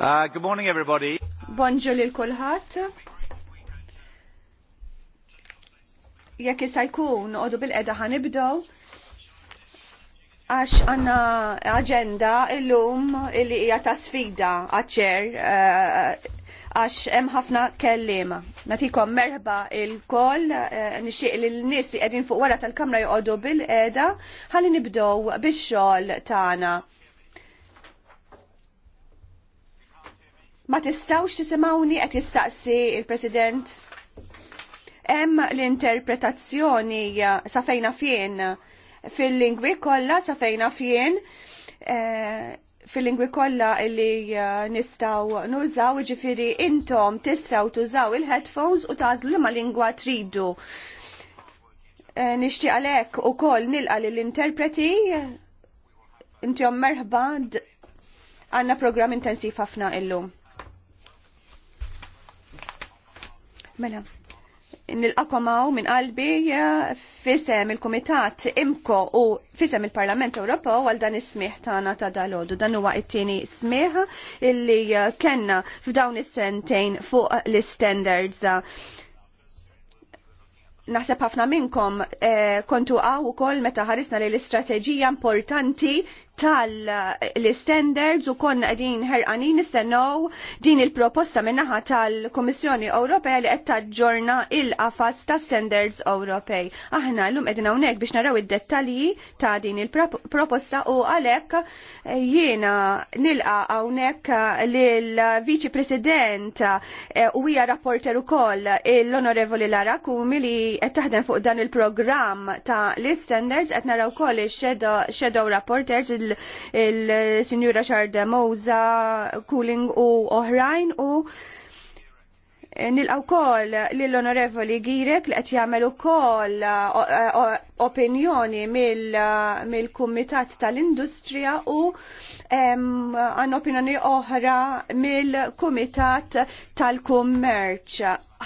Uh, good morning everybody. Bonġu lil kulħadd. Jekk jista' jkun għodu bil-qeda ħanibdew għax għanna agenda illum illi hija ta' sfida għaċċer uh, għax hemm ħafna kellima. Natikom merħba il-koll, eh, nixtieq li l-nies li qegħdin fuq wara tal-kamra joqogħdu bil-qiegħda, ħalli nibdew bix-xogħol tagħna. Ma tistawx tisimawni qed jistaqsi il-President. Hemm l-interpretazzjoni eh, sa fejna fien fil-lingwi kollha sa fejna fien. Eh, fil-lingwi kollha li uh, nistgħu nużaw, ġifiri intom tistaw tużaw il-headphones u tażlu li ma lingwa tridu. Eh, nixtieq għalhekk ukoll nilqa lill interpreti intihom merħba għandna program intensiv ħafna illum. Mela nil-akomaw minn qalbi fisem il-Komitat Imko u fisem il-Parlament Ewropew għal dan is-smieħ tagħna ta' dalodu. Dan huwa it-tieni smieħ illi kenna f'dawn is-sentejn fuq l-standards. Naħseb ħafna minnkom eh, kontu għaw ukoll meta ħarisna li l-istrateġija importanti tal-standards u konna din ħerqanin nistennow din il-proposta minnaħa tal-Komissjoni Ewropea li qed taġġorna il-qafas ta' standards Ewropej. Aħna llum qegħdin hawnhekk biex naraw id-dettalji ta' din il-proposta u għalhekk eh, jiena nilqa hawnhekk eh, l viċi President eh, u hija rapporter ukoll l-Onorevoli Lara Kumi li qed taħdem fuq dan il-programm ta' l-standards qed naraw ukoll il shadow rapporters il-Sinjura Xarda Mowza, Cooling u oħrajn u Eh, nilqaw kol l-onorevoli Girek li qed jagħmel ukoll eh, eh, opinjoni mill-Kumitat tal-Industrija u għan opinjoni oħra mill-Kumitat tal-Kummerċ.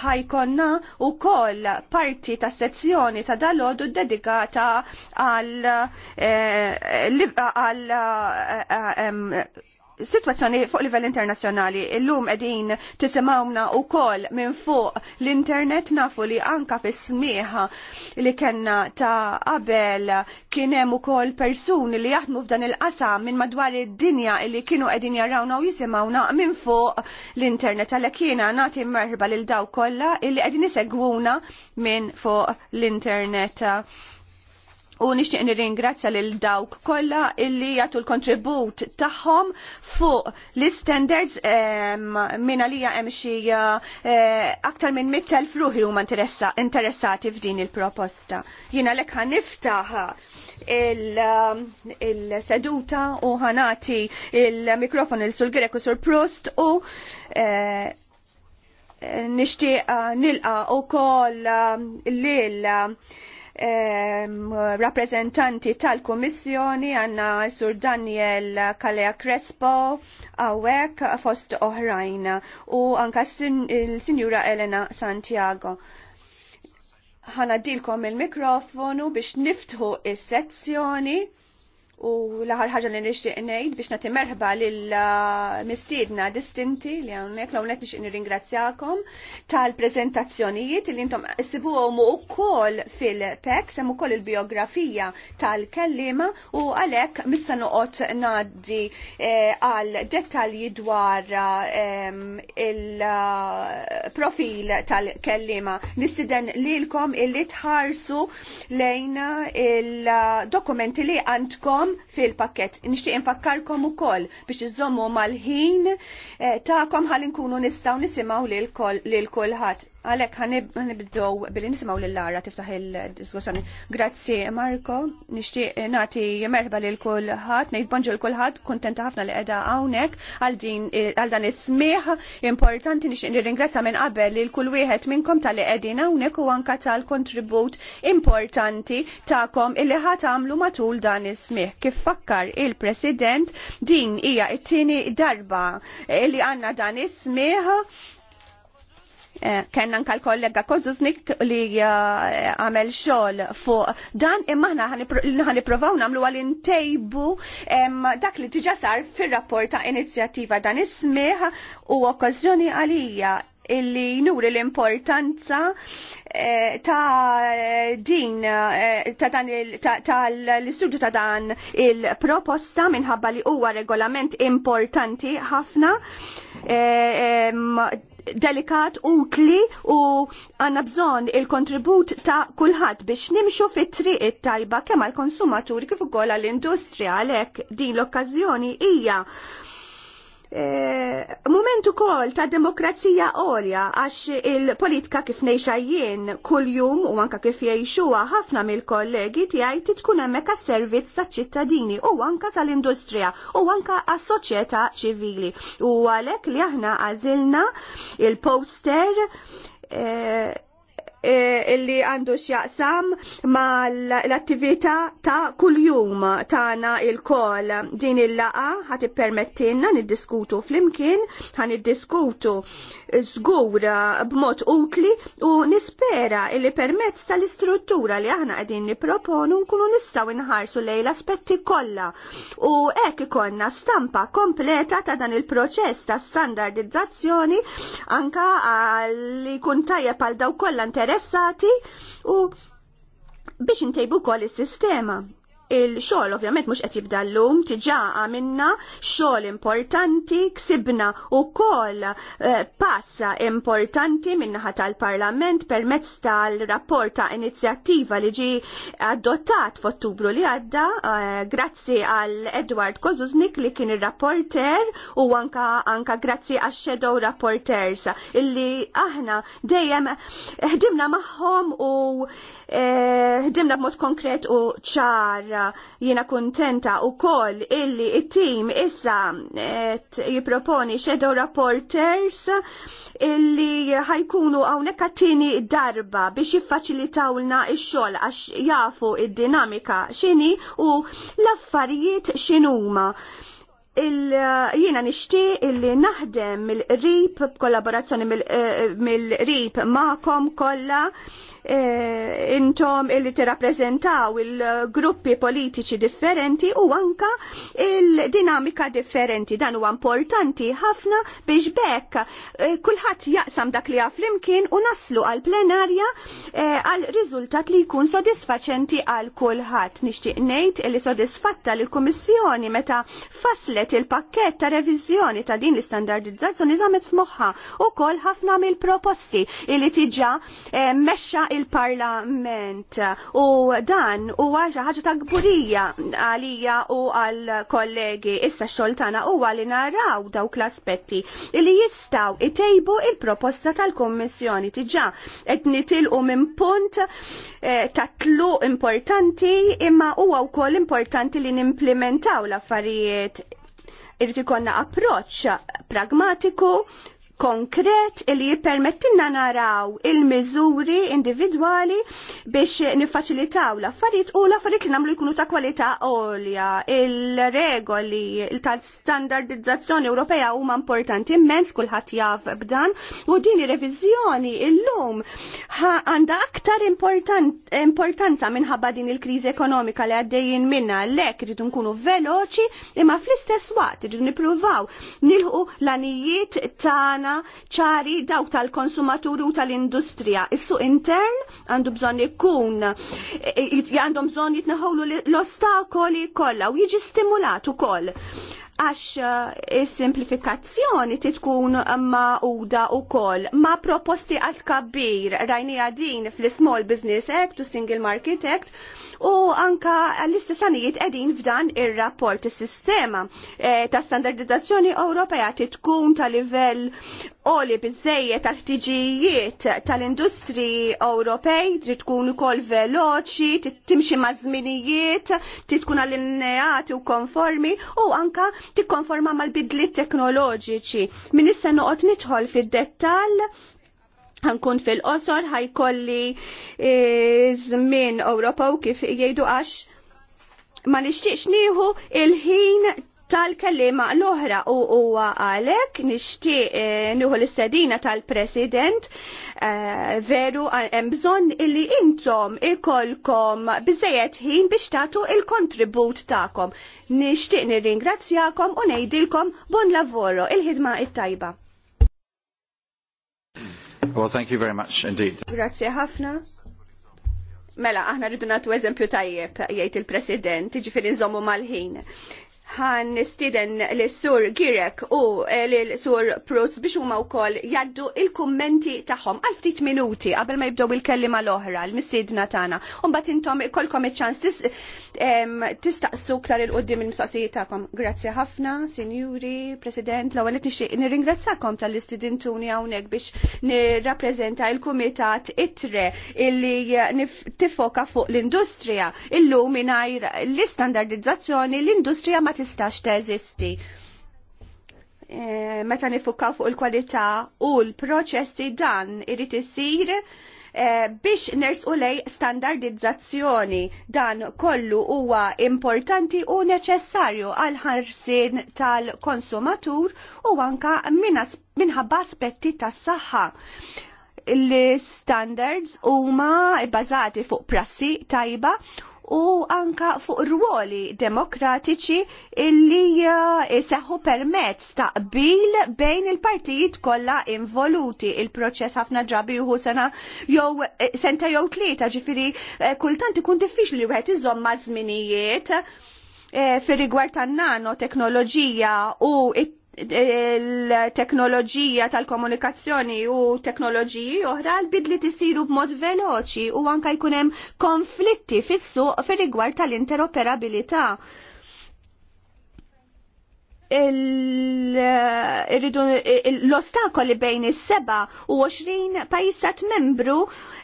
Ħajkonna u koll parti ta' sezzjoni ta' dalodu dedikata għal situazzjoni fuq livell internazzjonali illum edin tisimawna u kol minn fuq l-internet nafu li anka fis smieħa li kenna ta' qabel kienem u kol persuni li jaħdmu f'dan il-qasam minn madwar id-dinja li kienu edin jarawna u jisimawna minn fuq l-internet għalhekk jiena nati merħba lil daw kolla illi edin isegwuna minn fuq l-internet u nixtieq nirringrazzja lil dawk kollha illi jagħtu l-kontribut tagħhom fuq l istandards minn għalija hemm xi eh, aktar minn mittel fruħi huma interessati f'din il-proposta. Jiena lek niftaħ il-seduta u ħanati il-mikrofon il sul Greku sur Prost u eh, nixtieq eh, nilqa' ukoll lil rappresentanti tal-Kummissjoni għanna Sur Daniel Kalea Crespo għawek fost oħrajn u anka il-Sinjura Elena Santiago. Ħana dilkom il-mikrofonu biex niftħu is-sezzjoni U l-aħħar ħaġa li nixtieq ngħid biex nagħti merħba lil uh, mistiedna distinti li hawnhekk l qed nixtieq nirringrazzjakom tal prezentazzjonijiet li intom issibuhom ukoll fil-PEX hemm ukoll il-biografija tal-kellima u għalhekk missa noqgħod ngħaddi eh, għal dettalji dwar eh, il-profil uh, tal-kellima. Nistiden lilkom illi tħarsu lejn il-dokumenti uh, li għandkom għandkom fil-pakket. Nixtieq infakkarkom ukoll biex iżommu mal-ħin eh, tagħkom ħalli nkunu nistgħu nisimgħu lil kulħadd. Għalek ħanibdow billi nisimaw l lara tiftaħ il-diskussjoni. Grazzi Marko, nixtieq nagħti merħba lil kulħadd, ngħid bonġu l kulħadd, kuntenta ħafna li qiegħda hawnhekk għal dan is-smieħ importanti nixtieq nirringrazzja minn qabel lil kull wieħed minnkom tal-li qegħdin hawnhekk u anke tal-kontribut importanti tagħkom illi ħadd għamlu matul dan is-smieħ. Kif fakkar il-President din hija t-tieni darba li għandna dan is-smieħ Eh, kenna anka l-kollega Kozuznik li eh, għamel xol fuq dan imma ħna provaw namlu għalin tejbu dak li tiġa sar fil-rapport ta' inizjattiva dan ismiħ u okkażjoni għalija illi nuri l-importanza eh, ta' din ta' dan l-istudju ta' dan il-proposta minħabba li huwa regolament importanti ħafna delikat utli u għanna bżon il-kontribut ta' kulħadd biex nimxu fit triq it-tajba kemm għal-konsumaturi kif ukoll għall-industrija għalhekk din l-okkażjoni hija Eh, Momentu kol ta' demokrazija għolja għax il-politika kif nejxajjien kull-jum u anka kif jiexuwa ħafna mill-kollegi tijaj titkun emmek servizz ta' ċittadini u anka tal-industrija u anka għas-soċieta ċivili. U għalek li aħna għazilna il-poster eh, Eh, illi għandu x'jaqsam ma l-attività ta' kuljum tagħna il-kol din il-laqa ħat ippermettilna niddiskutu flimkien, ħan niddiskutu zgura b'mod utli u nispera li permezz tal-istruttura li aħna qegħdin nipproponu nkunu nistgħu nħarsu lejn l-aspetti kollha u hekk ikollna stampa kompleta ta' dan il-proċess ta' standardizzazzjoni anka li kun tajjeb għal daw kollha interessati u biex intejbu kol is-sistema il-xogħol ovvjament mhux qed jibda llum, tiġà għamilna xogħol importanti, ksibna wkoll eh, passa importanti min-naħa tal-Parlament permezz tal-rapport ta' inizjattiva li ġie adottat f'Ottubru li għadda eh, grazzi għal Edward Kozuznik li kien ir-rapporter u anka anka grazzi għax shadow rapporters illi aħna dejjem ħdimna magħhom u Eh, ħdimna b'mod konkret u ċar jiena kuntenta u koll illi it-tim issa eh, jiproponi shadow rapporters illi ħajkunu hawnhekk għattini darba biex jiffaċilitawlna x-xogħol għax jafu id-dinamika x'inhi u l-affarijiet x'inhuma eh, jiena nixtieq illi naħdem mill-qrib b'kollaborazzjoni mill rip magħkom kollha Eh, intom illi tirrappreżentaw il-gruppi politiċi differenti u anka il-dinamika differenti. Dan huwa importanti ħafna biex bekk eh, kulħadd jaqsam dak li għaf u naslu għal plenarja eh, għal riżultat li jkun sodisfaċenti għal kulħadd. Nixtieq ngħid li sodisfatta li l-Kummissjoni meta faslet il-pakket ta' revizjoni ta' din l-istandardizzazzjoni żamet f'moħħa u kol ħafna mill-proposti li tiġa mexxa il-Parlament u dan huwa xi ħaġa ta' gburija għalija u għal kollegi issa x-xogħol tagħna huwa li naraw dawk l-aspetti li jistgħu itejbu il-proposta tal-Kummissjoni diġà qed nitilqu minn punt eh, ta' tluq importanti imma huwa wkoll importanti li nimplementaw l-affarijiet irrid ikonna approċċ pragmatiku konkret li jippermettilna naraw il-miżuri individwali biex nifaċilitaw l-affarijiet u l-affarijiet li nagħmlu jkunu ta' kwalità għolja. Il-regoli il regoli tal standardizzazzjoni Ewropea huma importanti immens kulħadd jaf b'dan u din ir-reviżjoni illum għandha aktar important, importanza minħabba din il-kriżi ekonomika li għaddejjin minna lek rridu nkunu veloċi imma fl-istess waqt rridu nippruvaw nilħu l-anijiet tagħna ħafna ċari dawk tal-konsumaturi u tal-industrija. Is-suq intern għandu bżonn ikun għandhom bżonn jitneħħolu l-ostakoli kollha u jiġi stimulat ukoll għax eh, il-simplifikazzjoni titkun ma'uda u koll. Ma proposti għal kabbir rajni din fl-Small Business Act u Single Market Act u anka l-istessanijiet edin f'dan ir-rapport is-sistema eh, ta' standardizzazzjoni Ewropea tkun ta' livell oli bizzejje tal-ħtiġijiet tal-industri Ewropej trid tkun ukoll veloċi, timxi ma' żminijiet, trid tkun allineati u konformi u anka tikkonforma mal-bidliet teknoloġiċi. Min issa noqgħod nidħol fid-dettall ħankun fil-qosor ħajkolli eh, żmien u kif jgħidu għax ma nixtieqx nieħu il-ħin tal-kellima l-oħra u huwa għalhekk nixtieq eh, nieħu l-istedina tal-President eh, veru hemm bżonn illi intom ikolkom biżejjed ħin biex tagħtu il-kontribut tagħkom. Nixtieq nirringrazzjakom u ngħidilkom bon lavoro il-ħidma it-tajba. Well, thank you very much indeed. Grazie ħafna. Mela, aħna rridu nagħtu eżempju tajjeb, jgħid il-President, ġifiri nżommu mal-ħin ħan stiden l-sur Girek u eh, l-sur Prus biex huma wkoll jaddu il-kummenti tagħhom għal ftit minuti qabel ma jibdew il-kellima l-oħra l-mistiedna tagħna. Imbagħad intom ikolkom iċ-ċans tistaqsu ktar il-qudiem il-mistoqsijiet tagħkom. Grazzi ħafna, Sinjuri, President, l-ewwel qed nixtieq nirringrazzakom tal-istidintuni hawnhekk biex nirrappreżenta il-kumitat itre illi eh, tifoka fuq l-industrija illum mingħajr l-istandardizzazzjoni l-industrija ma tistax teżisti. E, meta nifukaw fuq il-kwalità u l-proċessi dan irid isir e, biex nersqu lej standardizzazzjoni dan kollu huwa importanti u neċessarju għal ħarsin tal-konsumatur u anka minħabba aspetti tas-saħħa. L-standards huma bbażati fuq prassi tajba u anka fuq ruoli demokratiċi illi seħu permezz ta' bejn il-partijiet kollha involuti il-proċess ħafna ġabi juħu sena jew eh, senta jew tlieta ġifiri eh, kultant ikun diffiċli wieħed iżomm ma' żminijiet eh, fir rigward tan nano teknoloġija u it il-teknoloġija tal-komunikazzjoni u teknoloġiji oħra l-bidli tisiru b'mod veloċi u anka jkun hemm konflitti fis-suq fir-rigward tal-interoperabilità l-ostakoli bejn is-seba u 20 pajisat membru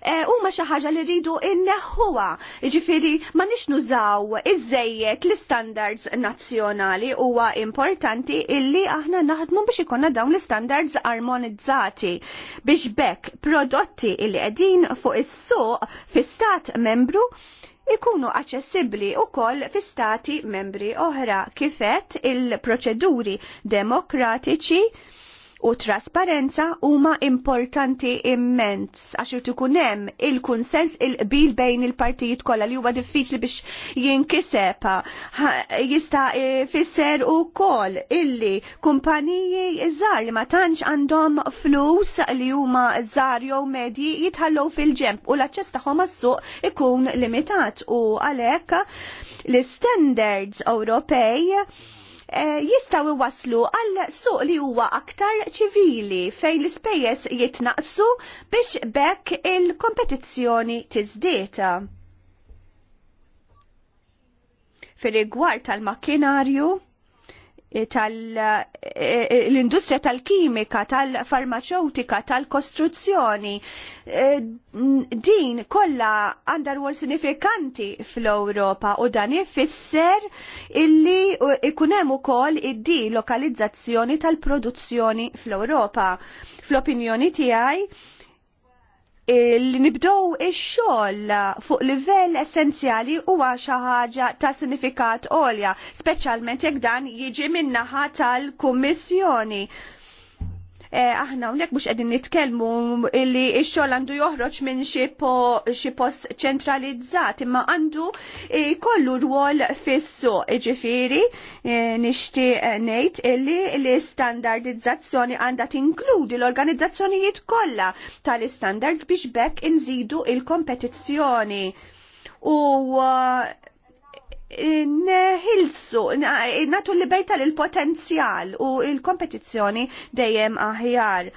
eh, huma xi ħaġa li rridu inneħħuha. Jiġifieri ma nix nużaw iżejjed l-istandards nazzjonali huwa importanti illi aħna naħdmu biex ikonna dawn l-istandards armonizzati biex bekk prodotti li qegħdin fuq is-suq fi stat membru ikunu aċċessibbli wkoll fi stati membri oħra kifet il-proċeduri demokratiċi u trasparenza huma importanti imment għax irid ikun hemm il-kunsens il-qbil bejn il-partijiet kollha li huwa diffiċli biex jinkiseb jista' ifisser ukoll illi kumpaniji żgħar li ma tantx għandhom flus li huma żgħar jew medji jitħallew fil-ġemp u l-aċċess tagħhom għas-suq ikun limitat u għalhekk l-standards Ewropej Eh, jistaw iwaslu għal suq li huwa aktar ċivili fejn l-ispejjeż jitnaqsu biex bekk il-kompetizzjoni tiżdieta. Fir-rigward tal-makkinarju, tal-industrija eh, eh, tal-kimika, tal-farmaceutika, tal-kostruzzjoni. Eh, din kollha għandha rwol sinifikanti fl-Ewropa u dan ifisser illi ikun hemm ukoll id lokalizzazzjoni tal-produzzjoni fl-Ewropa. Fl-opinjoni tiegħi li nibdow ix-xogħol fuq livell essenzjali huwa xi ħaġa ta' sinifikat għolja, speċjalment jekk dan jiġi min-naħa tal-Kummissjoni. Eh, aħna hawnhekk mhux qegħdin nitkellmu li x-xogħol għandu joħroġ minn xi post ċentralizzat imma għandu kollu rwol fis-suq. nishti eh, nixtieq ngħid illi l-istandardizzazzjoni għandha tinkludi l-organizzazzjonijiet kollha tal-istandards biex bekk inżidu il-kompetizzjoni u eh, nħilsu, natu l-libertà l-potenzjal u l kompetizzjoni dejjem aħjar.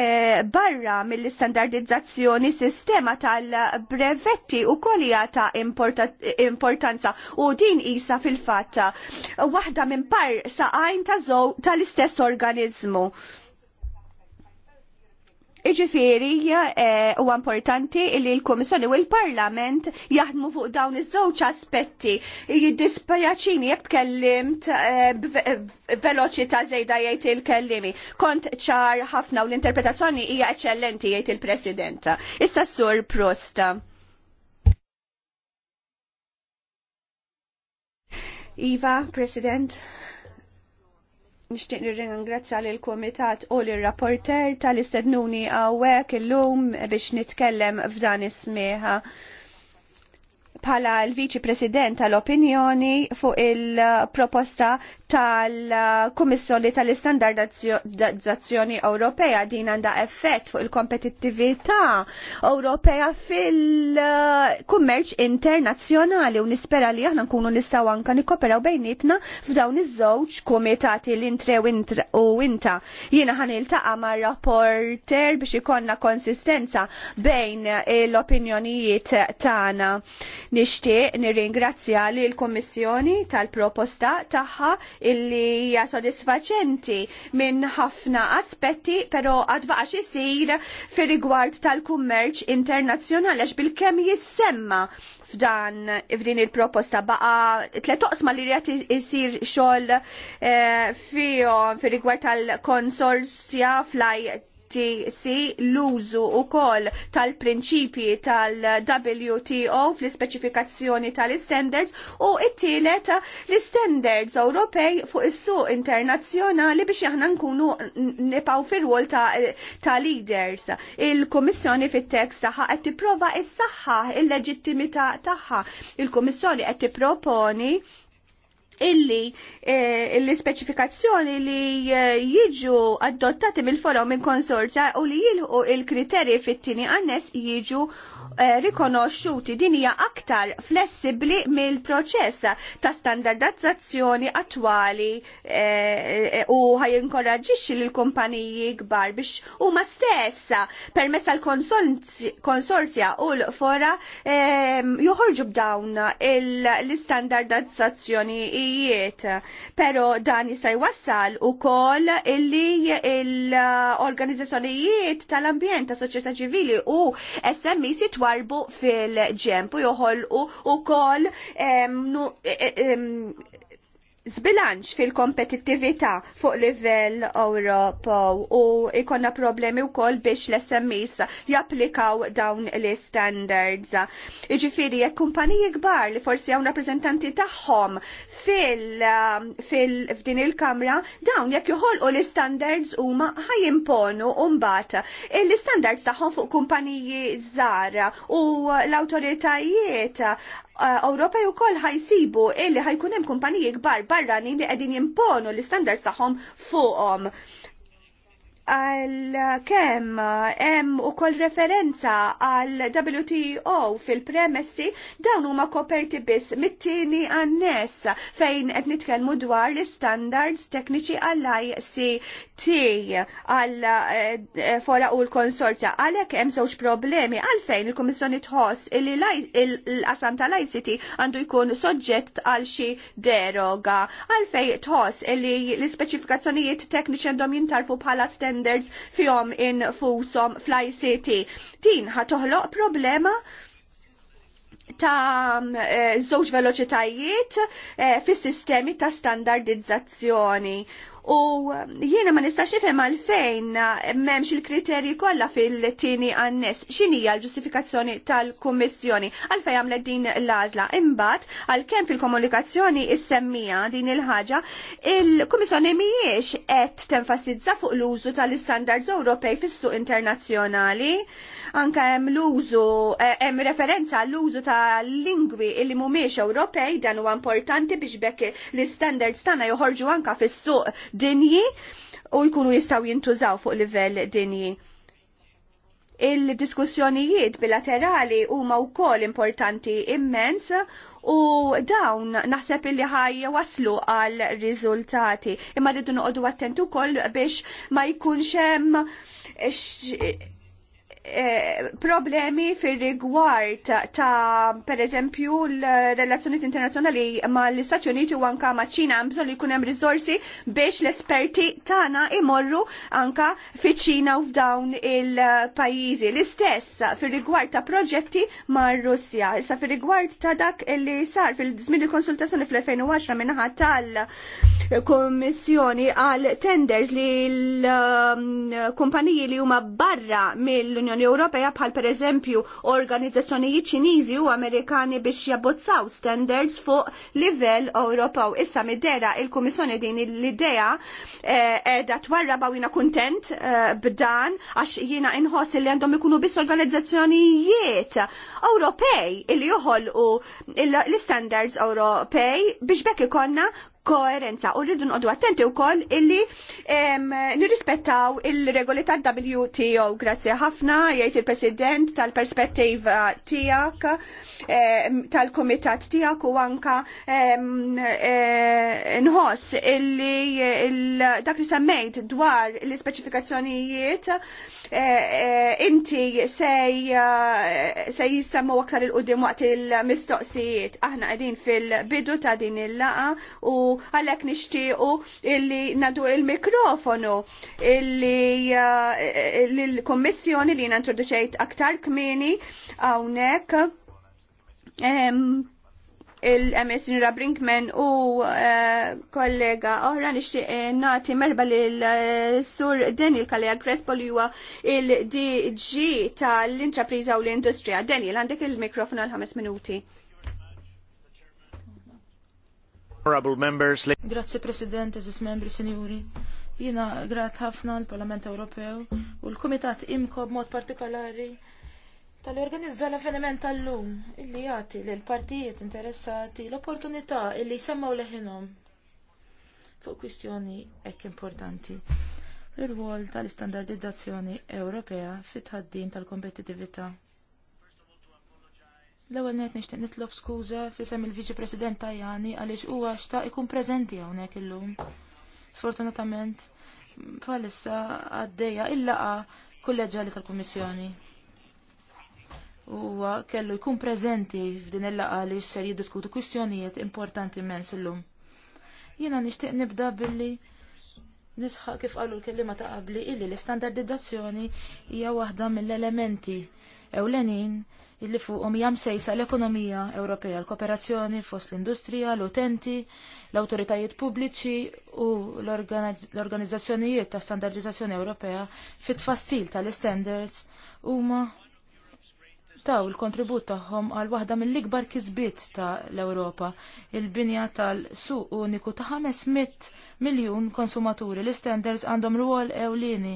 E, barra mill-standardizzazzjoni sistema tal-brevetti u kolija ta' importanza u din isa fil-fatta waħda minn par ta' tal-istess organizmu. Iġifiri, huwa eh, importanti li l-Komissjoni u l-Parlament jaħdmu fuq dawn iż-żewġ aspetti. Jiddispjaċini jekk tkellimt eh, eh, veloċità żejda jgħid il-kellimi. Kont ċar ħafna u l-interpretazzjoni hija eċċellenti jgħid il-Presidenta. Issa sur Prosta. Iva, President nishtiq nirringrazzja lil komitat u lir rapporter tal-istednuni għawek illum biex nitkellem f'dan is-smieħa. Pala l-Viċi President tal-Opinjoni fuq il-proposta tal-Kummissjoni tal-Istandardizzazzjoni Ewropea din għandha effett fuq il-kompetittività Ewropea fil-kummerċ internazzjonali u nispera li aħna nkunu nistgħu anka nikkoperaw bejnietna f'dawn iż-żewġ kumitati l-intre u inta. Jiena ħan iltaqa' mar rapporter biex ikonna konsistenza bejn l-opinjonijiet tagħna. Nixtieq nirringrazzja l kummissjoni tal-proposta tagħha illi hija sodisfaċenti minn ħafna aspetti, però għad baqa xisir fir rigward tal-kummerċ internazzjonali għax bil kem jissemma f'dan f'din il-proposta baqa tlet toqsma li rjat isir xogħol e, fihom fir rigward tal-konsorzja flaj tisi l-użu u koll tal-prinċipji tal-WTO fl ispeċifikazzjoni tal-standards u it-tielet l-standards Ewropej fuq is-suq internazzjonali biex aħna nkunu nipaw fir-rwol ta' leaders. il kummissjoni fit-tekst tagħha qed tipprova s-saħħa il-leġittimità tagħha. il kummissjoni qed tipproponi illi eh, l-ispeċifikazzjoni li eh, jiġu adottati mill-forom minn konsorzja u li jilħu il-kriterji fit-tini għannes jiġu eh, rikonoxxuti din hija aktar flessibli mill-proċess ta' standardizzazzjoni attwali u ħajinkoraġġixxi lil kumpaniji kbar biex huma stessa permezz l konsorzja u l-fora joħorġu b'dawn l-istandardizzazzjoni l-affarijiet. Pero dan jista' jwassal ukoll illi l-organizzazzjonijiet tal-ambjent ta' soċjetà ċivili u SMI sitwarbu fil-ġemp u joħolqu ukoll zbilanċ fil-kompetittività fuq livell Ewropa u ikonna problemi wkoll biex l-SMEs japplikaw dawn l-standards. Iġifiri, jekk kumpaniji kbar li forsi hawn rappreżentanti tagħhom fil, um, f'din il-kamra dawn jekk joħolqu l-standards huma ħajimponu u mbagħad l-standards tagħhom fuq kumpaniji zara u l-awtoritajiet Ewropej koll ħajsibu illi ħajkun hemm kumpaniji kbar barrani li qegħdin jimponu l istandard tagħhom fuqhom għal kem hemm ukoll referenza għal WTO fil-premessi dawn huma koperti biss mit-tieni għan-nies fejn qed nitkellmu dwar l-standards tekniċi għall ICT għal eh, fora u l-konsorzja għalhekk hemm żewġ problemi għalfejn il-Kummissjoni tħoss li l-qasam tal-ICT għandu jkun soġġett għal xi deroga għalfejn tħoss li l-ispeċifikazzjonijiet tekniċi għandhom jintarfu bħala standards standards fihom infushom fl-ICT. Din ħatoħloq problema ta' mm, eh, żewġ veloċitajiet eh, fis sistemi ta' standardizzazzjoni. U jiena ma nistax nifhem għalfejn m'hemmx il-kriterji kollha fil-tieni għannes. X'inhija l-ġustifikazzjoni tal-Kummissjoni għalfejn għamlet din l-għażla. Imbagħad għalkemm fil-komunikazzjoni issemmija din il-ħaġa, il-Kummissjoni mhijiex qed tenfasizza fuq l-użu tal-istandards Ewropej fis-suq internazzjonali anka hemm l-użu eh, hemm referenza l-użu ta' lingwi li mhumiex Ewropej dan huwa importanti biex bekk l istandards tagħna joħorġu anka fis-suq dinji u jkunu jistgħu jintużaw fuq livell dinji il-diskussjonijiet bilaterali huma wkoll importanti immens u dawn naħseb illi ħaj waslu għal riżultati. Imma rridu noqogħdu attentu wkoll biex ma jkunx hemm Eh, problemi fir rigward ta' per eżempju l-relazzjoniet internazzjonali ma' l-Istati Uniti u anka ma' ċina hemm bżonn li jkun hemm riżorsi biex l-esperti tagħna imorru anka fiċ-Ċina u f'dawn il-pajjiżi. L-istess fir rigward ta' proġetti ma' Russja. Issa fir rigward ta' dak li sar fil-żmien il-konsultazzjoni fl-2010 minnaħa tal-Kommissjoni għal tenders li l-kumpaniji um, li huma barra mill-Unjoni l unjoni Ewropea bħal pereżempju organizzazzjonijiet Ċiniżi u Amerikani biex jabbozzaw standards fuq livell Ewropew. Issa middera il-Kummissjoni din l-idea qiegħda eh, twarraba u jiena kuntent eh, b'dan għax jiena inħoss li għandhom ikunu biss organizzazzjonijiet Ewropej illi joħolqu l-standards Ewropej biex bekk ikonna koerenza u rridu nqodu attenti wkoll illi nirrispettaw il-regoli tal-WTO. Grazzi ħafna jgħid il-President tal-perspettiva tiegħek tal-kumitat tiegħek u anka nħoss illi dak li semmejt dwar l-ispeċifikazzjonijiet Eh, eh, inti se eh, jissamu aktar il-qudiem waqt il-mistoqsijiet. Aħna qegħdin fil-bidu ta' din il-laqa u għalhekk nixtiequ illi nadu il-mikrofonu illi l-kommissjoni li jina introduċejt aktar kmini hawnhekk il-MS Nura Brinkman u eh, kollega oħra nixtieq eh, nagħti merba lil eh, sur Daniel Kalea Crespo li huwa il-DG tal-intrapriża u l-industrija. Daniel, għandek il-mikrofon għal ħames minuti. Grazie President, eżis membri, sinjuri. Jina grat ħafna l-Parlament Ewropew u l-Kumitat imko b'mod partikolari tal organizza l-avveniment tal-lum illi jagħti lill partijiet interessati l-opportunità illi jsemmaw leħinhom fuq kwistjoni hekk importanti. Ir-rwol tal-istandardizzazzjoni Ewropea fit tħaddin tal-kompetitività. L-ewwel nett nixtieq nitlob skuża fisem il-Viċi President Tajani għaliex huwa xtaq ikun preżenti hawnhekk illum. Sfortunatament bħalissa għaddejja il-laqa kulleġġali tal-Kummissjoni huwa kellu jkun prezenti f'din il laqgħa li ser jiddiskutu kwistjonijiet importanti immens illum. Jiena nixtieq nibda billi nisħaq kif qalu l kellima ta' qabli illi l-istandardizzazzjoni hija waħda mill-elementi ewlenin illi fuqhom hija msejsa l-ekonomija Ewropea, l-kooperazzjoni fost l-industrija, l-utenti, l-awtoritajiet pubbliċi u l-organizzazzjonijiet ta' standardizzazzjoni Ewropea fit-tfassil tal-standards huma taw il-kontribut tagħhom għal waħda mill-ikbar kisbiet ta' l-Ewropa, il-binja tal-suq uniku ta' 500 miljun konsumaturi. L-standards għandhom rwol ewlieni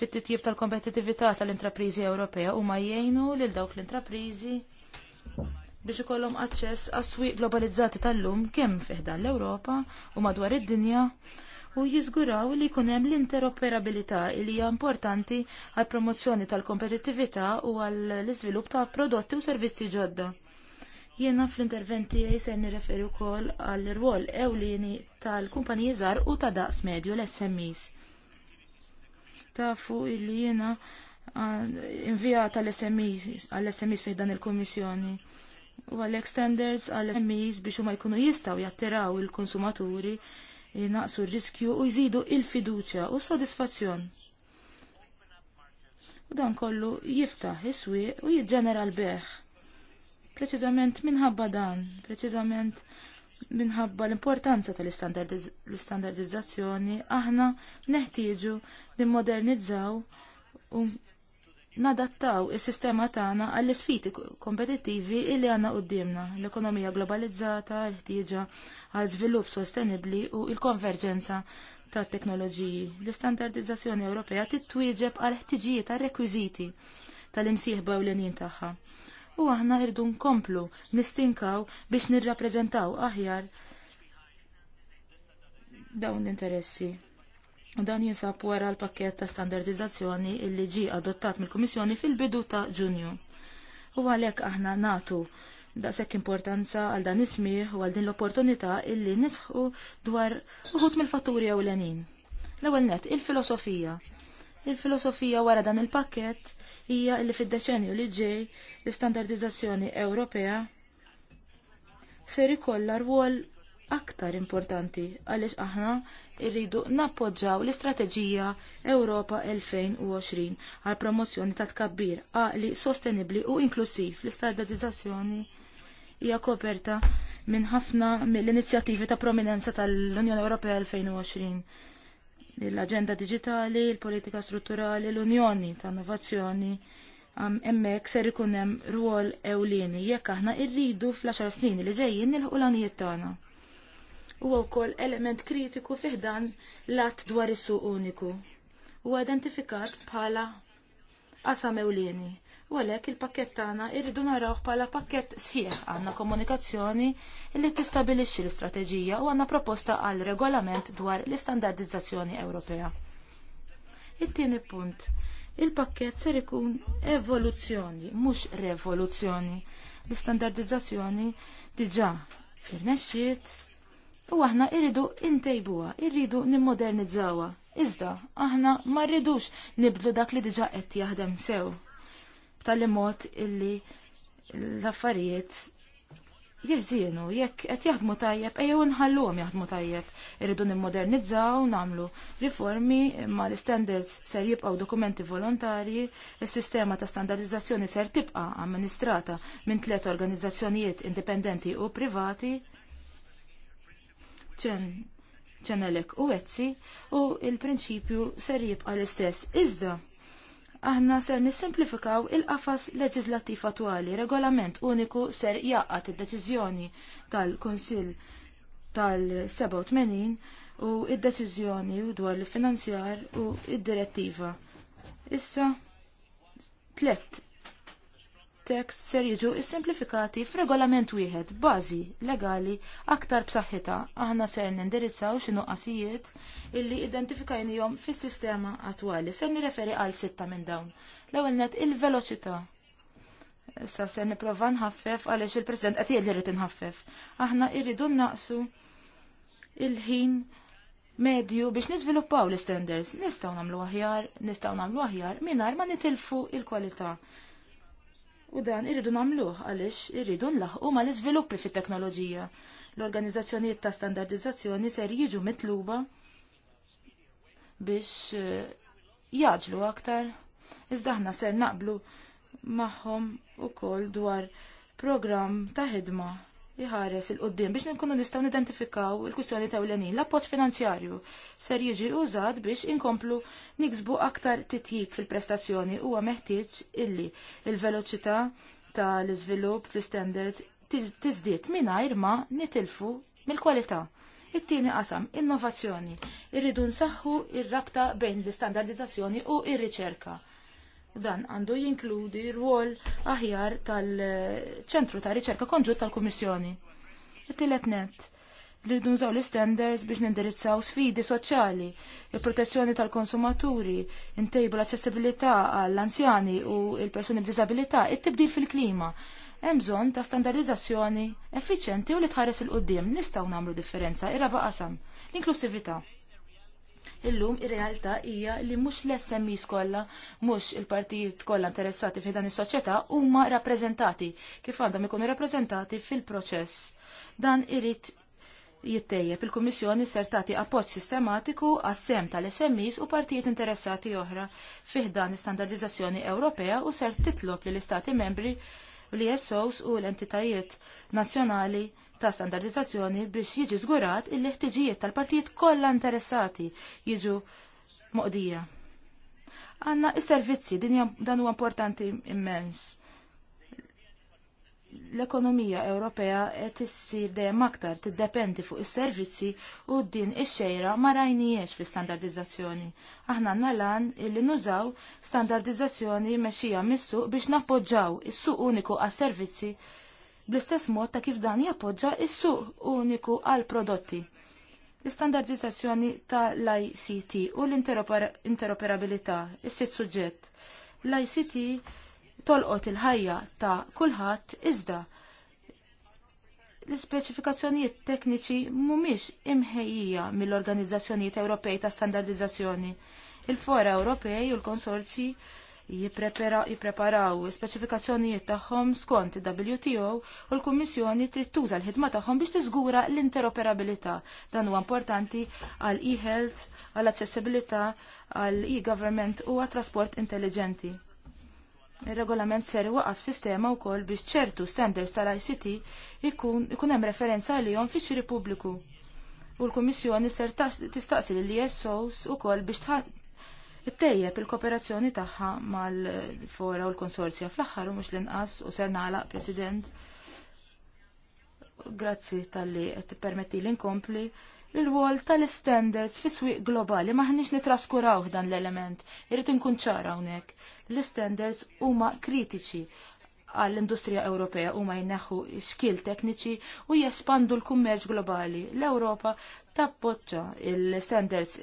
fit-titjib tal-kompetitività tal-intrapriżi Ewropea u ma jgħinu lil dawk l-intrapriżi biex ikollhom aċċess għas-swieq globalizzati tal-lum kemm fiħdan l-Ewropa u madwar id-dinja u jiżguraw li jkun hemm l-interoperabilità li hija importanti għall promozzjoni tal-kompetittività u għall iżvilupp ta' prodotti u servizzi ġodda. Jiena fl-interventi tiegħi se nirreferi wkoll għall irwol ewlieni tal-kumpaniji żgħar u ta' daqs medju l-SMEs. Tafu li jiena invijata tal smes għall dan il-Kummissjoni u għall-extenders għall-SMEs biex huma jkunu jistgħu jattiraw il-konsumaturi naqsu r-riskju u jżidu il-fiduċja u s-sodisfazzjon. U dan kollu jiftaħ is-swieq u jiġġenera l-beħ. Preċiżament minħabba dan, preċiżament minħabba l-importanza tal-istandardizzazzjoni, aħna neħtieġu nimmodernizzaw u nadattaw is-sistema tagħna għall sfidi kompetittivi li għandna qudiemna, l-ekonomija globalizzata, l-ħtieġa għal żvilupp sostenibbli u l-konverġenza tat teknoloġiji. L-istandardizzazzjoni Ewropea titwieġeb għal ħtiġijiet għal rekwiżiti tal-imsieħba ewlenin tagħha. U aħna rridu nkomplu nistinkaw biex nirrappreżentaw aħjar dawn l-interessi. U dan jinsab wara l-pakket ta' standardizzazzjoni illi ġie adottat mill-Kummissjoni fil-bidu ta' Ġunju. U għalhekk aħna natu daqshekk importanza għal dan ismih u għal din l-opportunità illi nisħu dwar uħut mill-fatturi ewlenin. L-ewwel net, il-filosofija. Il-filosofija wara dan il-pakket hija li fid-deċenju li ġej l-istandardizzazzjoni Ewropea ser ikollha rwol aktar importanti għaliex aħna rridu nappoġġaw l-istrateġija Ewropa 2020 għal promozzjoni ta' tkabbir għaqli sostenibbli u inklusiv l-istandardizzazzjoni hija koperta minn ħafna mill-inizjattivi ta' prominenza tal-Unjoni Ewropea 2020. L-Aġenda Digitali, l-Politika Strutturali, l-Unjoni ta' Innovazzjoni, hemmhekk ser ikun hemm rwol ewlieni jekk aħna rridu fl-10 snin li ġejjin nilħu l-għanijiet tagħna. Huwa wkoll element kritiku fiħdan l-att dwar is-suq uniku. Huwa identifikat bħala qasam ewlieni U il-pakket tagħna irridu narawh bħala pakket sħiħ għandna komunikazzjoni li tistabilixxi l-istrateġija u għandna proposta għal regolament dwar l-istandardizzazzjoni Ewropea. It-tieni punt. Il-pakket ser ikun evoluzzjoni, mhux revoluzzjoni. L-istandardizzazzjoni diġà irnexxiet u aħna irridu intejbuha, irridu nimmodernizzawha. Iżda, aħna ma rridux nibdlu dak li diġa qed jaħdem sew tal-imot illi l-affarijiet jeżinu, jekk qed jaħdmu tajjeb, ejjew nħalluhom jaħdmu tajjeb. Irridu nimmodernizzaw, nagħmlu riformi, imma l-standards ser jibqgħu dokumenti volontarji, is-sistema ta' standardizzazzjoni ser tibqa' amministrata minn tliet organizzazzjonijiet indipendenti u privati. Ċen ċenelek u etzi u il-prinċipju ser jibqa l-istess. Iżda, aħna ser nissimplifikaw il-qafas leġislattiv attwali. Regolament uniku ser jaqat id-deċiżjoni tal-Kunsill tal-87 u id-deċiżjoni dwar l-finanzjar u id-direttiva. Issa, tlet tekst ser jiġu simplifikati f'regolament wieħed bażi legali aktar b'saħħitha aħna ser nindirizzaw xi nuqqasijiet illi identifikajnihom fis-sistema attwali. Ser nirreferi għal sitta minn dawn. L-ewwel net il-veloċità. Issa ser nipprova nħaffef għaliex il-President qed jgħid li rrid inħaffef. Aħna rridu naqsu il-ħin medju biex niżviluppaw l-standards. Nistgħu nagħmlu aħjar, nistgħu nagħmlu aħjar mingħajr ma nitilfu il-kwalità. l il kwalità U dan irridu namluħ għaliex irridu nlaħqu ma l-iżviluppi fit-teknoloġija. L-organizzazzjonijiet ta' standardizzazzjoni ser jiġu mitluba biex eh, jaġlu aktar. Iżda aħna ser naqblu magħhom ukoll dwar program ta' ħidma jħares il-qoddim biex nkunu nistgħu nidentifikaw il-kwistjoni ta' l L-appoġġ finanzjarju ser jiġi użad biex inkomplu niksbu aktar titjib fil-prestazzjoni huwa meħtieġ illi il-veloċità tal-iżvilupp fl-standards tiżdied mingħajr ma nitilfu mill-kwalità. It-tieni qasam, innovazzjoni. Irridu nsaħħu ir-rabta bejn l-istandardizzazzjoni u ir-riċerka. Dan għandu jinkludi rwol aħjar tal-ċentru ta' riċerka konġut tal-Kummissjoni. It-tielet net li rridu nżaw l-standards biex nindirizzaw sfidi soċjali, il-protezzjoni tal-konsumaturi, intejbu l-aċċessibilità għall-anzjani u l-persuni b'diżabilità, it-tibdil fil-klima. Hemm bżonn ta' standardizzazzjoni effiċenti u li tħares il qudiem nistgħu nagħmlu differenza ir-raba' qasam, l-inklusività. Illum ir-realtà hija li mhux l-SMEs kollha, mhux il-partijiet kollha interessati fi dan is-soċjetà huma rappreżentati kif għandhom ikunu rappreżentati fil-proċess. Dan irid jittejjeb il-Kummissjoni ser tagħti appoġġ sistematiku għas-sem tal-SMEs u partijiet interessati oħra fih dan standardizzazzjoni Ewropea u ser titlob lill istati membri l-ESOs u l-entitajiet nazzjonali ta' standardizzazzjoni biex jiġi żgurat il-ħtiġijiet tal-partijiet kollha interessati jiġu moqdija. Għanna is-servizzi dan huwa importanti immens. L-ekonomija Ewropea qed issir dejjem aktar tiddependi fuq is-servizzi u din ix-xejra ma rajnijiex fil standardizzazzjoni. Aħna għandna lan illi nużaw standardizzazzjoni mexxija mis-suq biex nappoġġaw is-suq uniku għas-servizzi bl-istess mod ta' kif dan jappoġġa is-suq uniku għal prodotti. L-istandardizzazzjoni tal-ICT u l-interoperabilità, is-sitt suġġett. L-ICT tolqot il-ħajja ta' kulħadd iżda l-ispeċifikazzjonijiet tekniċi mhumiex imħejjija mill-organizzazzjonijiet Ewropej ta' standardizzazzjoni. Il-fora Ewropej u l-konsorzji jipreparaw speċifikazzjonijiet tagħhom skont il-WTO u l-Kummissjoni trid tuża l-ħidma tagħhom biex tiżgura l-interoperabilità. Dan huwa importanti għal e-health, għal aċċessibilità, għal e-government u għat trasport intelligenti. Ir-regolament ser waqaf sistema wkoll biex ċertu standards tal-ICT ikun hemm referenza għalihom fix-xiri pubbliku u l-Kummissjoni ser tistaqsi l ISOs e u koll biex tejjeb il-kooperazzjoni tagħha mal-fora u l-konsorzja fl-aħħar u mhux l-inqas u ser nagħlaq President. Grazzi tal-li qed tippermetti li nkompli il-wol tal-standards fi swieq globali maħniex nitraskuraw dan l-element. Irrid inkun ċara hawnhekk. L-standards huma kritiċi għall-industrija Ewropea huma jneħħu xkil tekniċi u jespandu l-kummerċ globali. L-Ewropa tappoġġa il-standards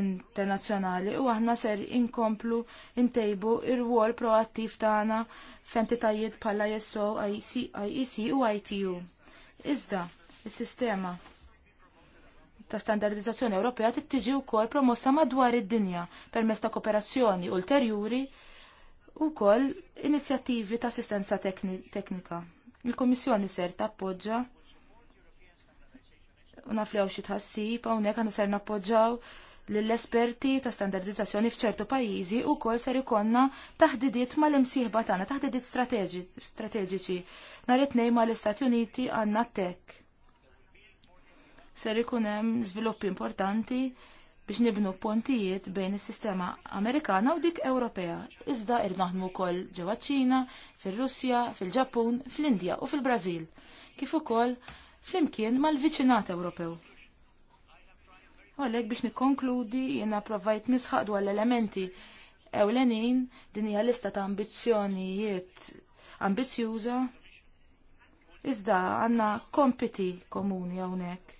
internazzjonali u aħna ser inkomplu intejbu r wol proattiv tagħna f'entitajiet bħala ISO, IEC e u ITU. Iżda, is-sistema ta' standardizzazzjoni Ewropea tittiġi wkoll promossa madwar id-dinja permezz ta' kooperazzjoni ulterjuri u koll inizjattivi ta' assistenza teknika. il kommissjoni ser tappoġġa u naflew xi tħassib hawnhekk għandna ser nappoġġaw lill-esperti ta' standardizzazzjoni f'ċertu pajjiżi u kol ser ikonna taħdidiet mal-imsieħba tagħna, taħdidiet strateġiċi. Nhar it-tnejn mal-Istati Uniti għandna tek. Ser ikun hemm żviluppi importanti biex nibnu pontijiet bejn is-sistema Amerikana u dik Ewropea. Iżda ir naħdmu wkoll ġewwa ċina fir-Russja, fil-Ġappun, fl-Indja u fil-Brażil. Kif ukoll flimkien mal-viċinat Ewropew. U għalek biex nikkonkludi jena provajt nisħaq dwar l-elementi ewlenin din hija lista ta' ambizzjonijiet ambizzjuża Iżda għanna kompiti komuni hawnhekk.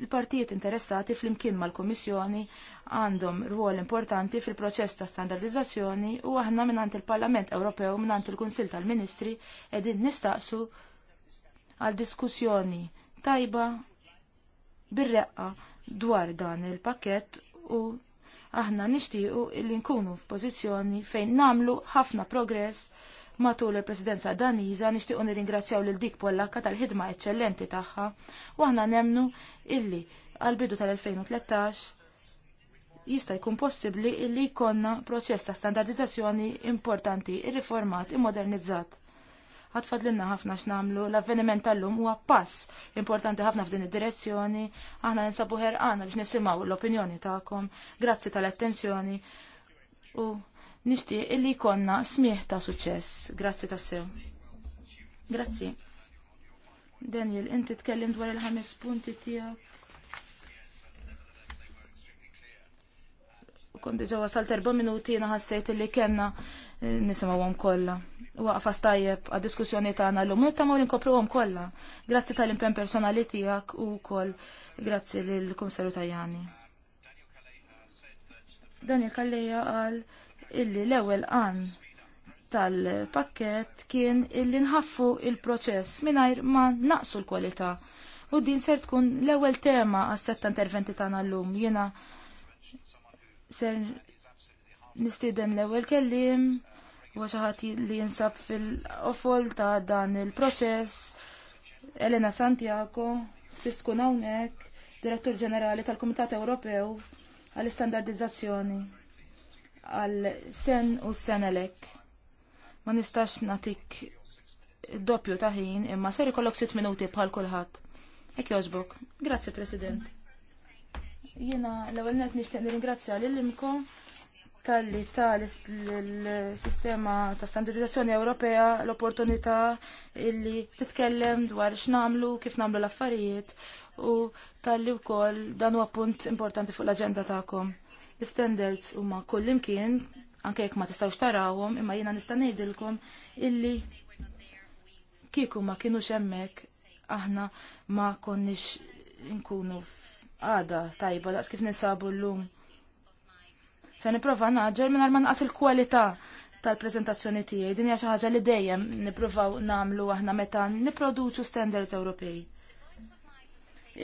Il-partijiet interessati fl-imkien mal-Komissjoni għandhom rwol importanti fil-proċess ta' standardizzazzjoni u aħna minnant il-Parlament Ewropew minnant il-Kunsil tal-Ministri edin nistaqsu għal diskussjoni tajba bir-reqqa dwar dan il-pakket u aħna nixtiequ illi nkunu f'pożizzjoni fejn namlu ħafna progress matul il-presidenza Daniża nixtiequ nirringrazzjaw lil dik Pollakka tal-ħidma eċċellenti tagħha u aħna nemnu illi għal bidu tal-2013 jista' jkun possibbli li jkollna proċess ta' standardizzazzjoni importanti, irriformat, immodernizzat fadlinna ħafna x'namlu, l-avveniment tal-lum huwa pass importanti ħafna f'din id-direzzjoni, aħna ninsabu ħerqana biex nisimgħu l-opinjoni tagħkom. Grazzi tal-attenzjoni u nixtieq illi jkollna smieħ ta' suċċess. Grazzi ta' sew. Grazzi. Daniel, inti tkellim dwar il-ħames punti tiegħek Kondi diġa wasal erba' minuti jina ħassajt li kellna eh, nisimgħuhom kollha. Waqfa stajjeb għad-diskussjoni tagħna llum u tagħmlu nkopruhom kollha. Grazzi tal-impenn personali tiegħek u wkoll grazzi lill-Kumissarju Tajani. Daniel Kalleja qal illi l-ewwel qan tal-pakket kien illi nħaffu il-proċess mingħajr ma naqsu l-kwalità. U din ser tkun l-ewwel tema għas-setta interventi tagħna llum. Jiena ser nistieden l-ewwel kellim huwa xi ħadd li jinsab fil-qofol ta' dan il-proċess. Elena Santiago, spist tkun hawnhekk, Direttur Ġenerali tal-Kumitat Ewropew għall-Istandardizzazzjoni għal sen u senelek. Ma nistax natik doppju ta' ħin imma ser ikollok sit minuti bħal kulħadd. Hekk jogħġbok. Grazzi President. Jiena l-ewwel net nixtieq nirringrazzja lilkom tal-li tal-sistema ta' standardizzazzjoni Ewropea l-opportunità illi titkellem dwar x'namlu, kif namlu l-affarijiet u tal-li wkoll dan huwa punt importanti fuq l-aġenda tagħkom. Standards huma kull imkien, anke jekk ma tistgħux tarawhom, imma jiena nista' ngħidilkom illi kieku ma kienux hemmhekk aħna ma konniex nkunu għada tajba daqs kif ninsabu llum. Se nipprova naġġel minn ma għas il-kwalità tal-prezentazzjoni tiegħi. Din hija xi ħaġa li dejjem nippruvaw nagħmlu aħna meta nipproduċu standards Ewropej.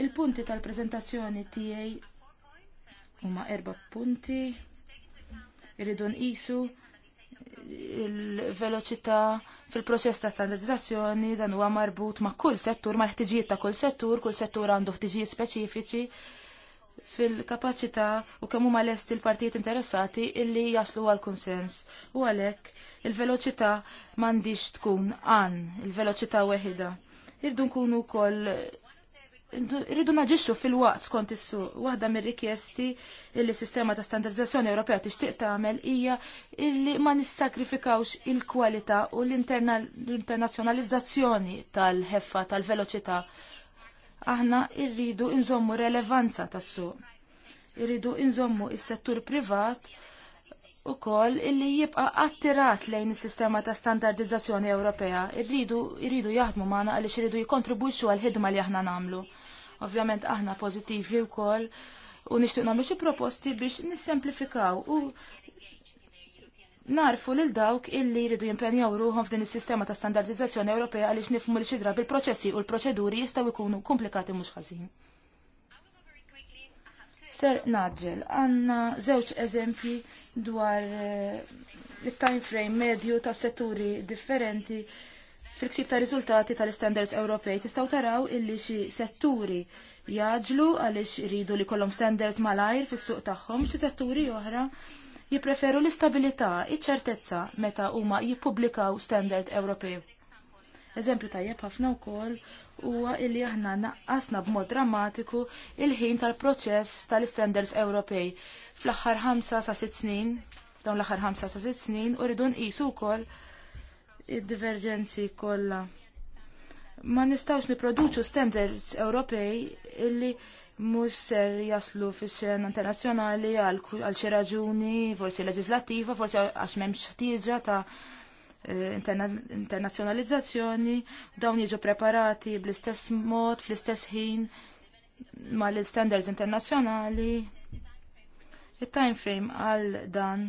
Il-punti tal-prezentazzjoni tiegħi huma erba' punti. Irridu nqisu il-veloċità, fil-proċess ta' standardizzazzjoni dan huwa marbut ma' kull settur, ma' ħtiġijiet ta' kull settur, kull settur għandu ħtiġijiet speċifiċi fil-kapacità u kemm huma lest il-partijiet interessati illi jaslu għal konsens. U għalhekk il-veloċità m'għandix tkun għan, il-veloċità weħida. Irdu nkunu wkoll Irridu naġixxu fil-waqt skont is-suq. Waħda mir-rikjesti li sistema ta' standardizzazzjoni Ewropea tixtieq tagħmel hija illi ma nissakrifikawx il-kwalità u l-internazzjonalizzazzjoni tal-ħeffa tal-veloċità. Aħna rridu inżommu relevanza tas-suq. Irridu inżommu is-settur privat ukoll illi jibqa' attirat lejn is-sistema ta' standardizzazzjoni Ewropea. Irridu irridu jaħdmu magħna għaliex iridu jikontribwixxu għall ħidma li aħna nagħmlu. Ovvjament aħna pożittivi wkoll u nixtieq nagħmlu xi proposti biex nissemplifikaw u narfu lil dawk illi jridu jimpenjaw ruħom f'din is-sistema ta' standardizzazzjoni Ewropea għaliex nifhmu li xi drabi il-proċessi u l-proċeduri jistgħu jkunu komplikati mhux ħażin. Ser naġġel, għandna żewġ eżempji dwar eh, il-time frame medju ta' setturi differenti fil-ksib ta' riżultati tal-standards Ewropej. Tistaw taraw illi xi setturi jaġlu għaliex iridu li kollhom standards malajr fis-suq tagħhom, xi setturi oħra jippreferu l-istabilità, iċ-ċertezza meta huma jippubblikaw standard Ewropej. Eżempju tajjeb ħafna wkoll huwa illi aħna naqqasna b'mod drammatiku il-ħin tal-proċess tal-standards Ewropej. Fl-aħħar 5 sa 6 snin, dawn l-aħħar 5 sa 6 snin, u rridu nqisu wkoll id-diverġenzi kollha. Ma nistgħux niproduċu standards Ewropej illi mhux ser jaslu fix-xena internazzjonali għal xi raġuni, forsi leġislattiva, forsi għax m'hemmx ħtieġa ta' internazjonalizzazzjoni dawn jiġu preparati bl-istess mod, fl-istess ħin ma l-standards internazzjonali. Il-time frame għal dan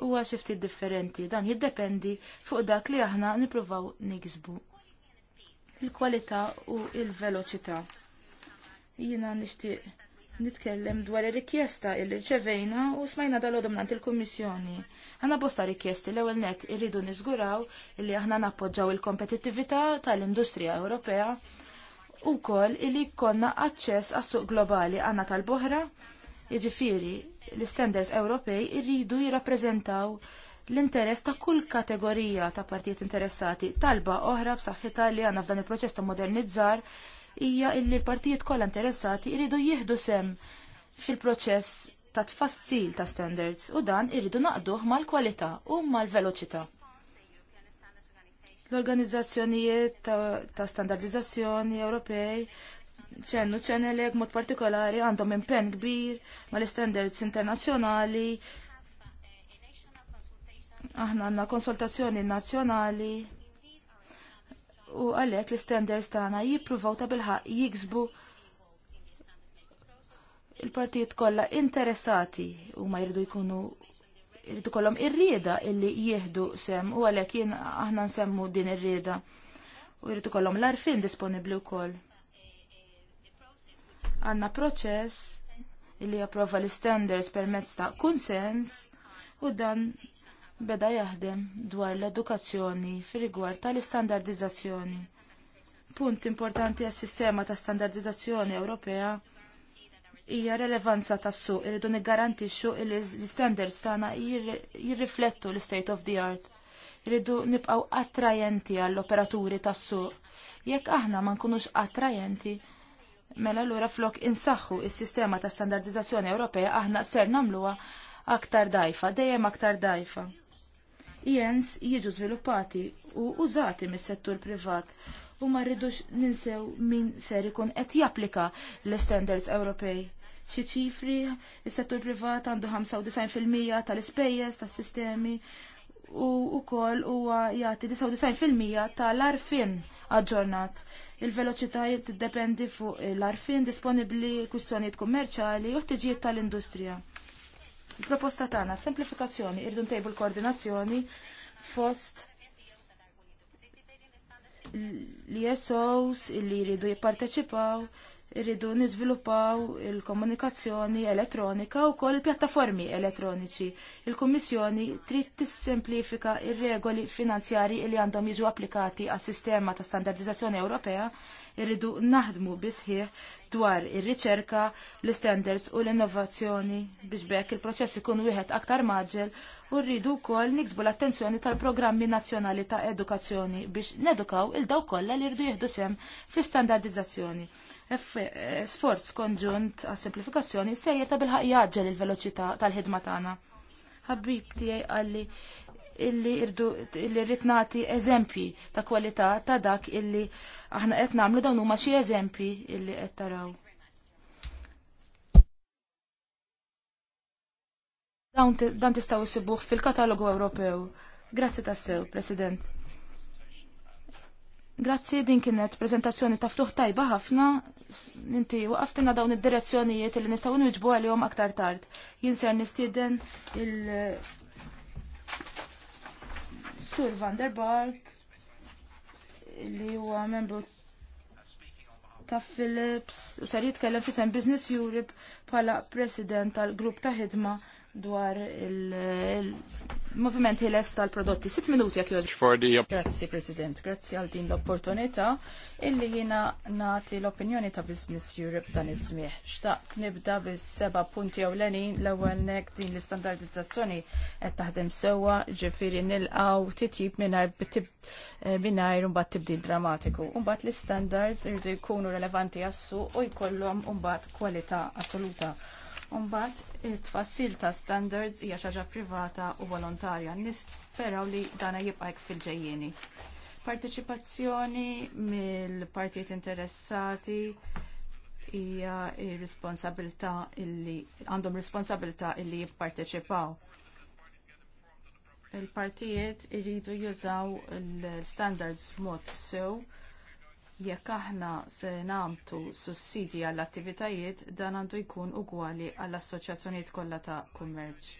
huwa xi ftit differenti, dan jiddependi fuq dak li aħna nippruvaw niksbu. Il-kwalità u il-veloċità. Jina nishtiq nitkellem dwar ir-rikjesta li rċevejna u smajna dal-għodom nant il-Kommissjoni. Għanna bosta rikjesti l ewwel net irridu nizguraw illi aħna nappoġġaw il-kompetittività tal-industrija Ewropea u kol illi konna aċċess għas-suq globali għanna tal-boħra, iġifiri l-standards Ewropej irridu jirrappreżentaw l-interess ta' kull kategorija ta' partijiet interessati talba oħra b'saħħitha li għandna f'dan il-proċess ta' modernizzar hija illi l-partijiet kollha interessati jridu jieħdu sem fil-proċess ta' tfassil ta' standards u dan iridu naqduh mal-kwalità u mal-veloċità. L-organizzazzjonijiet ta', standardizzazzjoni Ewropej ċennu ċenelek mod partikolari għandhom impenn kbir mal-standards internazzjonali aħna għanna konsultazzjoni nazjonali u għalhekk l-standards tagħna jippruvaw ta' bilħaq jiksbu il-partijiet kollha interessati u ma jridu jkunu jridu kollhom ir-rieda illi jieħdu sem u għalhekk jien aħna nsemmu din ir-rieda u jridu kollhom l-arfin disponibbli wkoll. Għandna proċess illi japprova l-standards permezz ta' kunsens u dan beda jaħdem dwar l-edukazzjoni fir-rigward tal-istandardizzazzjoni. Punt importanti għas sistema ta' standardizzazzjoni Ewropea hija relevanza tas-suq irridu niggarantixxu li l-standards tagħna jirriflettu l-state of the art. Irridu nibqgħu attrajenti għall-operaturi tas-suq. Jekk aħna ma nkunux attrajenti, mela allura flok insaħħu is-sistema ta' standardizzazzjoni Ewropea aħna ser nagħmluha aktar dajfa, dejjem aktar dajfa. IENS jiġu sviluppati u użati mis-settur privat u ma rridux ninsew min ser ikun qed japplika l-standards Ewropej. Xi ċifri, is-settur privat għandu 95% tal-ispejjeż tas-sistemi u wkoll huwa jagħti 99% tal-arfin aġġornat. Il-veloċità tiddependi fuq l-arfin disponibbli kwistjonijiet kummerċjali u ħtiġijiet tal-industrija Proposta tagħna semplifikazzjoni irridu ntejbu l-koordinazzjoni fost li jessows li jridu jipparteċipaw, jridu niżviluppaw il-komunikazzjoni elettronika u koll pjattaformi elettroniċi. Il-Kummissjoni trid tissemplifika ir-regoli finanzjari li għandhom jiġu applikati għas sistema ta' standardizzazzjoni Ewropea irridu naħdmu bisħieħ dwar ir-riċerka, l-standards u l-innovazzjoni biex bekk il-proċess ikun wieħed aktar maġġel u rridu wkoll niksbu l-attenzjoni tal-programmi nazzjonali ta' edukazzjoni biex nedukaw il daw kollha li rridu jieħdu sem fl-standardizzazzjoni. Sforz konġunt għas simplifikazzjoni sejjer ta' bil-ħaqjaġġel il-veloċità tal-ħidma tagħna ħabib tiegħi għalli illi irdu illi rrid nagħti eżempji ta' kwalità ta' dak illi aħna qed nagħmlu dawn huma xi eżempji illi qed taraw. Dan tistgħu issibuh fil-katalogu Ewropew. Grazzi tassew, President. Grazzi din kienet prezentazzjoni ta' ftuħ tajba ħafna. Inti waqaftina dawn id-direzzjonijiet li nistgħu niġbu għalihom aktar tard. Jien ser nistieden il Sur Van der Bark li huwa membru ta' Philips u sar jitkellem fi sem Business Europe bħala president tal-grupp ta' ħidma dwar il-, il moviment ħiles tal-prodotti. Sitt minuti għak Grazzi, President. Grazzi għal din l-opportunità illi jina nati l-opinjoni ta' Business Europe dan ismiħ. Xtaqt nibda bis seba punti ewlenin l-ewwel nek din l standardizzazzjoni qed taħdem sewwa ġifieri nilqgħu titjib mingħajr eh, mingħajr mbagħad tibdil dramatiku. Mbagħad l-istandards irdu jkunu relevanti għassu u jkollhom mbagħad kwalità assoluta. Mbagħad it-tfassil ta' standards hija xaġa privata u volontarja. Nisperaw li dana jibqa' hekk fil-ġejjieni. Parteċipazzjoni mill-partijiet interessati hija responsabilità illi għandhom responsabilità illi jipparteċipaw. Il-partijiet iridu jużaw l-standards mod sew jekk aħna se nagħmlu sussidji għall attivitajiet dan għandu jkun ugwali għall assoċjazzjonijiet kollha ta' kummerċ.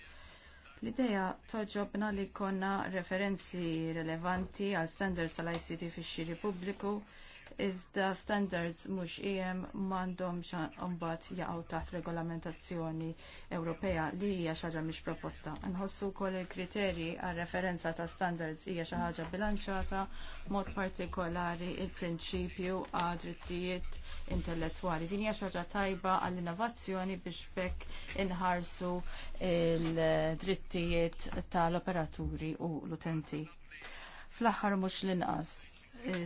L-idea toġobna li jkollna referenzi rilevanti għal standards tal ICT fix-xiri pubbliku iżda standards mhux ijem mandom xambat jaqgħu taħt regolamentazzjoni Ewropea li hija xi ħaġa mhix proposta. Nħossu wkoll il-kriterji għal referenza ta' standards hija xi ħaġa bilanċata, mod partikolari il-prinċipju għad drittijiet intellettwali. Din hija xi ħaġa tajba għall innovazzjoni biex bekk inħarsu il-drittijiet tal-operaturi u l-utenti. Fl-aħħar mhux l-inqas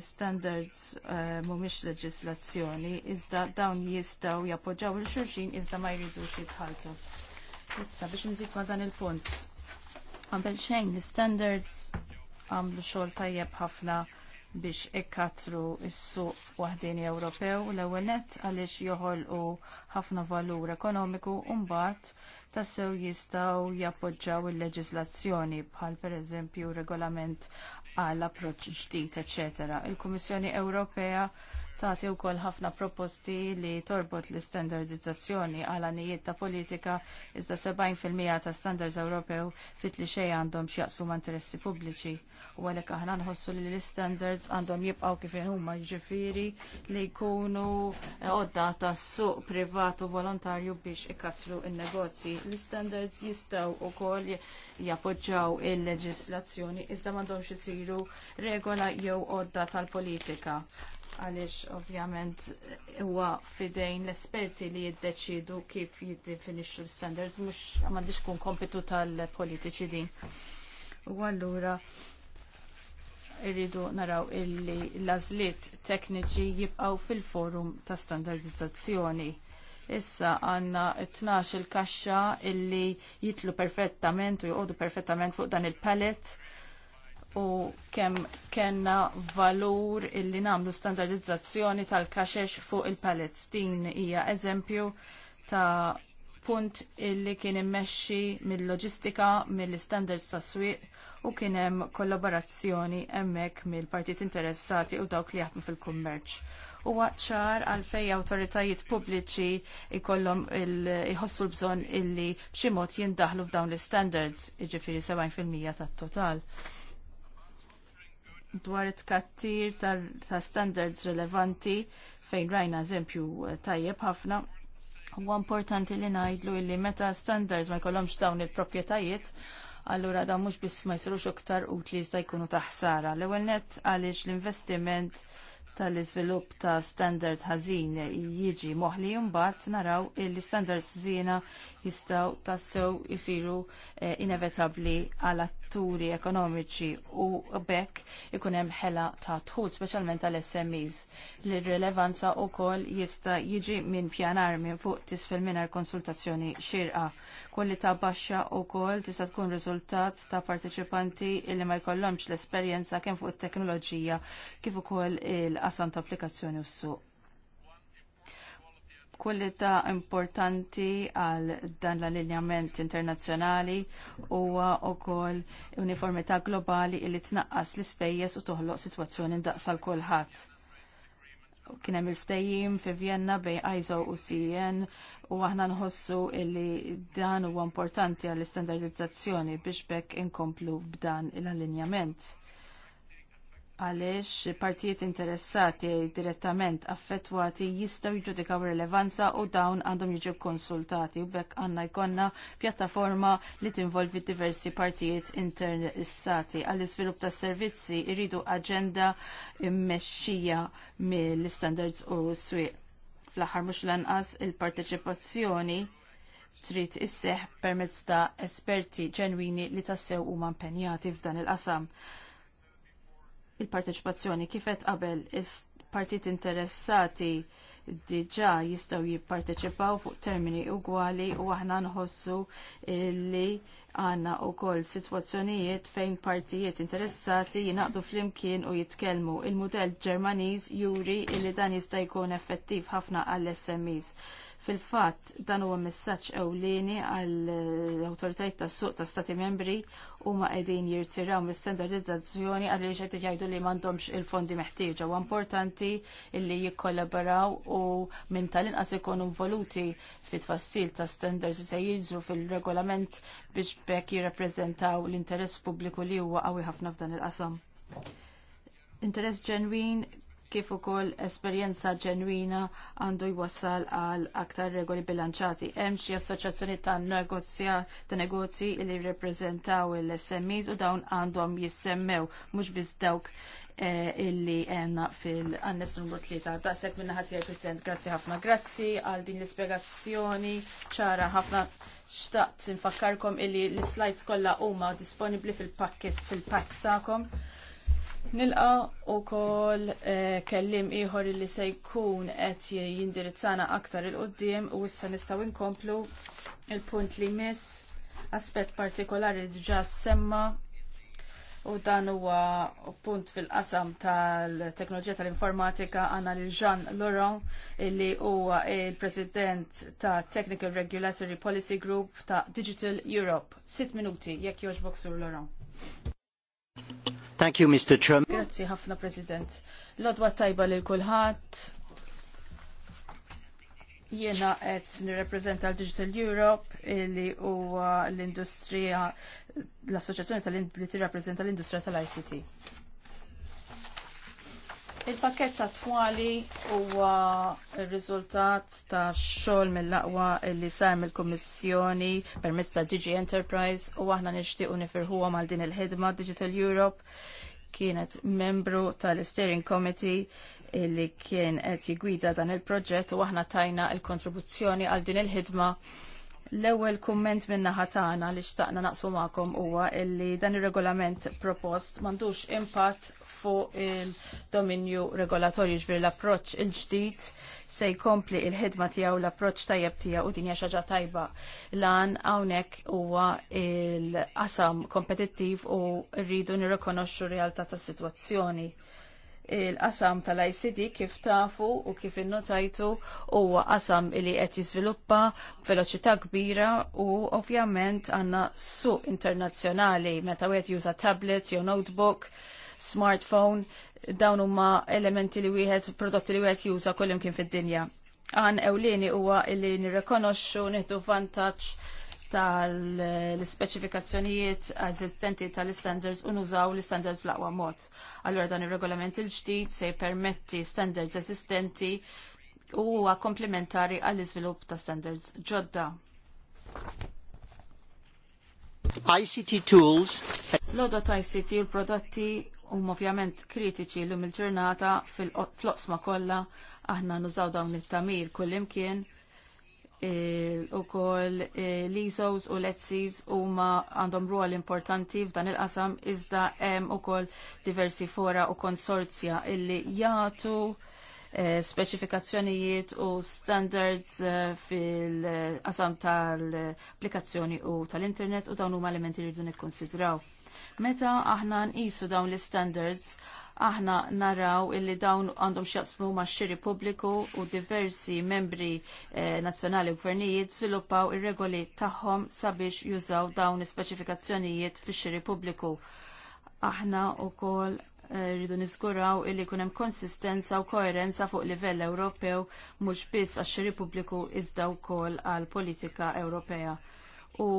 standards eh, mhumiex leġislazzjoni, iżda dawn jistgħu jappoġġaw il xulxin iżda ma jridux jitħaltu. Issa biex nżid ma' dan il-punt. Qabel xejn, l-standards għamlu xogħol tajjeb ħafna biex ikkatru s-suq waħdini Ewropew l ewwel nett għaliex joħolqu ħafna valur ekonomiku u mbagħad tassew jistgħu jappoġġjaw il-leġiżlazzjoni bħal pereżempju regolament għall approċċ ġdid, eccetera. Il-Kummissjoni Ewropea u wkoll ħafna proposti li torbot l-istandardizzazzjoni għal anijiet ta' politika iżda 70% ta' standards Ewropew sit li xejn għandhom x'jaqsmu ma' interessi pubbliċi. U għalhekk aħna nħossu li l-standards għandhom jibqgħu kif huma ġifiri li jkunu għodda ta' suq privatu volontarju biex ikatru il-negozji. L-standards jistaw u kol jappoġġaw il-leġislazzjoni iżda mandomx isiru regola jew għodda tal-politika għaliex ovvjament huwa fidejn l-esperti li jiddeċidu kif jiddefinixxu l-standards mhux m'għandix kun kompitu tal-politiċi din. U allura irridu naraw illi l-għażliet tekniċi jibqgħu fil-forum ta' standardizzazzjoni. Issa għanna 12 il-kaxxa illi jitlu perfettament u jgħodu perfettament fuq dan il-pallet u kemm kena valur illi namlu standardizzazzjoni tal-kaxex fuq il-Palestin hija eżempju ta' punt illi kien immexxi mill-loġistika, mill-standards ta' swieq u kien hemm kollaborazzjoni hemmhekk mill-partit interessati u dawk li jaħdmu fil-kummerċ. Huwa ċar għalfejn awtoritajiet pubbliċi jkollhom iħossu l-bżonn illi b'xi mod jindaħlu f'dawn l-standards, jiġifieri 70% tat-total dwar it-kattir ta' standards relevanti fejn rajna eżempju eh, tajjeb ħafna. Huwa importanti li ngħidlu li meta standards ma jkollhomx dawn il-proprjetajiet, allura da mhux biss ma jsirux iktar utli jista' jkunu ta' ħsara. L-ewwel nett għaliex l-investiment tal-iżvilupp ta' standard ħażin jiġi moħħli mbagħad naraw li standards żiena jistgħu tassew jisiru eh, inevitabbli għal atturi ekonomiċi u bekk ikun hemm ħela ta' tħud, speċjalment għal SMEs. L-rilevanza wkoll jista' jiġi minn pjanar minn fuq tisfel mingħajr konsultazzjoni xirqa. Kwalità baxxa wkoll tista' tkun riżultat ta' parteċipanti li ma jkollhomx l-esperjenza kemm fuq it-teknoloġija kif ukoll il-qasam ta' applikazzjoni u s-suq kwalità importanti għal dan l-allinjament internazzjonali huwa wkoll uniformità globali li tnaqqas l-ispejjeż u toħloq sitwazzjoni daqsa l kulħadd. Kien hemm il-ftehim fi Vienna bejn ISO u CN u aħna nħossu li dan huwa importanti għall istandardizzazzjoni biex bekk inkomplu b'dan l-allinjament għaliex partijiet interessati direttament affettwati jistgħu jiġġudikaw rilevanza u dawn għandhom jiġu konsultati u bekk għandna jkollna pjattaforma li tinvolvi diversi partijiet interessati. għall iżvilupp tas servizzi jridu aġenda mmexxija mill-standards u s-swieq. Fl-aħħar mhux lanqas il-parteċipazzjoni trid isseħħ permezz ta' esperti ġenwini li tassew huma impenjati f'dan il-qasam il-parteċipazzjoni kifet qabel partit interessati diġa jistaw jipparteċipaw fuq termini ugwali u aħna nħossu li għanna u koll situazzjonijiet fejn partijiet interessati jinaqdu flimkien u jitkelmu. il mudell Ġermaniż juri li dan jista' jkun effettiv ħafna għall-SMEs. Fil-fatt dan huwa messaċ ewlieni għall awtoritajiet tas-suq ta' stati membri huma qegħdin jirtiraw mis-standardizzazzjoni għaliex qed jgħidu li m'għandhomx il-fondi meħtieġa u importanti li jikkollaboraw u minn tal-inqas ikunu involuti fit-tfassil ta' standards se jiġru fil-regolament biex bekk jirrappreżentaw l-interess pubbliku li huwa qawwi ħafna f'dan il-qasam interess ġenwin kif ukoll esperjenza ġenwina għandu jwassal għal aktar regoli bilanċati. Hemm xi assoċjazzjoni ta' negozja ta' negozji li jirrepreżentaw l-SMEs u dawn għandhom jissemmew mhux biss dawk eh, illi għenna fil-annes numru 3. Ta' sekk minna ħatija President, grazzi ħafna. Grazzi għal din l-ispiegazzjoni ċara ħafna xtaqt Infakkarkom illi l-slides kollha huma disponibbli fil-pakket fil-packs tagħkom. Nilqa u kol eh, kellim iħor li se jkun qed jindirizzana aktar il-qoddim u issa nistgħu inkomplu il-punt li miss aspett partikolari li diġà semma u dan huwa punt fil-qasam tal-teknoloġija tal-informatika għana li Jean Laurent li huwa il-President ta' Technical Regulatory Policy Group ta' Digital Europe. Sitt minuti, jekk joġbok sur Laurent. Thank you, Mr. Chairman. Grazzi ħafna, President. Lodwa tajba lil kulħadd. Jiena qed nirrappreżenta l-Digital Europe li huwa l-industrija l-Assoċjazzjoni tal-li tirrappreżenta l-industrija tal-ICT. Il-pakket ta' twali huwa r-riżultat ta' xogħol mill-aqwa li sar mill-Kummissjoni permezz ta' DG Enterprise u aħna nixtiequ nifirħuhom għal din il-ħidma Digital Europe kienet membru tal-Steering Committee li kien qed jigwida dan il-proġett u aħna tajna il-kontribuzzjoni għal din il-ħidma L-ewwel kumment min-naħa tagħna li xtaqna naqsu magħkom huwa li dan ir-regolament propost m'għandux impatt fuq il-dominju regolatorju ġvir l-approċ il-ġdid se jkompli il-ħidma tijaw l-approċ tajjeb tijaw u dinja xaġa tajba lan għawnek huwa il-qasam kompetittiv u rridu nirrekonoxxu realtà ta' situazzjoni il-qasam tal-ICD kif tafu u kif innotajtu huwa qasam li qed jiżviluppa veloċità kbira u ovvjament għandna suq internazzjonali meta wieħed juża tablet jew notebook smartphone, dawn huma elementi li wieħed, prodotti li wieħed juża kollim kien fid-dinja. Għan ewlieni huwa li nirrekonoxxu nieħdu vantaġġ tal specifikazzjonijiet eżistenti tal-standards u nużaw l-standards bl-aqwa mod. Allura dan ir-regolament il-ġdid se jpermetti standards eżistenti u huwa komplementari għall-iżvilupp ta' standards ġodda. ICT tools. L-odot ICT u l-prodotti huma ovvjament kritiċi lum il-ġurnata fil oqsma kollha aħna nużaw dawn it-tamir kullimkien e, ukoll e, l-ISOs u l u huma għandhom ruol importanti f'dan il-qasam iżda hemm ukoll diversi fora u konsorzja illi jagħtu specifikazzjonijiet speċifikazzjonijiet u standards e, fil-qasam tal-applikazzjoni u tal-internet u dawn huma elementi li rridu nikkonsidraw. Meta aħna nqisu dawn l-standards, aħna naraw illi dawn għandhom xjaqsmu ma' xiri pubbliku u diversi membri eh, nazzjonali u gvernijiet sviluppaw ir-regoli tagħhom sabiex jużaw dawn l-ispeċifikazzjonijiet fix xiri pubbliku. Aħna wkoll eh, rridu niżguraw illi jkun hemm konsistenza u koerenza fuq livell Ewropew mhux biss għax-xiri pubbliku iżda wkoll għall politika Ewropea. U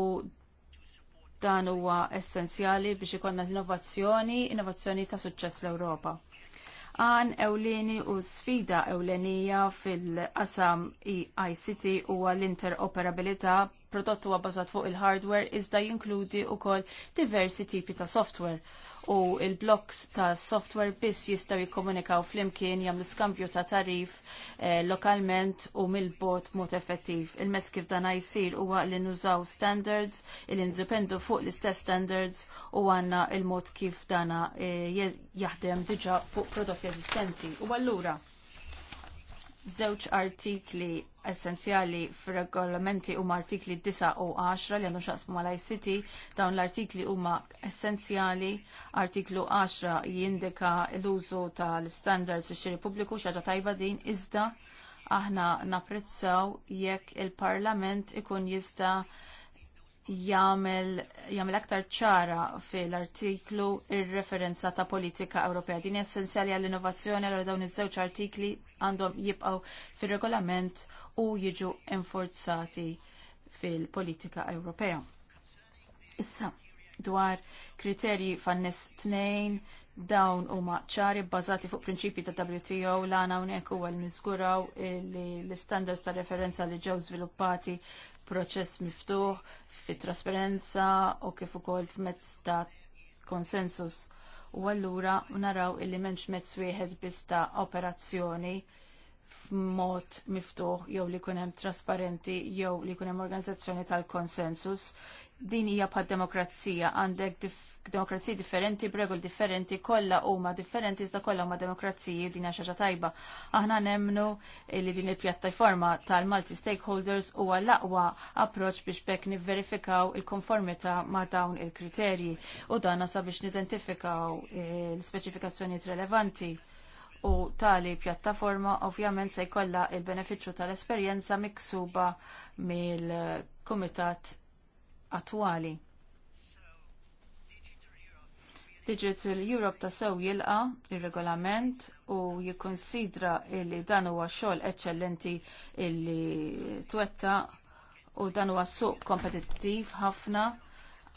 Dan huwa essenzjali biex ikonna innovazzjoni, innovazzjoni ta' suċċess l-Ewropa. Għan ewlieni u sfida ewlenija fil-qasam e ICT huwa l-interoperabilità prodott huwa bażat fuq il-hardware iżda jinkludi wkoll diversi tipi ta' software u il-blocks ta' software biss jistgħu jikkomunikaw flimkien jagħmlu skambju ta' tarif eh, lokalment u mill-bot mod effettiv. Il-mezz kif dan jsir huwa li nużaw standards, il indipendu fuq l-istess standards u għandna il-mod kif dana eh, jaħdem diġà fuq prodotti eżistenti. U allura żewġ artikli essenzjali fir-regolamenti huma artikli 9 u 10 li għandhom xaqsmu mal ICT, dawn l-artikli huma essenzjali. Artiklu 10 jindika l-użu tal-standards ix-xiri pubbliku xaġa tajba din iżda aħna napprezzaw jekk il-Parlament ikun jista' jagħmel aktar ċara fil-artiklu ir-referenza ta' politika Ewropea. Din essenzjali għall-innovazzjoni għal dawn iż-żewġ artikli għandhom jibqgħu fir-regolament u jiġu enforzati fil-politika Ewropea. Issa, dwar kriterji fan-nies tnejn dawn huma ċari bbażati fuq prinċipji ta' WTO l għana hawnhekk huwa li niżguraw li l-istandards ta' referenza li ġew żviluppati proċess miftuħ fit trasparenza u kif ukoll f'mezz ta' konsensus. U allura naraw illi m'hemmx mezz wieħed biss ta' operazzjoni f'mod miftuħ jew li jkun hemm trasparenti jew li jkun hemm organizzazzjoni tal-konsensus. Din hija bħad demokrazija għandek dif demokraziji differenti, bregol differenti, kollha huma differenti, iżda kollha ma' demokraziji din xaġa tajba. Aħna nemnu li din il-pjattaforma tal-Multi Stakeholders huwa l-aqwa approċ biex bekk nivverifikaw il-konformità ma' dawn il-kriterji u dana sabiex nidentifikaw l-speċifikazzjonijiet relevanti u tali pjattaforma ovvjament se jkollha il-benefiċċju tal-esperjenza miksuba mill-kumitat attwali. Digital Europe ta' sew jilqa il-regolament u jikkonsidra li dan huwa xogħol eċċellenti li twetta u dan huwa suq kompetittiv ħafna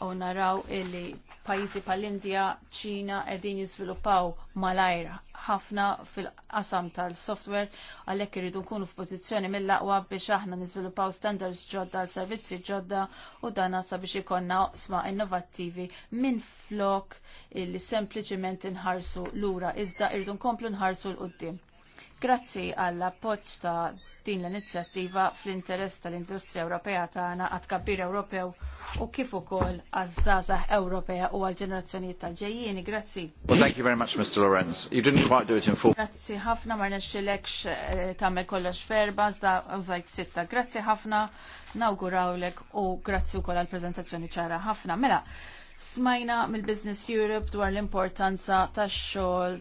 u naraw illi pajjiżi bħall-Indja, ċina qegħdin jiżviluppaw malajr ħafna fil-qasam tal-software għalhekk irridu nkunu f'pożizzjoni mill-aqwa biex aħna niżviluppaw standards ġodda għal servizzi ġodda u dan sabiex ikonna sma innovattivi minn flok illi sempliċiment inħarsu lura iżda irridu nkomplu nħarsu l quddiem Grazzi għall appoġġ ta' din l-inizjattiva fl-interess tal-industrija Ewropea tagħna għad kabbir Ewropew u kif ukoll għaż-żgħażagħ Ewropea u għall-ġenerazzjonijiet tal-ġejjieni. Grazzi. Well, thank you very much, Mr. Lorenz. You didn't quite do it in full. Grazzi ħafna ma rnexxilekx eh, tagħmel kollox ferba u użajt sitta. Grazzi ħafna nawgurawlek u grazzi wkoll għall-preżentazzjoni ċara ħafna. Mela, Smajna mill-Business Europe dwar l-importanza tax xogħol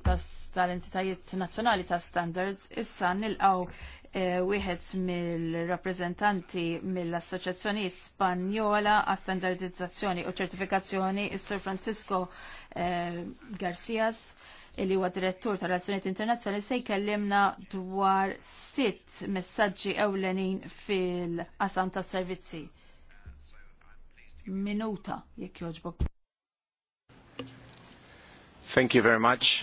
tal-entitajiet nazzjonali ta' standards, issa nilqgħu Eh, wieħed mill-rappreżentanti mill-Assoċjazzjoni Spanjola għas standardizzazzjoni u ċertifikazzjoni is-Sur Francisco eh, Garcias li huwa direttur tal relazzjonijiet internazzjonali se jkellimna dwar sitt messaġġi ewlenin fil-qasam tas servizzi. Minuta jekk jogħġbok. Thank you very much.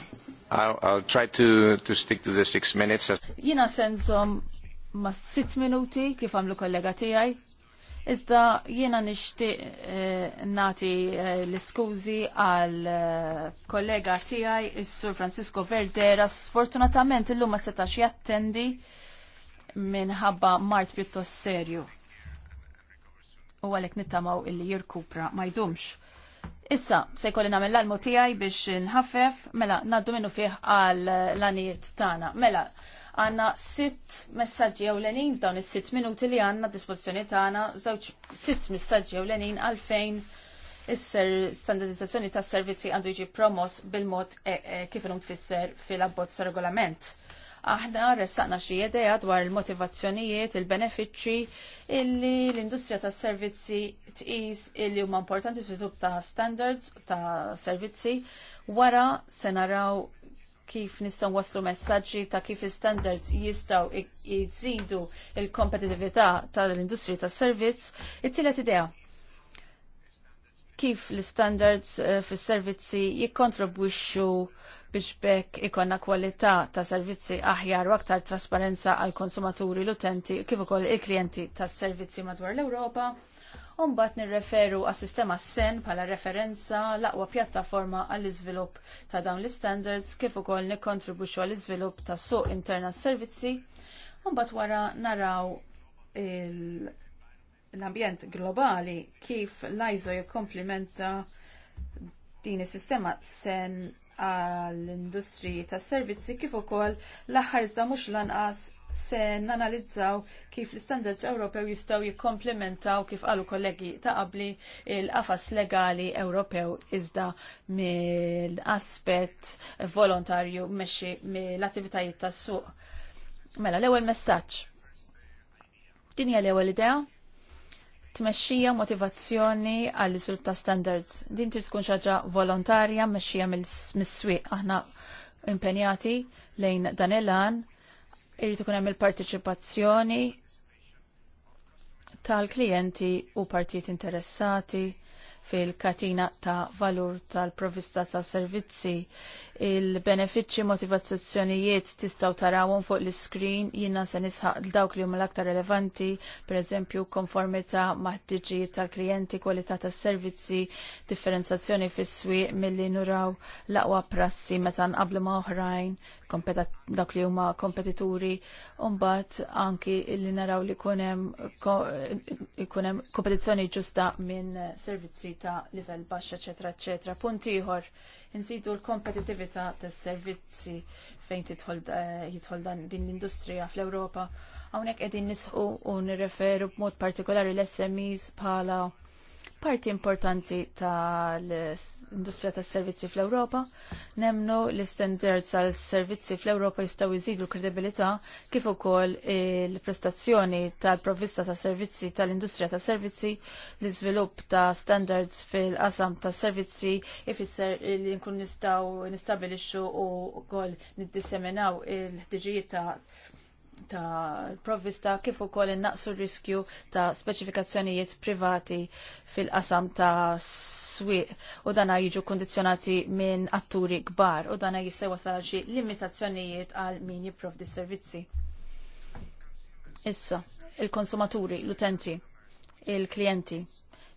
I'll, try to, to stick to the six minutes. Jina senzom ma sitt minuti kif għamlu kollega tijaj. Iżda jiena nixtieq nagħti eh, nati eh, l-iskużi għal eh, kollega tiegħi is-Sur Francisco Verdera sfortunatament illum ma setax jattendi minħabba mart pjuttost serju. U għalhekk nittamaw illi jirkupra ma jdumx. Issa, se jkolli nagħmel l-almu tiegħi biex nħaffef, mela ngħaddu minnu fih għal l-anijiet tagħna. Mela, għandna sitt messaġġi ewlenin f'dawn is-sitt minuti li għandna dispożizzjoni tagħna żewġ sitt messaġġi ewlenin għalfejn is-standardizzazzjoni tas-servizzi għandu jiġi promos bil-mod e e kif inhom tfisser fil-abbozz regolament aħna ressaqna xi idea dwar il-motivazzjonijiet, il-benefiċċji, illi l-industrija tas servizzi tqis illi huma importanti tub ta' standards ta' servizzi wara se naraw kif nistgħu waslu messaġġi ta' kif il standards jistgħu jżidu l kompetitività tal-industrija tas servizz, it-tielet idea kif l-standards eh, fis servizzi jikkontribwixxu biex bekk ikonna kwalità ta' servizzi aħjar u aktar trasparenza għal konsumaturi l-utenti kif ukoll il-klijenti tas servizzi madwar l-Ewropa. Umbat nirreferu għas sistema SEN pala referenza l-aqwa pjattaforma għall iżvilupp ta' dawn l-standards kif ukoll nikkontribwixxu għall iżvilupp ta' suq interna servizzi. Umbat wara naraw l-ambjent globali kif l jikkomplimenta din is-sistema sen għall-industriji tas servizzi kif ukoll l-aħħar iżda mhux lanqas se nanalizzaw kif l-istandards Ewropew jistgħu jikkomplementaw kif qalu kollegi ta' qabli il-qafas legali Ewropew iżda mill-aspett volontarju mexxi mill-attivitajiet tas-suq. Mela l-ewwel messaġġ. Din hija l-ewwel idea tmexxija motivazzjoni għall iżvilupp ta' standards. Din trid tkun ħaġa volontarja mexxija mis-swieq aħna impenjati lejn dan il-għan irrid ikun hemm il-partiċipazzjoni tal-klijenti u partijiet interessati fil-katina ta' valur tal-provista ta' servizzi il-benefiċċji motivazzjonijiet tistaw tarawhom fuq l-iskrin jiena se nisħaq dawk li huma l-aktar relevanti, pereżempju konformità maħtiġijiet tal-klijenti, kwalità tas-servizzi, differenzjazzjoni fis-swieq milli nuraw l-aqwa prassi meta nqablu ma' oħrajn, dawk li huma kompetituri, u mbagħad anki li naraw li jkun hemm kompetizzjoni ġusta minn servizzi ta' livell baxx, eċetera, eċetera. Punt ieħor nżidu l-kompetitività tas-servizzi fejn eh, jitħol dan din l-industrija fl-Ewropa. Hawnhekk qegħdin nisħu u nirreferu b'mod partikolari l-SMEs bħala parti importanti tal-industrija tas-servizzi fl-Ewropa. Nemnu l-standards tal-servizzi fl-Ewropa jistgħu jżidu l-kredibilità kif ukoll il-prestazzjoni tal-provvista tas-servizzi tal-industrija tas-servizzi, l-iżvilupp ta' standards fil-qasam tas-servizzi ifisser li nkun nistgħu nistabilixxu u wkoll niddisseminaw il-ħtiġijiet ta' ta' provvista kif ukoll innaqsu r-riskju ta' speċifikazzjonijiet privati fil-qasam ta' swieq u dana jiġu kondizjonati minn atturi kbar u dana jista' wasal xi limitazzjonijiet għal min jipprovdi servizzi. Issa, il-konsumaturi, l-utenti, il-klijenti,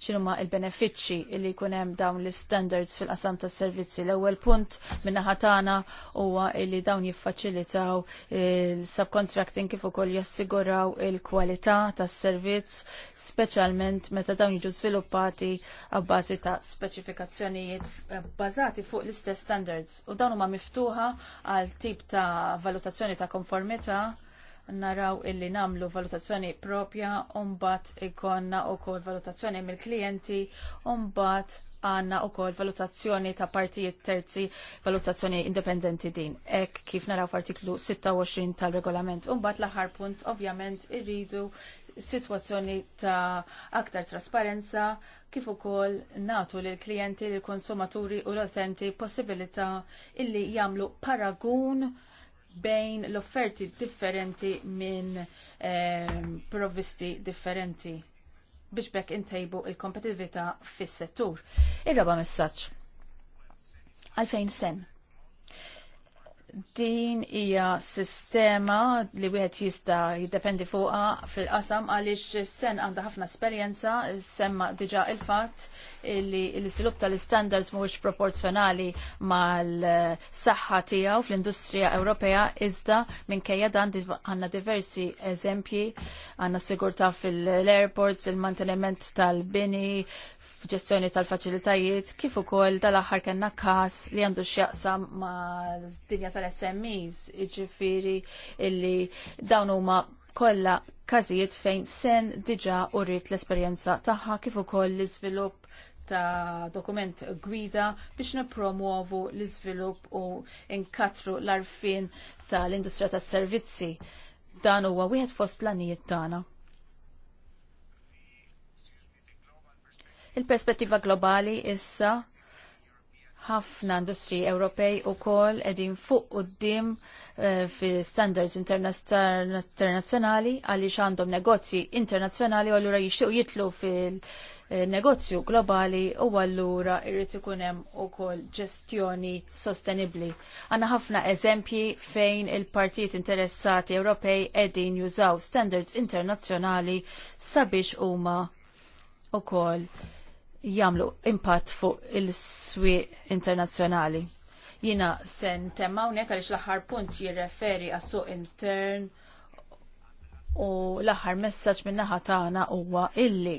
x'inhuma l-benefiċċji li jkun hemm dawn l-standards fil-qasam tas-servizzi. L-ewwel punt min-naħa tagħna huwa li dawn jiffaċilitaw il-subcontracting kif ukoll jassiguraw il-kwalità tas-servizz, speċjalment meta dawn jiġu żviluppati għabbażi ta' speċifikazzjonijiet bbażati fuq l-istess standards u dawn huma miftuħa għal tip ta' valutazzjoni ta' konformità naraw illi namlu valutazzjoni propja, umbat ikonna u kol valutazzjoni mill-klienti, umbat għanna u kol valutazzjoni ta' partijiet terzi, valutazzjoni indipendenti din. Ek kif naraw f'artiklu 26 tal-regolament. Umbat l-aħar punt, ovvjament, irridu situazzjoni ta' aktar trasparenza, kif ukoll natu lil klijenti, lil konsumaturi u l autenti possibilità illi jagħmlu paragun bejn l-offerti differenti minn ehm, provvisti differenti biex bekk intejbu il kompetitività fis-settur. Ir-raba messaġġ. Għalfejn sen? din hija sistema li wieħed jista' jiddependi fuqha fil-qasam għaliex sen għandha ħafna esperjenza, semma diġà il-fatt li l-iżvilupp tal-istandards mhuwiex proporzjonali mal-saħħa tiegħu fl-industrija Ewropea iżda minkejja dan għandna diversi eżempji għandna sigurtà fil-airports, il-manteniment tal-bini, f'ġestjoni tal-faċilitajiet, kif ukoll tal-aħħar kena kas li għandu x'jaqsam ma' dinja tal-SMEs, jiġifieri illi dawn huma kollha każijiet fejn sen diġà urrit l-esperjenza tagħha kif ukoll l-iżvilupp ta' dokument gwida biex nipromuovu l-iżvilupp u nkatru l-arfin tal-industrija tas-servizzi. Dan huwa wieħed fost l-għanijiet tagħna. Il-perspettiva globali issa ħafna industri Ewropej u kol edin fuq u d-dim eh, fi standards internazzjonali għalli għandhom negozji internazzjonali u għallura jixtiq jitlu fil-negozju eh, globali u għallura irrit ikunem u kol ġestjoni sostenibli. Għanna ħafna eżempji fejn il-partijiet interessati Ewropej edin jużaw standards internazzjonali sabiex huma u kol jagħmlu impatt fuq il-swieq internazzjonali. Jiena sen temma hawnhekk għaliex l-aħħar punt jirreferi għassu intern u l-aħħar messaġġ min-naħa tagħna huwa illi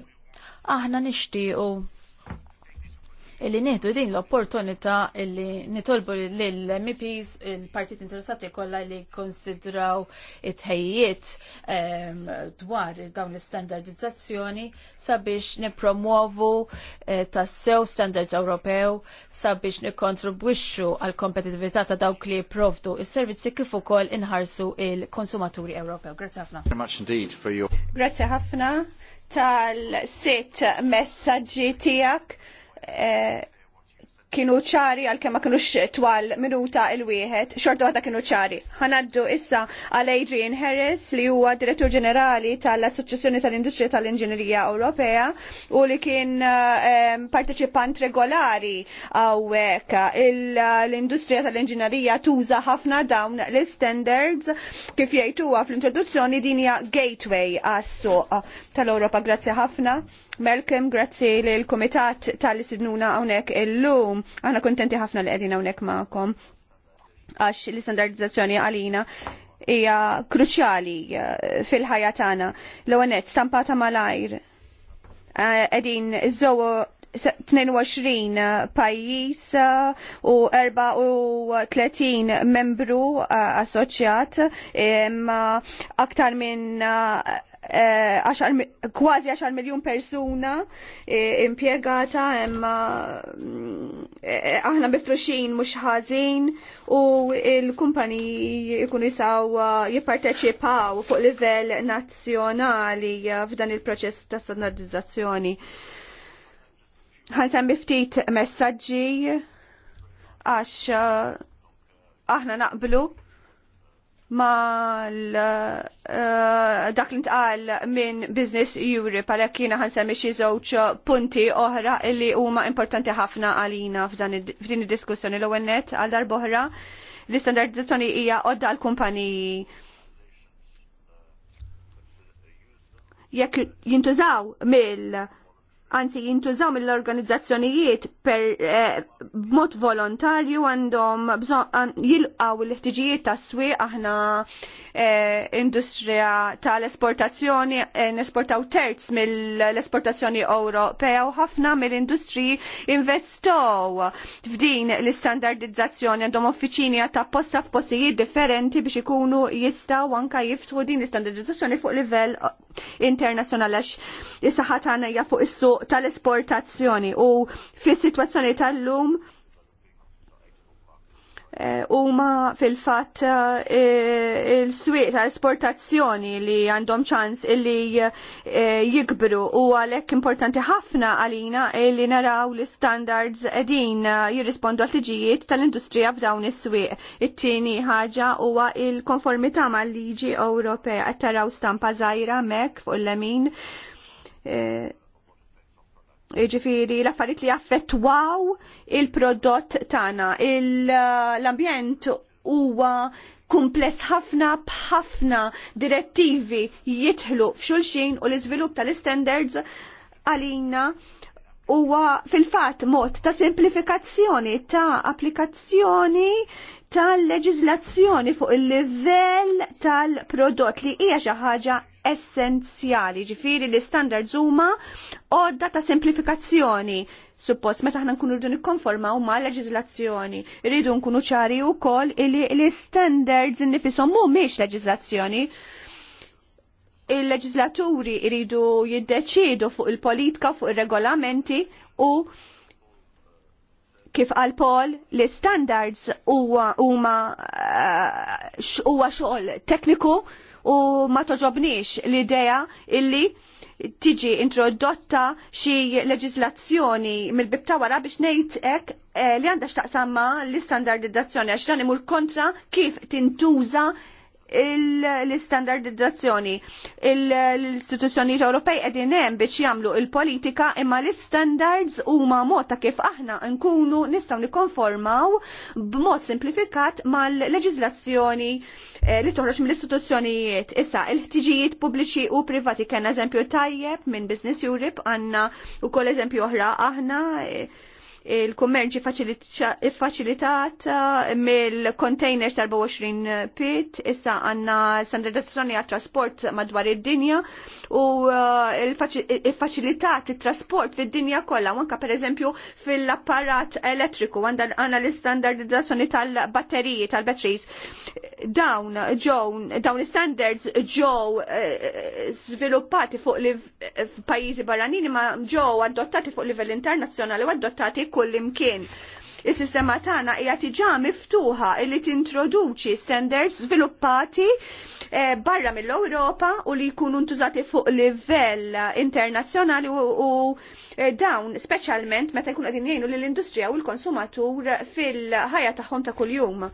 aħna nixtiequ illi nieħdu din l-opportunità illi nitolbu lill-MPs il-partit interessati kollha li konsidraw it-ħejjiet ehm, dwar dawn l-standardizzazzjoni sabiex nipromuovu eh, tassew standards Ewropew sabiex nikkontribwixxu għal kompetitività ta' dawk li jipprovdu is-servizzi kif ukoll inħarsu il-konsumaturi Ewropew. Grazzi ħafna. Grazzi ħafna tal-sitt messaġġi tiegħek Eh, kienu ċari għal kemm ma kinux twal minuta il wieħed xorta waħda kienu ċari. Ħanaddu issa għal Adrian Harris li huwa Direttur Ġenerali tal-Assoċjazzjoni tal-Industrija tal-Inġinerija Ewropea u li kien eh, partecipant regolari għawek L-industrija tal-inġinerija tuża ħafna dawn l-standards kif jgħiduha fl-introduzzjoni din hija gateway għas-suq tal-Ewropa. Grazzi ħafna. Malcolm, grazzi li l-Komitat tal-Sidnuna għonek il-lum. Għana kontenti ħafna li għedin għonek ma'kom. Għax l-standardizzazzjoni għalina hija kruċjali eh, fil-ħajja tagħna. L-għonet stampata mal-ajr eh, Qegħdin iżżowu 22 eh, pajjiż u 34 membru assoċjat aktar minn Eh, kważi 10 miljon persuna eh, impiegata imma mm, eh, aħna bifruxin mhux ħażin u l kumpani jkunu jisaw jipparteċipaw fuq livell nazzjonali f'dan il-proċess ta' standardizzazzjoni. Ħansemmi ftit messaġġi għax aħna naqblu ma l Eh, dak li ntqal minn Business Europe għalhekk jiena ħansemmi xi żewġ punti oħra li huma importanti ħafna għalina f'din id-diskussjoni l-ewwel nett għal darb'oħra l-istandardizzazzjoni hija għodda għal kumpaniji jekk jintużaw mill anzi jintużaw mill-organizzazzjonijiet per eh, mod volontarju għandhom jilqaw l-ħtiġijiet tas swieq aħna Eh, industrija tal-esportazzjoni eh, nesportaw terz mill-esportazzjoni Ewropea u ħafna mill-industriji investow f'din l-istandardizzazzjoni għandhom uffiċini ta' posta f'postijiet differenti biex ikunu jistaw anka jiftħu din l-istandardizzazzjoni fuq livell eh, internazzjonali għax is-saħħa tagħna fuq is-suq tal-esportazzjoni u fis-sitwazzjoni tal-lum Eh, huma fil-fatt eh, eh, il-swieq ta' esportazzjoni li għandhom ċans illi jikbru u għalhekk importanti ħafna għalina li naraw l standards edin jirrispondu għal tiġijiet tal-industrija f'dawn is-swieq. It-tieni ħaġa huwa il-konformità mal-liġi Ewropea qed taraw stampa zaħira mek fuq il-lemin ġifiri l-affarijiet li affettwaw il-prodott tagħna. L-ambjent huwa kumpless ħafna b'ħafna direttivi jitħlu f'xulxin u l-iżvilupp tal-standards għalina huwa fil-fatt mod ta' simplifikazzjoni ta' applikazzjoni tal-leġizlazzjoni fuq il-livell tal-prodott li hija xi ħaġa essenzjali, ġifiri li standard huma odda ta' semplifikazzjoni. Suppost meta aħna nkunu rridu nikkonformaw ma' leġiżlazzjoni, rridu nkunu ċari wkoll li l-standards innifishom mhumiex leġiżlazzjoni. il leġiżlaturi rridu jiddeċidu fuq il-politika, fuq ir regolamenti u kif għal Paul li standards huwa eh, huwa xogħol tekniku u ma toġobniex l-idea illi tiġi introdotta xi leġislazzjoni mill-bibta wara biex ngħid hekk eh, li għandha x'taqsam ma l-istandardizzazzjoni għax dan imur kontra kif tintuża l-istandardizzazzjoni. L-istituzzjoni Ewropej qegħdin hemm biex jagħmlu l-politika imma l-istandards huma mod ta' kif aħna nkunu nistgħu nikkonformaw b'mod simplifikat mal-leġiżlazzjoni eh, li toħroġ mill-istituzzjonijiet. Issa il-ħtiġijiet pubbliċi u privati kien eżempju tajjeb minn Business Europe għandna ukoll eżempju oħra aħna eh, il-kummerġi facilitat eh, mill-containers 24 pit, issa għanna standardizzazzjoni għal trasport madwar id-dinja u eh, il facilitat il-trasport fid-dinja kollha anka per eżempju fil-apparat elettriku għanna l-standardizzazzjoni tal-batteriji tal-batteries. Dawn ġown, dawn standards ġow eh, sviluppati fuq pajjiżi barranini ma ġow adottati fuq livell internazzjonali u adottati kull imkien. Is-sistema tagħna hija diġà miftuħa li tintroduċi standards sviluppati eh, barra mill-Ewropa u li jkunu ntużati fuq livell internazzjonali u, eh, dawn speċjalment meta jkunu qegħdin jgħinu lill industrija u l-konsumatur fil-ħajja tagħhom ta' kuljum.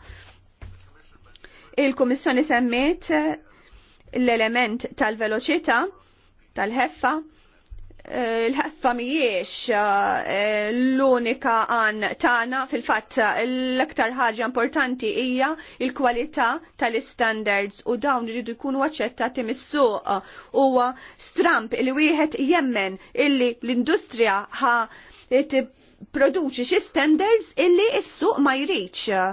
Il-Kummissjoni semmiet l-element tal-veloċità tal-ħeffa l-ħeffa miex eh, l-unika għan tana fil-fatt l-aktar ħaġa importanti hija il-kwalità tal-standards u dawn iridu jkunu aċċettati mis-suq huwa stramp li wieħed jemmen illi l-industrija ħa produċi xi standards illi s-suq ma jriċ.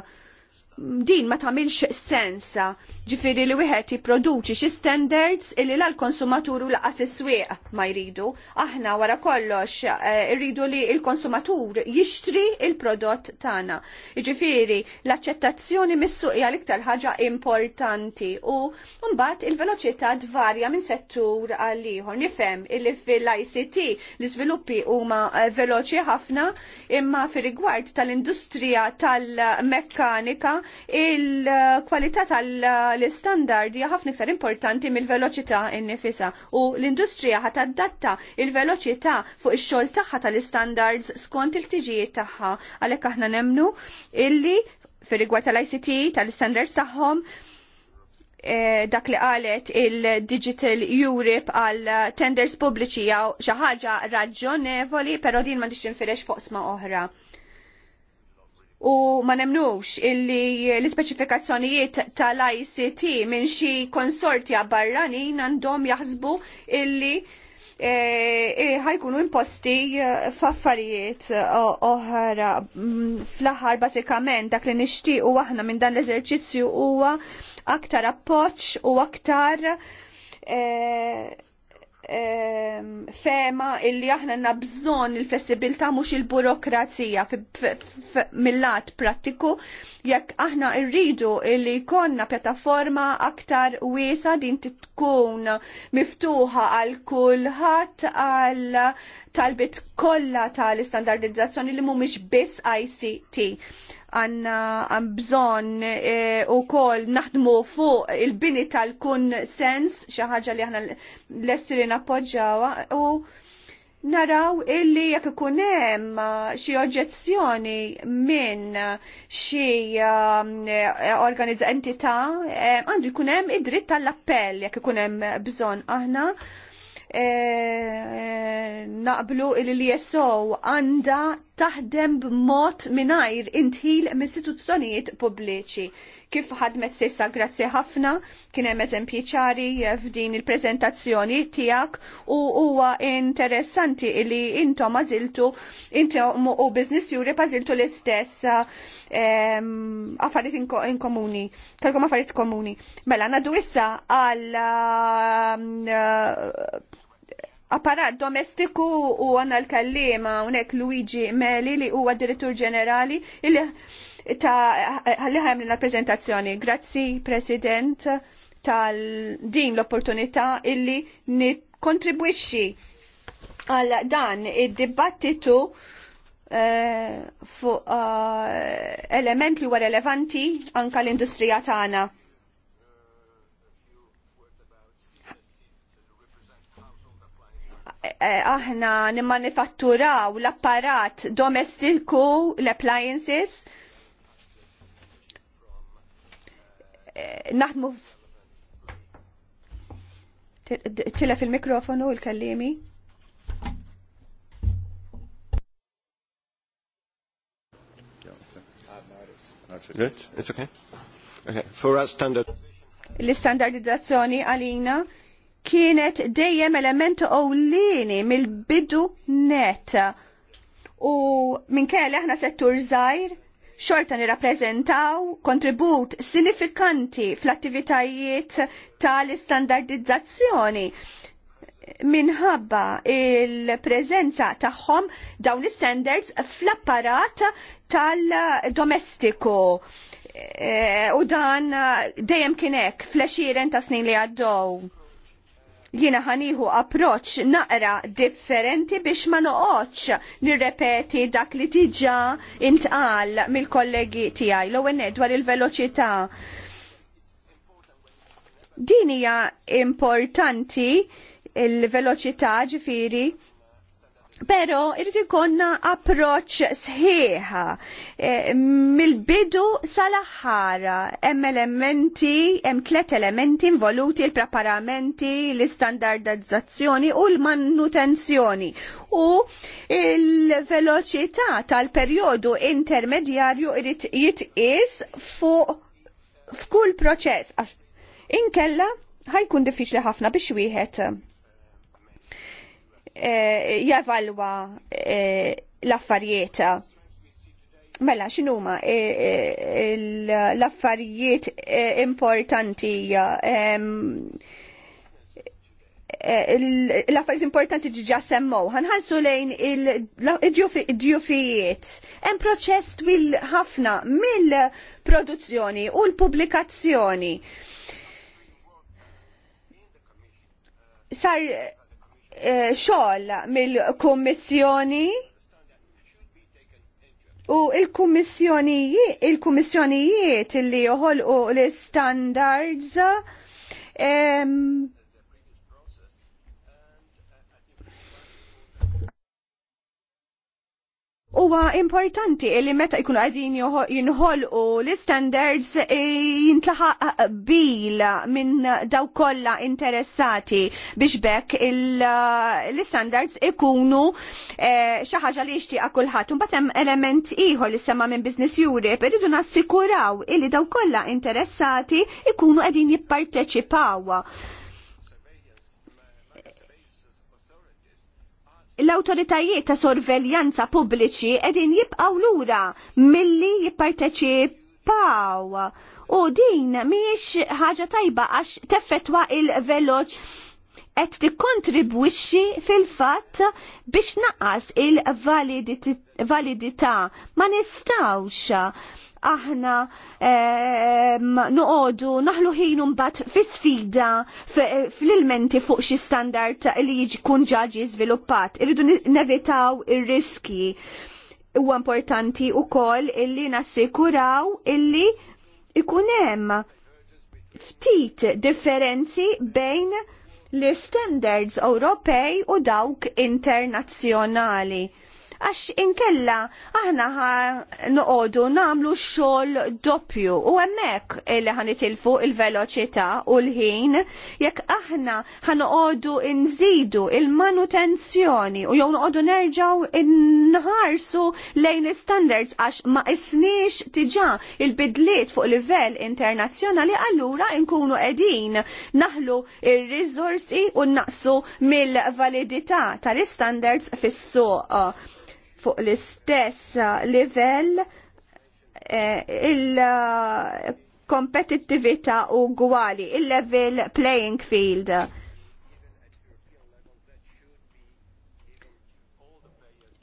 Din ma tagħmilx sensa ġifiri li wieħed jipproduċi xi standards illi l konsumaturu laqas is-swieq ma jridu. Aħna wara kollox eh, irridu li l-konsumatur jixtri il-prodott tagħna. Jiġifieri l-aċċettazzjoni mis-suq hija l-iktar ħaġa importanti u mbagħad il-veloċità tvarja minn settur għal ieħor. Nifhem illi fil-ICT l-iżviluppi huma eh, veloċi ħafna imma fir-rigward tal-industrija tal-mekkanika il-kwalità tal l-standard hija ħafna iktar importanti mill-veloċità innifisa u l-industrija ħat adatta il-veloċità fuq ix-xogħol tagħha tal-standards skont il-tiġijiet tagħha għalhekk aħna nemnu illi fir-rigward tal-ICT tal-standards tagħhom e, dak li qalet il-Digital Europe għal tenders pubbliċi jew xi ħaġa raġonevoli, però din ma tixtinfirex fuq sma oħra u ma nemnux illi l-ispeċifikazzjonijiet tal-ICT minn xi konsortja barranin għandhom jaħsbu illi eh, eh, ħajkunu imposti eh, f'affarijiet oħra mm, fl-aħħar bażikament dak li u aħna minn dan l-eżerċizzju huwa aktar appoġġ u aktar Ehm, fema illi aħna na bżon il-flessibilta mux il-burokrazija mill-lat pratiku jekk aħna irridu illi konna pjattaforma aktar wiesa din tkun miftuħa għal kulħadd għal Talbit kolla ta' l istandardizzazzjoni li mhumiex biss ICT. Għanna għan bżon e, u kol naħdmu fuq il-bini tal-kun sens, xaħġa li aħna l-estri nappoġġawa u naraw illi jekk ikun hemm uh, xi oġġezzjoni minn xi um, e, organizza entità e, għandu jkun hemm id-dritt tal-appell jekk ikun hemm bżonn aħna Eh, eh, naqblu il iso għanda taħdem b'mod minajr intħil mistituzzjonijiet pubbliċi. Kif ħadmet sissa grazzi ħafna, kien hemm eżempji ċari f'din il-preżentazzjoni tiegħek u huwa interessanti li intom għaziltu intom u Business juri għaziltu l-istess ehm, affarijiet in komuni, kalkom affarijiet komuni. Mela nadu issa għal ehm, apparat domestiku u għanna l-kallima unek Luigi Meli li huwa direttur ġenerali illi ta' għalli ħajmlina l-prezentazzjoni. Grazzi, President, tal-din l-opportunità illi kontribwixxi għal dan id-dibattitu eh, fuq uh, element li huwa relevanti anka l-industrija tagħna. Eh, eh, aħna nimmanifatturaw l-apparat domestiku, l-appliances, eh, naħdmu tilef il-mikrofonu il-kallimi. Good, it's okay. Okay, for us standard. L-standardizzazzjoni għalina kienet dejjem element ewlieni mill-bidu net. U kelli aħna settur żgħir xorta nirrappreżentaw kontribut sinifikanti fl-attivitajiet tal-istandardizzazzjoni minħabba il-preżenza tagħhom dawn l-standards fl-apparat tal-domestiku. E, u dan dejjem kien hekk fl-għexieren ta' snin li għaddew. Jiena ħaniħu approċ naqra differenti biex ma noqgħodx nirrepeti dak li tiġa intqal mill-kollegi tiegħi l-ewwel dwar il-veloċità. Din hija importanti il-veloċità ġifiri Pero irrid ikonna approċ sħiħa eh, mill-bidu sal aħħara hemm elementi, hemm tliet elementi involuti l-preparamenti, l-istandardizzazzjoni u l-manutenzjoni u l-veloċità tal-perjodu intermedjarju irrid jitqis fuq f'kull proċess. Inkella ħajkun diffiċli ħafna biex wieħed Eh, javalwa eh, l-affarijiet. Mela, x'inhuma eh, l-affarijiet importanti ehm, l-affarijiet importanti ġiġa semmow. Għanħansu lejn il djufijiet Hemm proċess twil ħafna mill-produzzjoni u l-pubblikazzjoni. Sar Eh, xogħol mill-kummissjoni u il-kummissjonijiet il-kummissjonijiet li joħolqu l-standards Huwa importanti li meta jkunu qegħdin jinħolqu l-standards eh, jintlaħaq eh, bil minn daw kollha interessati biex bekk eh, l-standards ikunu xi ħaġa li jixtieqa kulħadd. Imbagħad hemm element ieħor li sema minn Business Europe irridu nassikuraw illi daw kollha interessati ikunu qegħdin jipparteċipaw. l-autoritajiet ta' sorveljanza pubbliċi edin jibqaw lura milli jipparteċipaw. U din miex ħaġa tajba għax teffetwa il-veloċ qed tikkontribwixxi fil-fatt biex naqas il-validità. Ma nistawx aħna nuqodu naħlu ħinu mbagħad fi sfida fl-ilmenti fuq xi standard li jiġi kun ġaġi żviluppat. Irridu nevitaw ir-riski. Huwa importanti wkoll illi nassikuraw illi ikun hemm ftit differenzi bejn l-standards Ewropej u dawk internazzjonali Għax inkella aħna noqogħdu nagħmlu xogħol doppju u hemmhekk li ħanitilfu il-veloċità u l-ħin jekk aħna ħanoqodu nżidu il-manutenzjoni u jew noqogħdu nerġaw nħarsu lejn standards għax ma isniex tiġa il-bidliet fuq livell internazzjonali allura nkunu qegħdin naħlu il-rizorsi u naqsu mill-validità tal-standards fis-suq fuq l-istess livell eh, il-kompetittività ugwali, il-level playing field.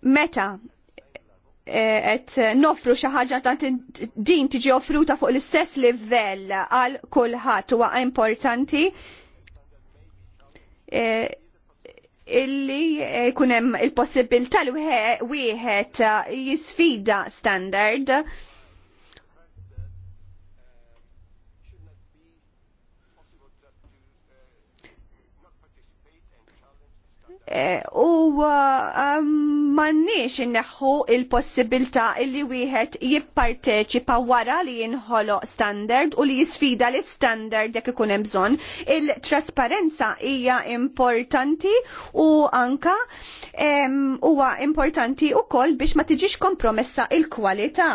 Meta eh, et nofru xi ħaġa ta' din tiġi offruta fuq l-istess livell għal kulħadd huwa importanti eh, illi eh, kunem il-possibilità li wieħed eh, jisfida standard Eh, u uh, um, mannix inneħħu il-possibilta illi wieħed jipparteċipa wara li jinħolo standard u li jisfida l standard jekk ikun hemm bżonn. Il-trasparenza hija importanti u anka huwa importanti wkoll biex ma tiġix kompromessa il-kwalità.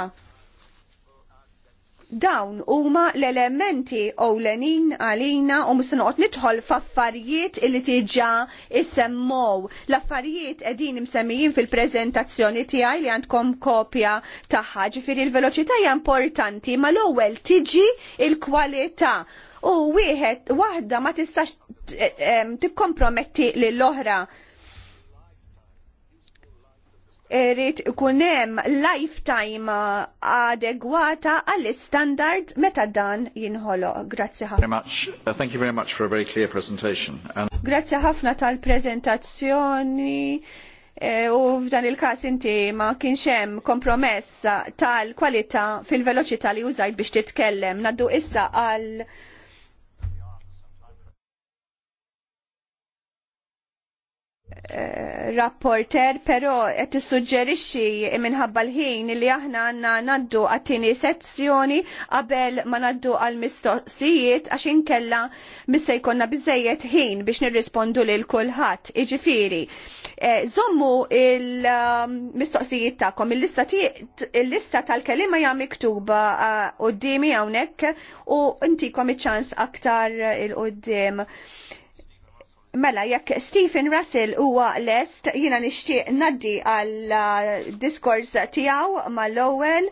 Dawn huma l-elementi ewlenin għalina u noqgħod nidħol f'affarijiet li tiġa issemmow. L-affarijiet qegħdin imsemmijin fil-preżentazzjoni tiegħi li għandkom kopja tagħha. Ġifieri l-veloċità hija importanti, ma l-ewwel tiġi l kwalità u wieħed waħda ma tistax eh, eh, tikkomprometti lill-oħra ikun hemm lifetime adegwata għall-standard meta dan jinħolo. Grazzi ħafna. Uh, thank you very much for a very clear presentation. And... Grazzi ħafna tal-prezentazzjoni. E, u f'dan il-kas inti ma kienx hemm kompromess tal-kwalità fil-veloċità li użajt biex titkellem. Naddu issa għal Eh, rapporter, pero qed tissuġġerixxi minħabba l-ħin li aħna għandna naddu għat-tieni sezzjoni qabel ma naddu għal mistoqsijiet għax inkella missa jkollna biżejjed ħin biex nirrispondu lil kulħadd. Iġifieri, eh, żommu il-mistoqsijiet tagħkom, il-lista tal-kelima hija miktuba eh, qudiemi hawnhekk u intikom iċ-ċans aktar il-qudiem. Mela, jekk Stephen Russell huwa lest, jina nixtieq naddi għal uh, diskors tiegħu mal-ewwel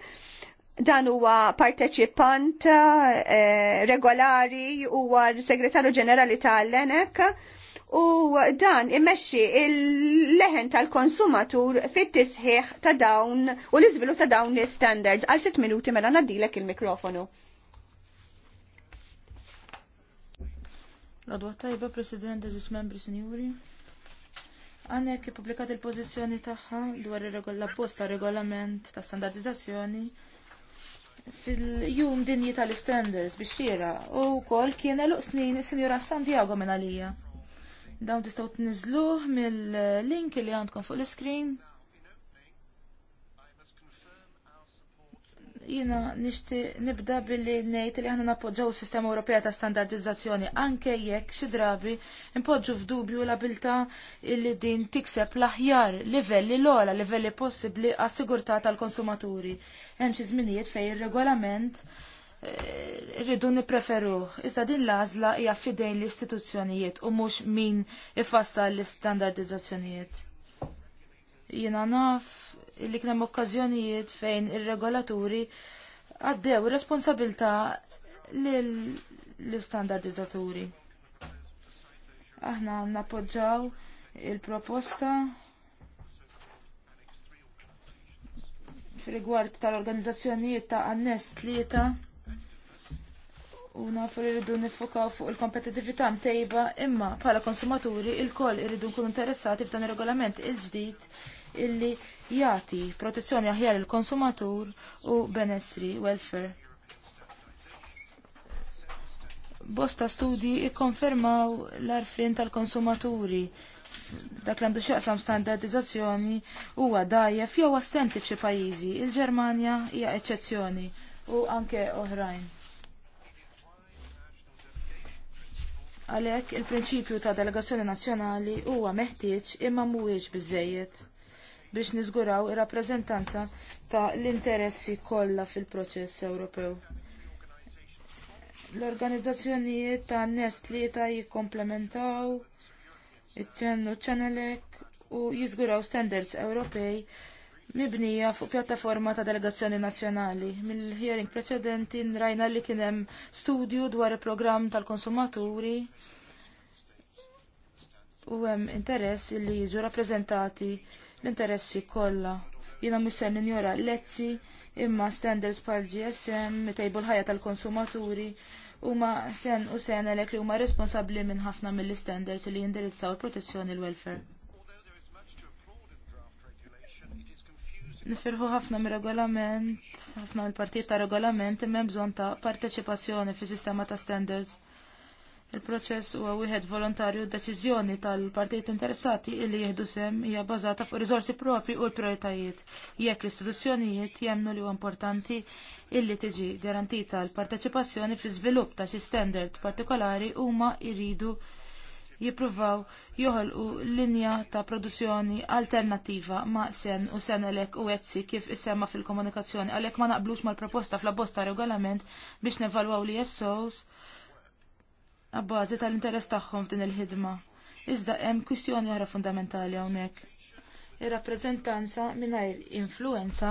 dan huwa parteċipant uh, regolari huwa segretarju ġenerali tal-Lenek u dan immexxi il-leħen tal-konsumatur fit-tisħiħ ta' dawn u l-iżvilupp ta' dawn l-standards għal sitt minuti mela nadilek il-mikrofonu. L-għadwa tajba, President, eżis membri, sinjuri. Għannek publikat il-pozizjoni taħħa dwar l posta regolament ta' standardizzazzjoni fil-jum dinji tal-standards biex xira u kol kien l snin il-Sinjura Santiago minn għalija. Dawn tistaw t mill-link li għandkom fuq l-screen Jiena nishti nibda billi ngħid li aħna nappoġġaw is-sistema Ewropea ta' standardizzazzjoni anke jekk xi drabi impoġġu f'dubju l-abilità li din tikseb l-aħjar livelli l-ogħla livelli possibbli għas-sigurtà tal-konsumaturi. Hemm xi żminijiet fejn ir-regolament eh, rridu nippreferuh. Issa din l-għażla hija fidejn l-istituzzjonijiet u mhux min ifassal l-istandardizzazzjonijiet. Jiena naf li kienem hemm okkażjonijiet fejn ir-regolaturi għaddew responsabilità lill-standardizzaturi. Aħna nappoġġaw il-proposta fil-rigward tal-organizzazzjonijiet ta' annest tlieta u nafu li rridu nifokaw fuq il-kompetitività mtejba imma bħala konsumaturi il-koll irridu nkunu interessati f'dan ir regolament il-ġdid illi jagħti protezzjoni aħjar il-konsumatur u benessri welfare. Bosta studji ikkonfermaw l-arfin tal-konsumaturi dak l-għandu xaqsam standardizzazzjoni huwa għadajja jew assenti f'xi pajjiżi. Il-Ġermanja hija eċċezzjoni u anke oħrajn. Għalhekk il-prinċipju ta' delegazzjoni nazzjonali huwa meħtieġ imma mhuwiex biżejjed biex niżguraw ir-rappreżentanza ta' l-interessi kollha fil-proċess Ewropew. L-organizzazzjonijiet ta' nes tlieta jikkomplementaw iċ-ċennu ċenelek u jiżguraw standards Ewropej mibnija fuq pjattaforma ta' delegazzjoni nazzjonali. Mill-hearing preċedenti nrajna li kien hemm studju dwar il-programm tal-konsumaturi u hemm interess li jiġu rappreżentati l-interessi kollha. Jiena mister ninjora lezzi imma standards bħal GSM tejbu l-ħajja tal-konsumaturi huma sen u sen elek li huma responsabbli minn ħafna mill-standards li jindirizzaw il-protezzjoni l-welfare. Nifirħu ħafna mir regolament ħafna mill-partijiet ta' regolament imma bżonn ta' parteċipazzjoni fis sistema ta' standards Il-proċess huwa wieħed volontarju deċiżjoni tal-partijiet interessati illi jieħdu sem hija bbażata fuq riżorsi propri u l-prioritajiet. Jekk l-istituzzjonijiet jemnu li huwa importanti illi tiġi garantita l-parteċipazzjoni fi żvilupp ta' xi standard partikolari huma jridu jippruvaw joħolqu linja ta' produzzjoni alternattiva ma' sen u senelek u etzi kif isemma fil-komunikazzjoni għalhekk ma naqblux mal-proposta fl-abbosta regolament biex nevalwaw li jessows għabbażi tal-interess tagħhom f'din il-ħidma. Iżda hemm kwistjoni oħra fundamentali hawnhekk. Ir-rappreżentanza mingħajr influenza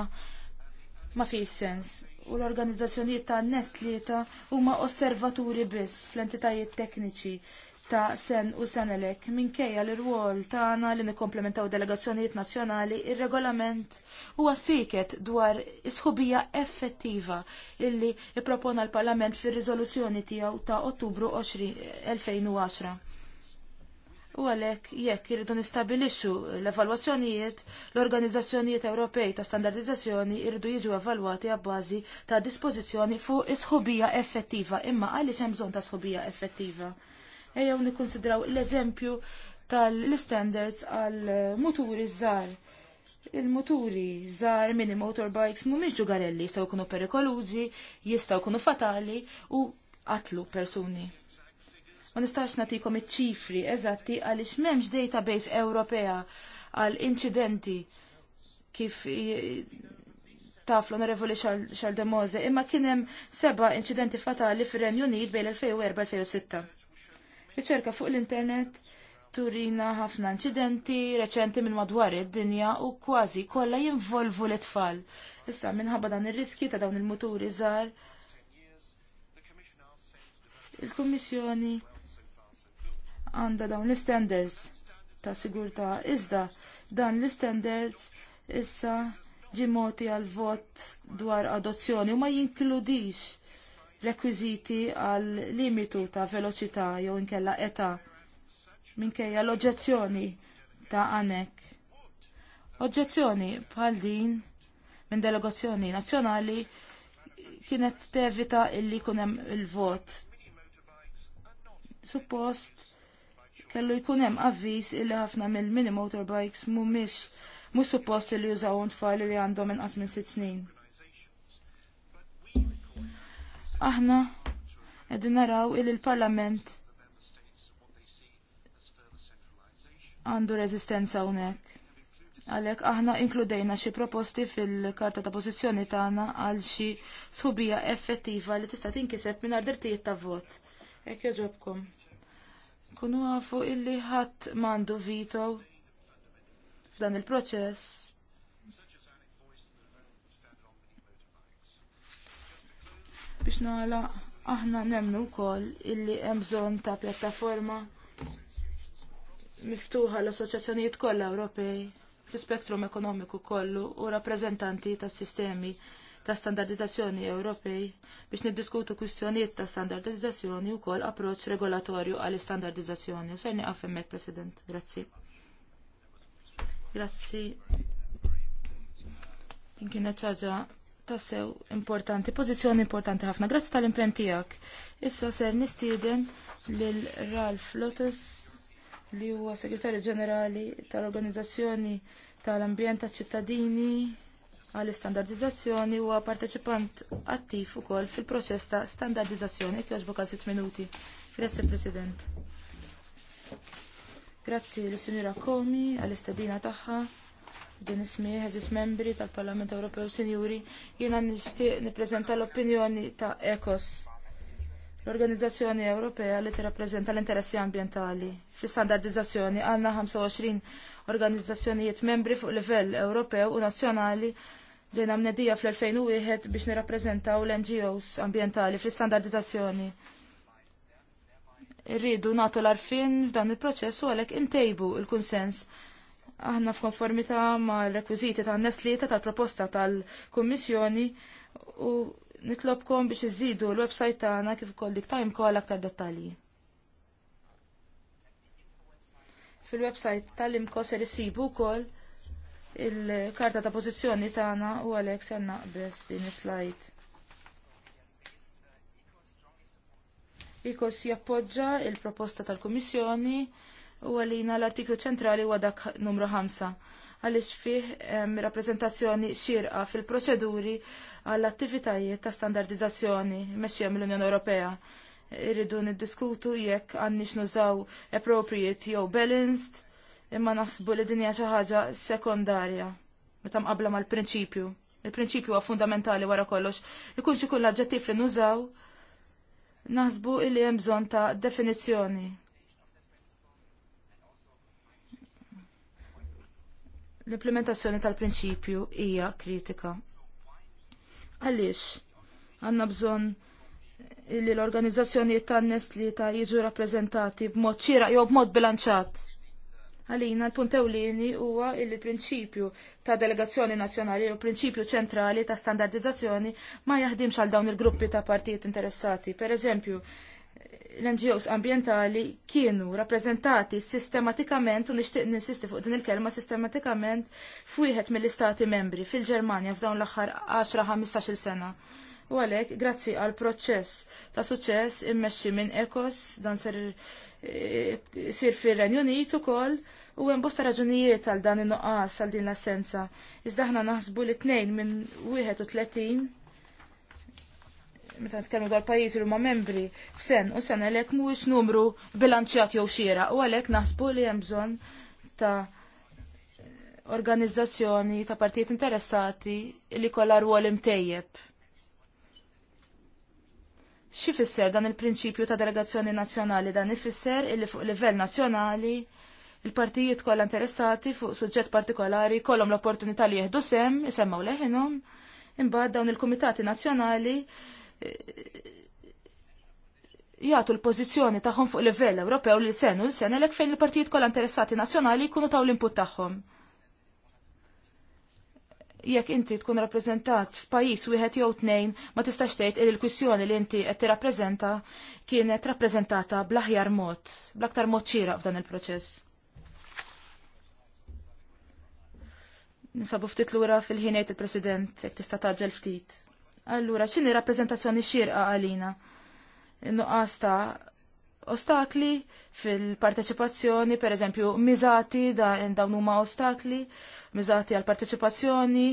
ma fiex sens u l-organizzazzjonijiet ta' nes tlieta huma osservaturi biss fl-entitajiet tekniċi ta' sen u senelek minkejja l rwol tagħna li nikkomplementaw delegazzjonijiet nazzjonali, ir-regolament huwa siket dwar isħubija effettiva illi ippropona l-Parlament fir-riżoluzzjoni tiegħu ta' Ottubru 2010. U għalhekk jekk irridu nistabilixxu l-evalwazzjonijiet, l-organizzazzjonijiet Ewropej ta' standardizzazzjoni irridu jiġu evalwati għabbażi ta' dispożizzjoni fuq isħubija effettiva imma għaliex hemm bżonn ta' sħubija effettiva ejjew nikkonsidraw l-eżempju tal-standards għal muturi żgħar. Il-muturi żgħar minn il-motorbikes mhumiex ġugarelli jistgħu jkunu perikolużi, jistgħu jkunu fatali u qatlu persuni. Ma nistax natikom iċ-ċifri eżatti għaliex m'hemmx database Ewropea għal incidenti kif taflu l xal-demoze, imma kienem seba incidenti fatali fir renju Unit bejn 2004-2006. Riċerka fuq l-internet turina ħafna inċidenti reċenti minn madwar id-dinja u kważi kollha jinvolvu l-itfal. Issa minħabba dan ir-riski ta' dawn il-muturi żgħar. Il-Kummissjoni għandha dawn l-standards ta' sigurtà iżda dan l-standards issa ġimoti għal vot dwar adozzjoni u ma jinkludix rekwiżiti għal limitu ta' veloċità jew inkella età minkejja l-oġġezzjoni ta' għanek. Oġġezzjoni bħal din minn delegazzjoni nazzjonali kienet tevita illi kunem il-vot. Suppost kellu jkunem avvis illi ħafna mill-mini motorbikes mumiex mux suppost illi jużaw tfal li għandhom inqas minn sitt snin aħna għedin naraw il il-Parlament għandu reżistenza hawnhekk. Għalhekk aħna inkludejna xi proposti fil-karta ta' pożizzjoni tagħna għal xi subija effettiva li tista' tinkiseb minn dirtijiet ta' vot. Hekk jogħġobkom. Kunu għafu illi ħadd m'għandu vito f'dan il-proċess Biex nagħlaq aħna nemnu wkoll illi hemm bżonn ta' pjattaforma miftuħa l-assoċjazzjonijiet kollha Ewropej fl-spektrum ekonomiku kollu u rappreżentanti tas-sistemi ta' standardizzazzjoni Ewropej biex niddiskutu kwistjonijiet ta' standardizzazzjoni u approċċ approċ regolatorju għall standardizzazzjoni. U ser niqaf hemmhekk, President. Grazzi. Grazzi. Din kienet tassew importanti, pożizzjoni importanti ħafna. Grazzi tal-impen tiegħek. Issa ser nistieden lil Ralph Lotus li huwa segretarju ġenerali tal-Organizzazzjoni tal-Ambjent ċittadini għall-istandardizzazzjoni huwa parteċipant attiv ukoll fil-proċess ta' standardizzazzjoni kif għal 6 minuti. Grazzi President. Grazzi l-Sinjura Komi għall-istedina tagħha din ismieħ eżis membri tal-Parlament Ewropew Sinjuri jiena nixtieq nippreżenta l-opinjoni ta' ECOS, l-Organizzazzjoni Ewropea li tirrappreżenta l-interessi ambjentali. Fl-istandardizzazzjoni għandna 25 organizzazzjonijiet membri fuq livell Ewropew u nazzjonali ġejna mnedija fl-2001 biex nirrappreżentaw l-NGOs ambjentali fl-istandardizzazzjoni. Irridu nagħtu l-arfin f'dan il-proċess u għalhekk intejbu il-kunsens il kunsens aħna f'konformità ma' rekwiżiti ta' neslieta tal-proposta tal-Kummissjoni u nitlobkom biex iżidu l-website tagħna kif ukoll dik time call aktar dettalji. Fil-website tal-imko ser isibu wkoll il-karta ta' pożizzjoni tagħna u għalhekk ser naqbes din is-slide. Ikos jappoġġa il-proposta tal-Kummissjoni u għalina l-artiklu ċentrali huwa dak numru 5 għaliex fih rappresentazzjoni xirqa fil-proċeduri għall-attivitajiet ta' standardizzazzjoni mexxija l unjoni Ewropea. Irridu niddiskutu jekk għandniex nużaw appropriate jew balanced imma naħsbu li dinja xi ħaġa sekondarja meta mqabbla mal-prinċipju. Il-prinċipju huwa fundamentali wara kollox. Ikun xi kull aġġettiv li nużaw naħsbu li hemm bżonn ta' definizzjoni L-implementazzjoni tal-prinċipju hija kritika. Għaliex għandna bżonn li l-organizzazzjonijiet tan-nies li ta' jiġu rappreżentati b'mod ċira jew b'mod bilanċat. Għalina l-punt ewlieni huwa il prinċipju ta' delegazzjoni nazzjonali u prinċipju ċentrali ta' standardizzazzjoni ma jaħdimx għal dawn il-gruppi ta' partijiet interessati. Per eżempju, l-NGOs ambientali kienu rappresentati sistematikament u nixtieq ninsisti fuq din il-kelma sistematikament f'wieħed mill-istati membri fil-Ġermanja f'dawn l-aħħar 10-15 sena. U għalhekk grazzi għal proċess ta' suċċess immexxi minn Ecos dan ser eh, sir fir-Renju Unit ukoll u hemm bosta raġunijiet għal dan in-nuqqas għal din l-assenza. Iżda aħna naħsbu li tnejn minn 31 meta nitkellmu dwar pajjiżi li huma membri f'sen u sen għalhekk mhuwiex numru bilanċjat jew xiera u għalhekk naħsbu li hemm bżonn ta' organizzazzjoni ta' partijiet interessati li kollha rwol imtejjeb. Xi fisser dan il-prinċipju ta' delegazzjoni nazzjonali dan ifisser illi fuq livell nazzjonali il-partijiet kollha interessati fuq suġġett partikolari kollhom l-opportunità li jieħdu sem, isemmaw leħinhom, imbagħad dawn il-kumitati nazzjonali jgħatu l-pozizjoni tagħhom fuq livell Ewropew li senu l-sen elek fejn il-partijiet kollha interessati nazzjonali jkunu taw l-input tagħhom. Jekk inti tkun rappreżentat f'pajjiż wieħed jew tnejn ma tistax tgħid il kwistjoni li inti qed tirrappreżenta kienet rappreżentata bl-aħjar mod, bl-aktar mod ċira f'dan il-proċess. Nisabu ftit lura fil-ħinejt il-President, jekk tista' taġġel ftit. Allura, x'inhi rappreżentazzjoni xirqa għalina? Nuqqas ta' ostakli fil-parteċipazzjoni, per eżempju, miżati dawn huma ostakli, miżati għal parteċipazzjoni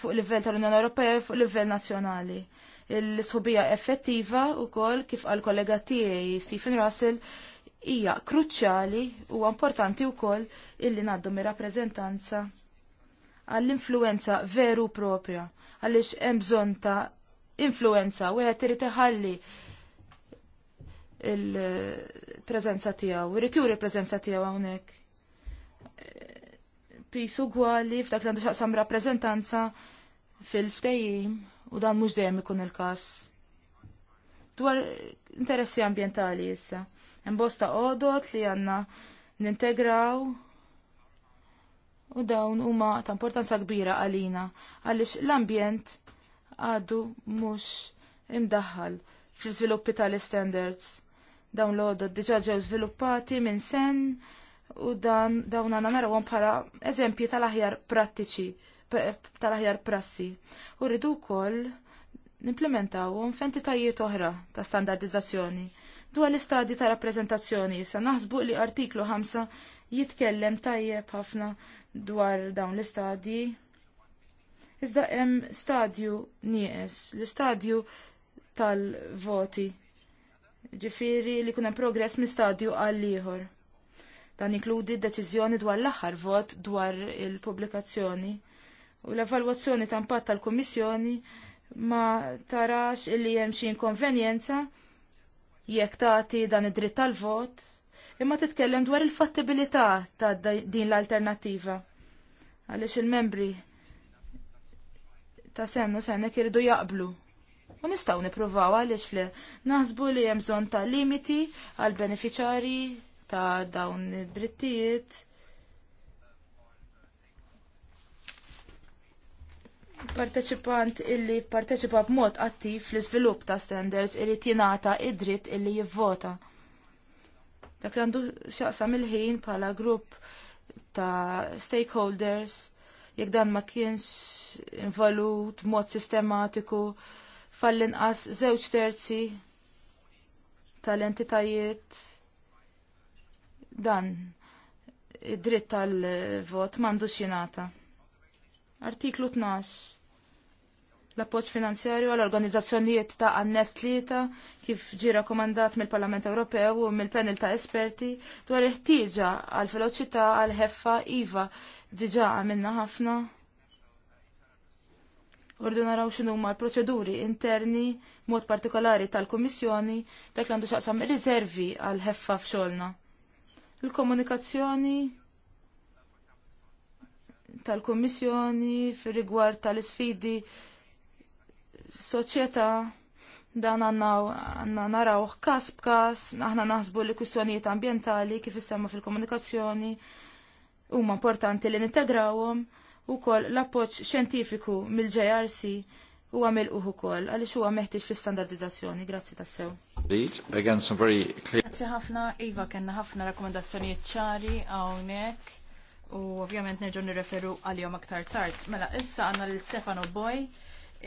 fuq livell tal-Unjoni Ewropea fuq livell nazzjonali. Il-sħubija effettiva wkoll kif għal kollega tiegħi Stephen Russell hija kruċjali u importanti wkoll illi ngħaddu mir-rappreżentanza għall-influenza veru propja, għaliex hemm bżonn ta' influenza u irid iħalli il-preżenza tiegħu, irid juri preżenza tiegħu hawnhekk. Pisu gwali f'dak li għandu xaqsam rappreżentanza fil ftehim u dan mhux dejjem ikun il-każ. Dwar interessi ambjentali issa. Hemm bosta qodot li għandna nintegraw u dawn huma ta' importanza kbira għalina għaliex l-ambjent għadu mhux imdaħħal fl-iżviluppi tal-standards. Dawn l-għodod diġà ġew żviluppati minn sen u dan dawn għandna narawhom bħala eżempji tal-aħjar prattiċi tal-aħjar prassi. U rridu wkoll nimplementawhom f'entitajiet oħra ta' standardizzazzjoni. Dwar l-istadji ta' rappreżentazzjoni issa naħsbu li artiklu jitkellem tajjeb ħafna dwar dawn l-istadji. Iżda hemm stadju nieqes, l-istadju tal-voti. Ġifiri li hemm progress minn stadju għal ieħor. Dan jinkludi deċiżjoni dwar l-aħħar vot dwar il-pubblikazzjoni. U l-evalwazzjoni ta' impatt tal-Kummissjoni ma tarax illi hemm xi inkonvenjenza jekk tagħti dan id-dritt tal-vot imma titkellem dwar il-fattibilità ta' din l-alternattiva. Għaliex il-membri ta' sennu sennek irridu jaqblu. U nistaw niprovaw għaliex li naħsbu li hemm bżonn ta' limiti għal beneficjari ta' dawn id-drittijiet. parteċipant illi parteċipa b'mod attiv fl iżvilupp ta' standards irid jingħata id-dritt illi jivvota. Dak li għandu xaqsa il-ħin bħala grupp ta' stakeholders jekk dan ma kienx involut mod sistematiku fall-inqas żewġ terzi tal-entitajiet dan id-dritt tal-vot m'għandux jingħata. Artiklu 12 l-appoġġ finanzjarju għall organizzazzjonijiet ta' Annest tlieta kif ġi rakkomandat mill-Parlament Ewropew u mill-panel ta' esperti dwar il-ħtieġa għal veloċità għal ħeffa iva diġà għamilna ħafna. Ordu naraw xinu ma' l-proċeduri interni mod partikolari tal-Kummissjoni dak l għandu xaqsam rizervi għal ħeffa f'xogħolna. Il-komunikazzjoni tal-Kummissjoni fir rigward tal-isfidi soċjetà dan għanna naraw kas b'kas, aħna naħsbu li kwistjonijiet ambientali kif issemma fil-komunikazzjoni huma importanti li nintegrawhom ukoll l-appoġġ xjentifiku mill-JRC huwa uħu ukoll għaliex huwa meħtieġ fi standardizzazzjoni Grazzi tassew. Grazzi ħafna, Iva kellna ħafna rakkomandazzjonijiet ċari hawnhekk u ovvjament nerġgħu nirreferu għalihom aktar tard. Mela issa għandna l Stefano Boy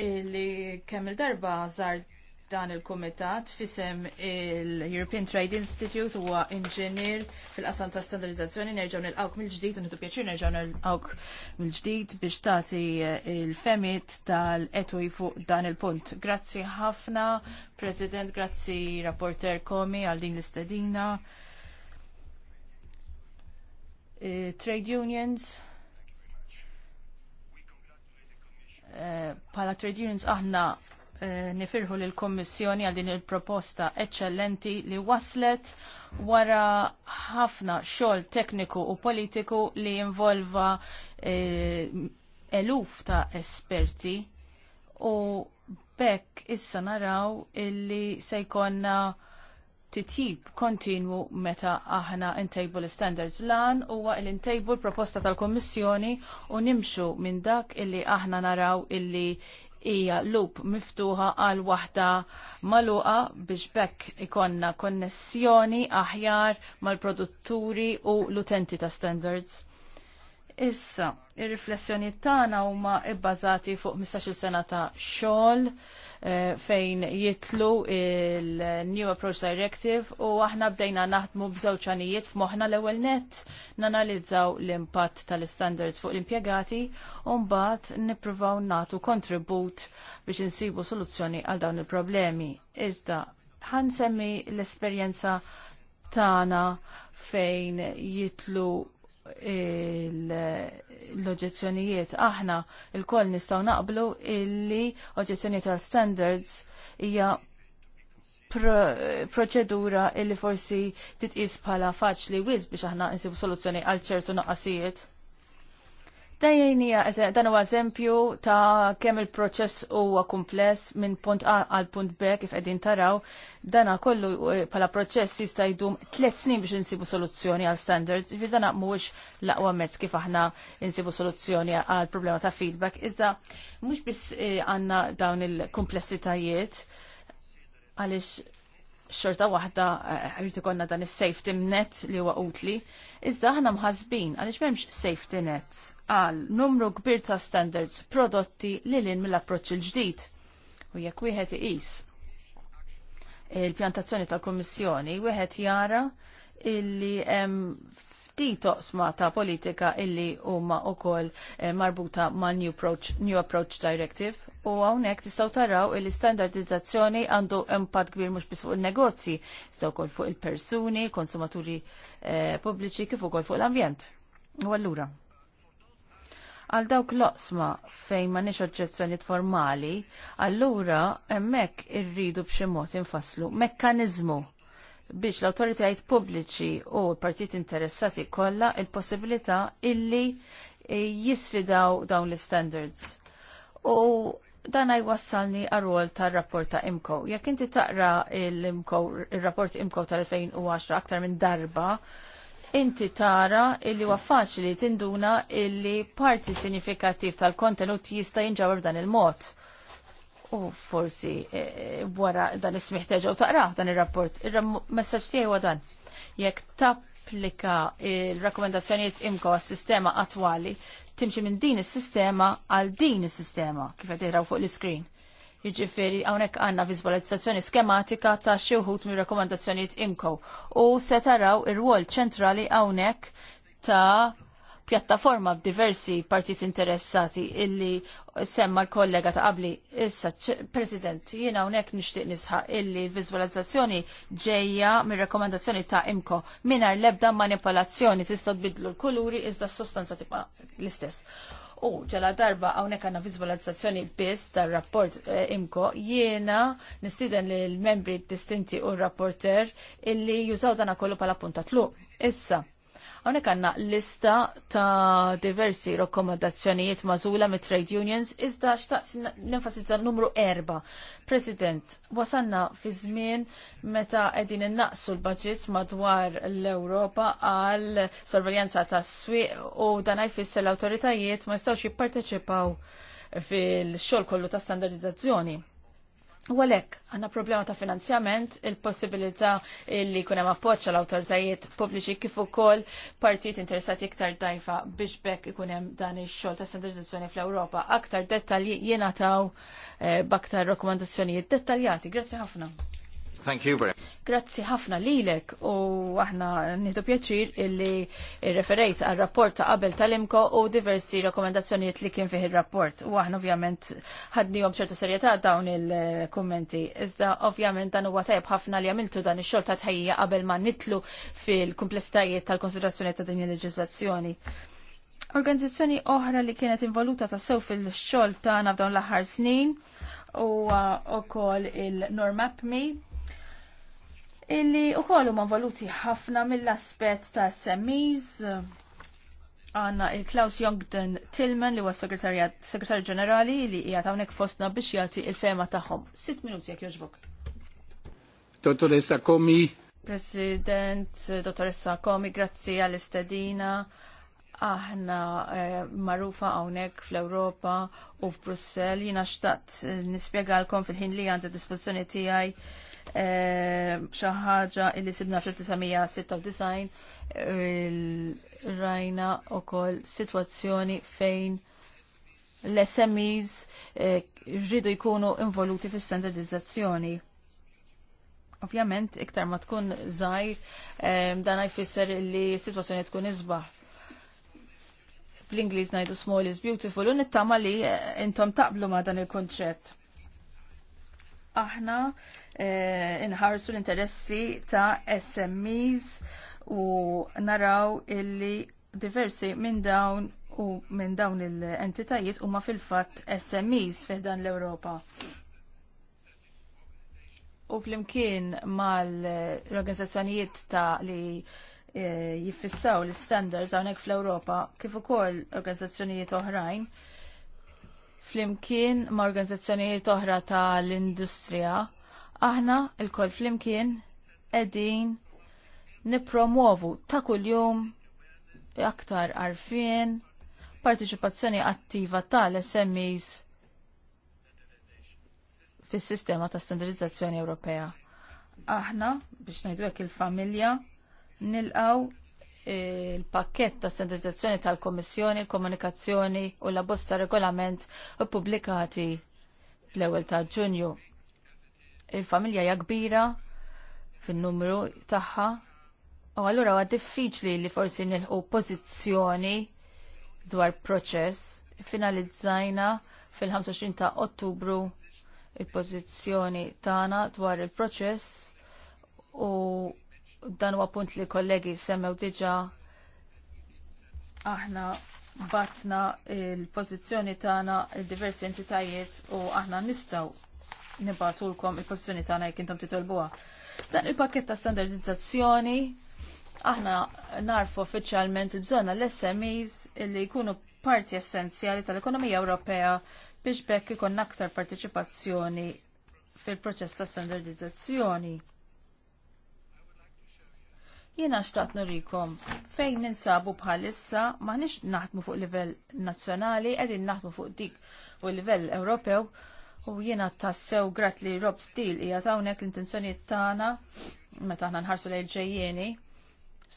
li kemm il-darba żar dan il-kumitat fisem il-European Trade Institute huwa inġenier fil-qasam ta' standardizzazzjoni nerġgħu nilqgħu mill-ġdid u nitu pjaċir nerġgħu nilqawk mill-ġdid biex tagħti eh, il-femit tal-etwi fuq dan il-punt. Grazzi ħafna, President, grazzi rapporter Komi għal din l-istedina. Eh, trade unions, Eh, pala trade unions aħna eh, nifirħu lil kommissjoni għal din il-proposta eccellenti li waslet wara ħafna xogħol tekniku u politiku li involva eh, eluf ta' esperti u bekk issa naraw illi se jkollna titjib kontinwu meta aħna intejbu l-standards lan huwa l intejbu l-proposta tal-Kommissjoni u nimxu minn dak illi aħna naraw illi hija loop miftuħa għal waħda maluqa biex bekk ikonna konnessjoni aħjar mal-produtturi u l-utenti ta' standards. Issa, ir-riflessjoni tagħna huma bbażati fuq 15-il sena ta' xogħol Eh, fejn jitlu il-New Approach Directive u aħna bdejna naħdmu b'żewċanijiet f'moħħna l-ewwel net nanalizzaw l-impatt tal-standards fuq l-impjegati u mbagħad nippruvaw nagħtu kontribut biex insibu soluzzjoni għal dawn il-problemi. Iżda ħansemmi l-esperjenza tagħna fejn jitlu il- l-oġezzjonijiet. Aħna il-koll nistaw naqblu illi oġezzjonijiet tal standards hija proċedura illi forsi titqis bħala faċli wis biex aħna nsibu soluzzjoni għal ċertu naqasijiet. Dan huwa eżempju ta' kemm il-proċess huwa kumpless minn punt A għal punt B kif qegħdin taraw, dana kollu pala eh, proċess jista' jdum tliet snin biex insibu soluzzjoni għal standards, jiġri dana mhuwiex laqwa mezz kif aħna insibu soluzzjoni għal problema ta' feedback, iżda mhux biss eh, għandna dawn il-kumplessitajiet għaliex xorta waħda eh, rrid ikollna dan is-safety net li huwa utli, iżda aħna mħasbin għaliex m'hemmx safety net għal numru kbir ta' standards prodotti li l-in mill-approċċ il-ġdid. U jekk wieħed iqis il-pjantazzjoni tal-Kummissjoni, wieħed jara illi hemm ftit oqsma ta' politika illi huma wkoll eh, marbuta ma' New Approach, New Approach Directive u hawnhekk tistgħu taraw illi standardizzazzjoni għandu impatt kbir mhux biss fuq in-negozji, jistgħu wkoll fuq il-persuni, konsumaturi eh, pubbliċi kif ukoll fuq l-ambjent. U allura, għal dawk loqsma fejn ma nix oġġezzjonijiet formali, allura hemmhekk irridu b'xi mod infasslu mekkaniżmu biex l autoritajt pubbliċi u l-partit interessati kollha il-possibilità illi eh, jisfidaw dawn l-standards. U dan wassalni għarwol tar rapport ta' IMCO. Jekk inti taqra il-rapport IMCO, IMCO tal-2010 aktar minn darba, inti tara illi huwa faċli tinduna illi parti sinifikattiv tal-kontenut jista' jinġabar dan il-mod. U forsi e, wara dan ismiħ terġgħu taqra dan ir-rapport. Ir-messaġġ tiegħi huwa dan. Jekk tapplika il-rakkomendazzjonijiet imko għas-sistema attwali, timxi minn din is-sistema għal din is-sistema kif qed fuq l-iskrin. Jiġifieri hawnhekk għandna viżwalizzazzjoni skematika ta' xi wħud mir-rakkomandazzjonijiet imko. u se taraw ir-rwol ċentrali hawnhekk ta' pjattaforma b'diversi partit interessati illi semma l-kollega ta' qabli. Issa, President, jiena hawnhekk nixtieq nisħaq illi l viżwalizzazzjoni ġejja mir rekomendazzjoni ta' imko mingħajr l-ebda manipolazzjoni tista' tbidlu l-kuluri iżda s-sostanza tibqa l-istess. U ġala darba hawnhekk għandna viżwalizzazzjoni biss tar-rapport eh, imko jiena li lill membri distinti u r-rapporter illi jużaw dana kollu bħala punta tluq. Issa, Hawnhekk għandna lista ta' diversi rekomendazzjonijiet mażula mit trade unions iżda xtaqt nenfasizza numru erba'. President, wasanna fi żmien meta qegħdin innaqsu l-budgets madwar l-Ewropa għal sorveljanza tas-swieq u dan jfisser l-awtoritajiet ma jistgħux jipparteċipaw fil-xogħol kollu ta' standardizzazzjoni U għalek, għanna problema ta' finanzjament, il-possibilità li kunem appoċa l autoritajiet pubbliċi kif ukoll partijiet interessati iktar dajfa biex bekk ikunem dan ix-xogħol ta' standardizzazzjoni fl-Ewropa. Aktar dettalji jingħataw eh, b'aktar rakkomandazzjonijiet dettaljati. Grazzi ħafna. Thank you very much. Grazzi ħafna lilek u aħna nieħdu pjaċir illi referejt għal rapport ta' qabel tal-imko u diversi rakkomandazzjonijiet li kien fih ir-rapport. U aħna ovvjament ħadnihom ċerta serjetà dawn il-kummenti. Iżda ovvjament dan huwa tajb ħafna li għamiltu dan ix-xogħol ta' tħajja qabel ma nitlu fil-kumplessitajiet tal-konsiderazzjoni ta' din il-leġiżlazzjoni. Organizzazzjoni oħra li kienet involuta ta' sew fil-xogħol tagħna f'dawn l-aħħar snin u wkoll il-Normapmi illi u kollu ma valuti ħafna mill-aspet ta' SMEs għanna il-Klaus Jongden Tillman li huwa segretarju ġenerali li hija hawnhekk fostna biex jagħti il-fema tagħhom. Sitt minuti jekk jogħġbok. Dottoressa Komi. President, dottoressa Komi, grazzi għall-istedina. Aħna eh, marufa hawnhekk fl-Ewropa u f'Brussell jiena xtaqt nispjegalkom fil-ħin li għandi dispożizzjoni tiegħi Eh, xaħġa ħaġa sibna fl-1996 rajna wkoll sitwazzjoni fejn l-SMEs eh, rridu jkunu involuti fis standardizzazzjoni Ovvjament, iktar ma tkun żgħir, eh, dan jfisser li s-sitwazzjoni tkun iżbaħ. Bl-Ingliż ngħidu small is beautiful u nittama li intom taqblu ma' dan il-konċett aħna eh, inħarsu l-interessi ta' SMEs u naraw illi diversi minn dawn u minn dawn l-entitajiet huma fil-fatt SMEs fiħdan l-Ewropa. U flimkien mal-organizzazzjonijiet ta' li eh, jiffissaw l-standards hawnhekk fl-Ewropa kif ukoll organizzazzjonijiet oħrajn flimkien ma' organizzazzjonijiet oħra tal-industrija, aħna il-koll flimkien edin nipromuovu ta' kuljum aktar arfien, partiċipazzjoni attiva tal-SMEs fis-sistema ta' standardizzazzjoni Ewropea. Aħna biex ngħidwek il-familja nilqaw il-pakket ta' standardizzazzjoni tal-Komissjoni, il-Komunikazzjoni u la bosta regolament pubblikati l-ewwel ta' Ġunju. Il-familja hija kbira fin-numru tagħha u allura huwa diffiċli li forsi nilħu pożizzjoni dwar proċess. Finalizzajna fil-25 ta' Ottubru il-pożizzjoni tagħna dwar il-proċess u dan huwa punt li kollegi semmew diġa aħna batna il-pozizjoni tagħna il-diversi entitajiet u aħna nistgħu nibatulkom il-pozizjoni tagħna jekk intom titolbuha. Dan il-pakket ta' standardizzazzjoni aħna narfu uffiċjalment il-bżonna l-SMEs li jkunu parti essenzjali tal-ekonomija Ewropea biex bekk ikon aktar partiċipazzjoni fil-proċess ta' standardizzazzjoni. Jiena xtaqt nurikom fejn ninsabu bħalissa maħniex naħdmu fuq livell nazzjonali, qegħdin naħdmu fuq dik u livell Ewropew u jiena tassew grat li Rob Steele ija hawnhekk l t tagħna meta aħna nħarsu lejn ġejjieni.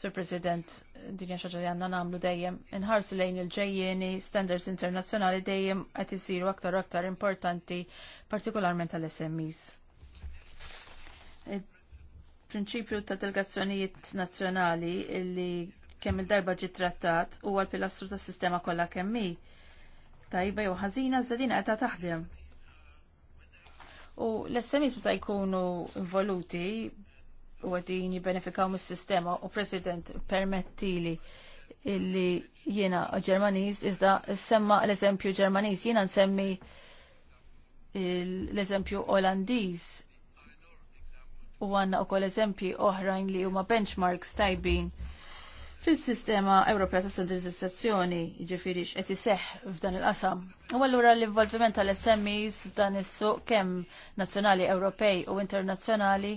Sur President, dinja xaġa li għandna nagħmlu dejjem nħarsu lejn il ġejjeni standards internazzjonali dejjem qed isiru aktar aktar importanti partikolarment tal-SMEs prinċipju ta' delegazzjonijiet nazzjonali li kemm il-darba ġi trattat huwa l-pilastru tas sistema kollha kemm hi. Tajba jew ħażina iżda din qed taħdem. U l-SMIs meta jkunu involuti u għedin jibbenefikaw mis-sistema u President permettili illi jiena Ġermaniż iżda semma l-eżempju Ġermaniż jiena nsemmi l-eżempju Olandiż u għanna u kol eżempji oħrajn li huma benchmarks tajbin fil-sistema Ewropea ta' standardizzazzjoni, ġifiri x'qed iseħħ f'dan il-qasam. U allura l-involviment tal-SMEs f'dan is-suq kemm nazzjonali Ewropej u internazzjonali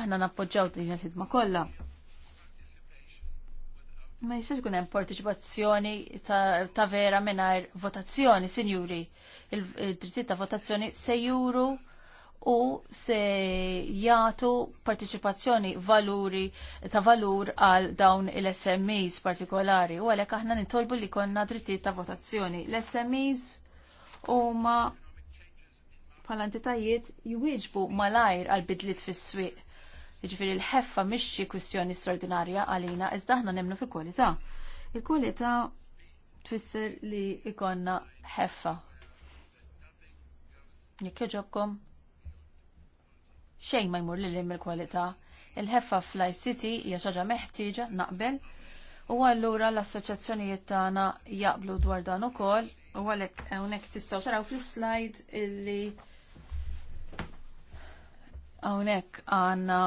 aħna nappoġġaw din il-ħidma kollha. Ma jistax kun hemm partiċipazzjoni ta', ta vera mingħajr votazzjoni, sinjuri. Il-drittijiet ta' votazzjoni se juru u se jagħtu partiċipazzjoni valuri ta' valur għal dawn il-SMEs partikolari u għalhekk aħna nitolbu li konna drittijiet ta' votazzjoni. L-SMEs huma bħala entitajiet jwieġbu malajr għal bidlit fis-swieq. Jiġifieri l-ħeffa mhixi kwistjoni straordinarja għalina iżda aħna nemmnu fil-kwalità. Il-kwalità tfisser li ikonna ħeffa. Jekk xejn ma jmur lil il kwalità Il-ħeffa fl-ICT hija xaġa meħtieġa naqbel u allura l-assoċjazzjonijiet tagħna jaqblu dwar dan ukoll u għalhekk hawnhekk tistgħu taraw fl-slide illi Hawnhekk għandna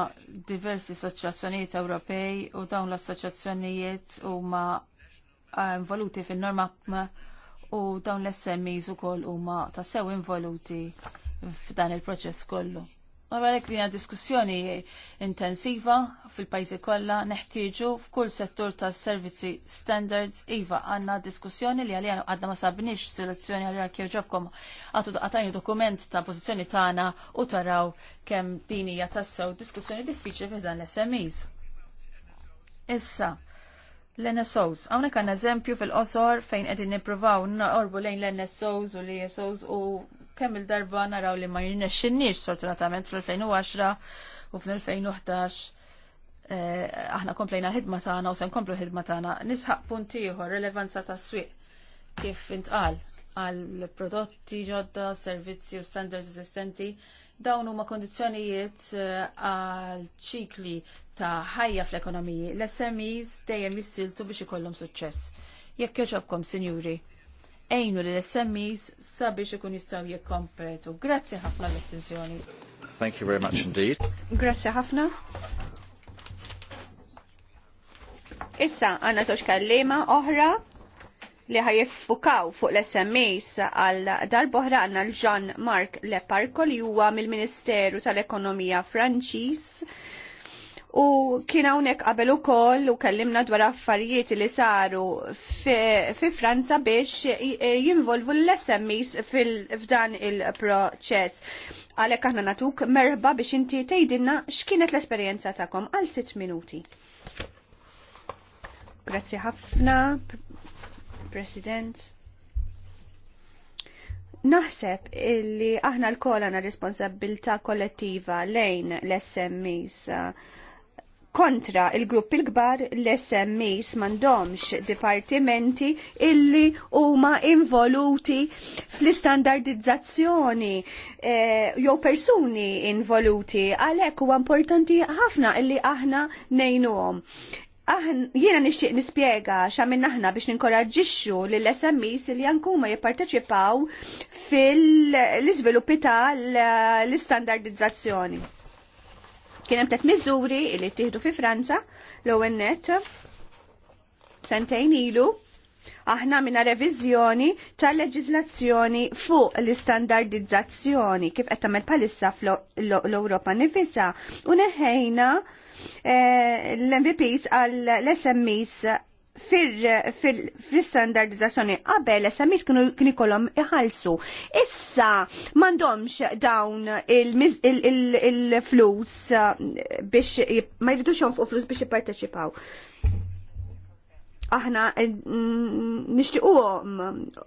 diversi assoċjazzjonijiet Ewropej u dawn l-assoċjazzjonijiet huma eh, involuti fin-norma u dawn l-SMEs ukoll huma tassew involuti f'dan il-proċess kollu. U għalek li diskussjoni intensiva fil-pajzi kolla neħtieġu f'kull settur ta' servizi standards iva għanna diskussjoni li għalijan għadna ma sabniex selezzjoni għalijan kjew ġobkom għatu dokument ta' pozizjoni tagħna u taraw kemm din hija diskussjoni diffiċli f'dan l-SMEs. Issa, l-NSOs. Għawnek għan eżempju fil-qosor fejn qegħdin nippruvaw orbu lejn l-NSOs u l-ESOs u kemm il-darba naraw li ma jirnexxinniex sortunatament fl-2010 u fl-2011 eh, aħna komplejna l-ħidma tagħna u se nkomplu l-ħidma tagħna. Nisħaq punt ieħor rilevanza tas-swieq kif intqal għal prodotti ġodda, servizzi u standards esistenti dawn huma kondizzjonijiet eh, għal ċikli ta' ħajja fl-ekonomiji. L-SMEs dejjem jissiltu biex ikollhom suċċess. Jekk joġobkom, sinjuri, ejnu li l-SMEs sabiex ikun jistaw jikkompetu. Grazzi ħafna l-attenzjoni. Thank you very much indeed. Grazzi ħafna. Issa għanna soċ kallima oħra li ħajiffukaw fuq l-SMEs għal darboħra għanna l-Jean Marc Leparko li huwa mill-Ministeru tal-Ekonomija Franċis u kien hawnhekk qabel ukoll u kellimna dwar affarijiet li saru fi Franza biex e, jinvolvu l-SMEs f'dan il-proċess. Għalhekk aħna natuk merba biex inti tgħidilna x'kienet l-esperjenza tagħkom għal sitt minuti. Grazzi ħafna, President. Naħseb illi aħna l-kol responsabilità responsabilta kollettiva lejn l-SMEs. Uh, kontra il-grupp il-kbar l-SMEs mandomx dipartimenti illi huma involuti fl-istandardizzazzjoni eh, jew persuni involuti għalhekk huwa importanti ħafna illi aħna nejnuhom jiena nixtieq nispjega x'għamilna aħna biex ninkoraġġixxu lill SMEs li jankuma jipparteċipaw fil-iżviluppi tal-istandardizzazzjoni. Kien hemm tet miżuri li ttieħdu fi Franza l-ewwel net sentejn ilu aħna minna reviżjoni tal-leġiżlazzjoni fuq l-istandardizzazzjoni kif qed tagħmel bħalissa fl-Ewropa nifisha u neħejna eh, l-MVPs għall-SMEs fil-standardizzazzjoni qabel SMS kienu kien ikollhom iħallsu. Issa m'għandhomx dawn il-flus uh, biex ma jridux fuq flus biex jipparteċipaw. Aħna eh, nixtiequhom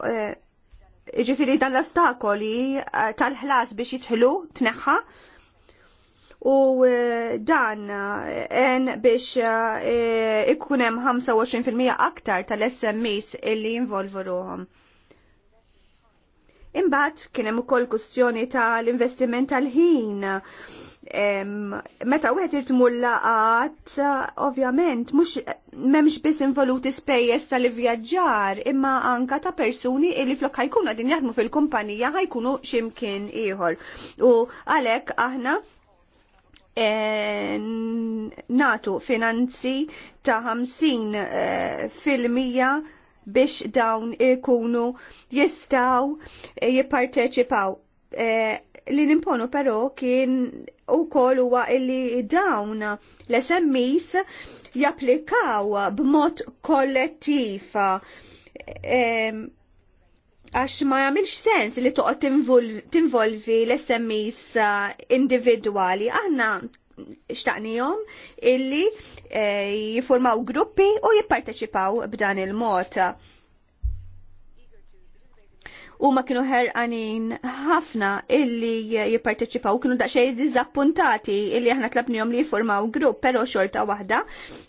eh, ġifiri dan l-ostakoli eh, tal-ħlas biex jitħlu tneħħa u eh, dan eh, en biex eh, ikkunem 25% aktar tal-SMEs illi jinvolvu ruhom. Imbagħad kien hemm ukoll kwistjoni tal-investiment tal-ħin. Meta wieħed irtmu l laqat, ovvjament mhux m'hemmx biss involuti spejjeż tal-ivvjaġġar, imma anka ta' persuni li flok ħajkunu din jaħdmu fil-kumpanija ħajkunu x'imkien ieħor. U għalhekk aħna Eh, natu finanzi ta' 50 eh, fil-mija biex dawn ikunu jistaw eh, jipparteċipaw. Li nimponu però kien u kol huwa illi dawn l-SMIs japplikaw b'mod kollettiva għax ma jagħmilx sens li toqgħod tinvolvi l-SMEs eh, individwali. Aħna xtaqnijom illi eh, jiformaw gruppi u jipparteċipaw b'dan il-mod u ma kienu ħerqanin ħafna illi jipparteċipaw, kienu daqxej dizappuntati illi aħna jom li jiformaw grupp, pero xorta wahda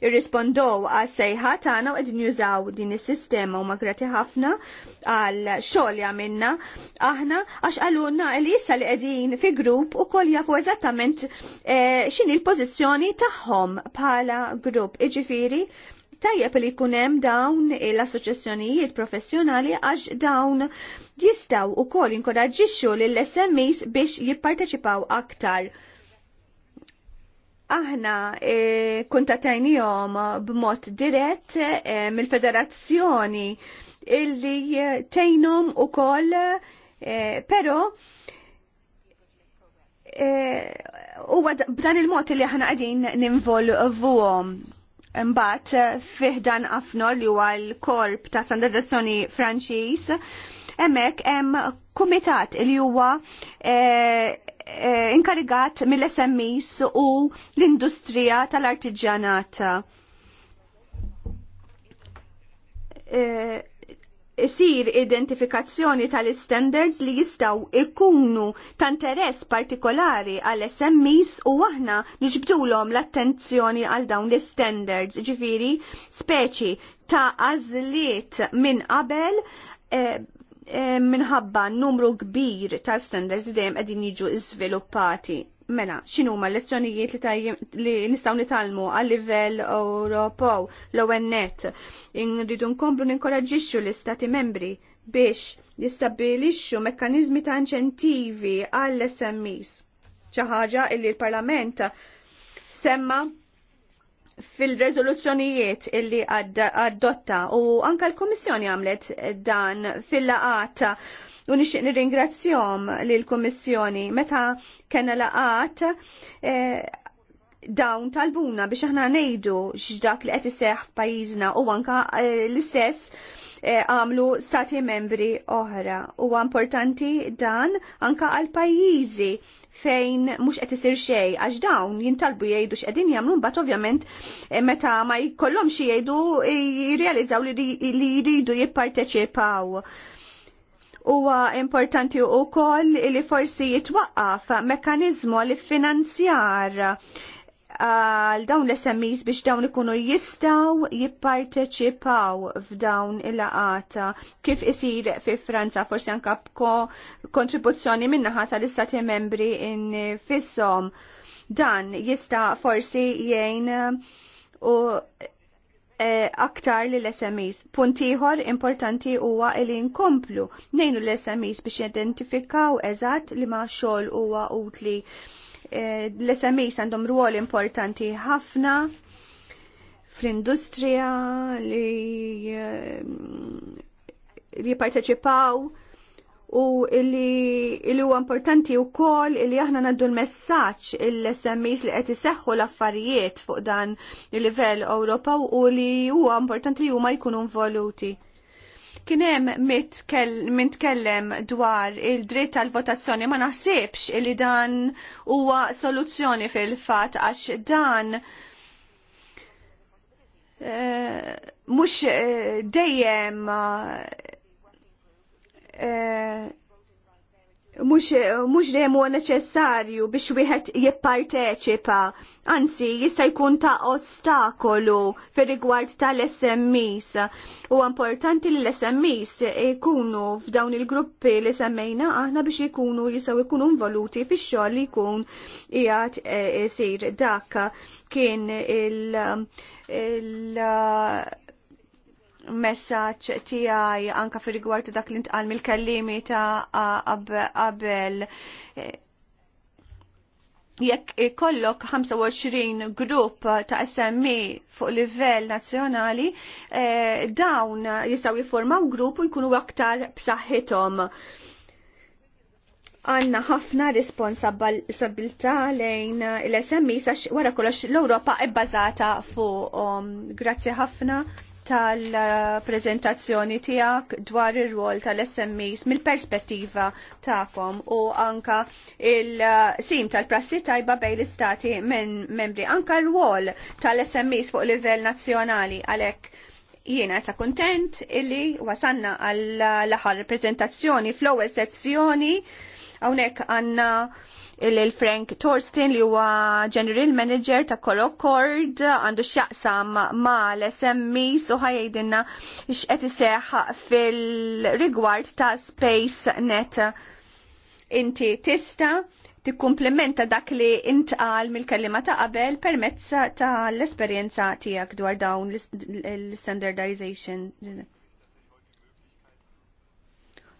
irrispondow għas sejħa tagħna u qegħdin jużaw din is-sistema u ma grati ħafna għal xogħol jagħmilna aħna għax għalluna li issa li qegħdin fi grupp ukoll jafu eżattament eh, x'inhi l-pożizzjoni tagħhom bħala grupp. Iġifieri tajjeb li kunem dawn l-assoċjazzjonijiet professjonali għax dawn jistaw u kol inkoraġġixxu lill-SMEs biex jipparteċipaw aktar. Aħna e, kuntatajnijom b'mod dirett e, mill-federazzjoni illi tejnom u kol, e, pero e, u b'dan il-mod li aħna għadin ninvolvuhom mbagħad eh, fih dan qafnor li huwa l-korp ta' standardizzazzjoni Franċiż hemmhekk hemm kumitat li huwa eh, eh, inkarigat mill-SMEs u l-industrija tal-artiġjanat isir identifikazzjoni tal-standards li jistaw ikunu ta' interess partikolari għal SMEs u aħna niġbdulhom l-attenzjoni għal dawn l-standards, ġifiri speċi ta' għażliet minn qabel eh, eh, minħabba numru kbir ta' standards li dejjem qegħdin jiġu iżviluppati. Mena, xinu ma lezzjonijiet li, li nistaw nitalmu għal livell Europo l-ONET. Nridu nkomplu ninkoraġġixxu l-istati membri biex jistabilixxu mekkanizmi ta' inċentivi għall smis ċaħġa ħaġa illi l-Parlament semma fil-rezoluzzjonijiet illi adotta u anka l-Komissjoni għamlet dan fil-laqata U nixtieq nirringrazzjahom lill kummissjoni meta kena laqat eh, dawn talbuna biex aħna ngħidu x'dak li qed iseħħ f'pajjiżna u anke eh, l-istess eh, għamlu stati membri oħra. Huwa importanti dan anke għal pajjiżi fejn mhux qed isir xejn għax dawn jintalbu jgħidu x'qegħdin jagħmlu mbagħad ovvjament meta ma jkollhomx jgħidu jirrealizzaw li jridu jipparteċipaw. Huwa importanti wkoll li forsi jitwaqqaf mekkaniżmu li finanzjar uh, għal dawn l-SMEs biex dawn ikunu jistaw jipparteċipaw f'dawn il-laqata kif isir fi Franza forsi anka kontribuzzjoni minnaħa tal-istati membri in fissom dan jista forsi jgħin u Eh, aktar li l-SMEs. Puntiħor importanti huwa li nkomplu nejnu l-SMEs biex identifikaw eżatt li ma xogħol huwa utli. Eh, L-SMEs għandhom ruol importanti ħafna fl-industrija li eh, li parteċipaw u illi huwa importanti u kol illi aħna naddu l-messaċ il-SMIs li qed iseħħu l-affarijiet fuq dan il-livell Ewropa u li huwa importanti li huma jkunu involuti. Kien hemm min tkellem dwar il-dritt tal-votazzjoni ma naħsibx illi dan huwa soluzzjoni fil-fatt għax dan eh, mhux eh, dejjem Eh, mux demu neċessarju biex wieħed jipparteċipa, anzi jista' jkun ta' ostakolu fir rigward tal sms U importanti li l sms jkunu f'dawn il-gruppi li semmejna aħna biex jkunu jisaw jkunu involuti fix xogħol li jkun jgħat eh, isir dak kien il-, il messaċ tiegħi anka fil rigward dak li ntqal mill-kellimi ta' qabel jekk kollok 25 grupp ta' SMI e fuq livell nazzjonali, e, dawn jistaw jiformaw grupp u jkunu aktar b'saħħithom. Għanna ħafna responsabilta lejn l-SMI e sax wara kollox l-Ewropa ebbażata fuq grazzi ħafna tal-prezentazzjoni tijak dwar ir-rol tal-SMEs mill-perspettiva ta'kom u anka il-sim tal-prassi tajba bej l-istati minn membri anka r-rol tal-SMEs fuq livell nazzjonali għalek jiena sa kontent illi wasanna għall-aħħar prezentazzjoni fl-ewwel sezzjoni hawnhekk għandna il-Frank Torsten li huwa General Manager ta' Korocord għandu x'jaqsam ma' l-SMI so ħajdinna x'qed iseħ fil-rigward ta' Space Net. Inti tista' tikkumplementa dak li intqal mill-kellima ta' qabel permezz ta' l-esperjenza tiegħek dwar dawn l-standardization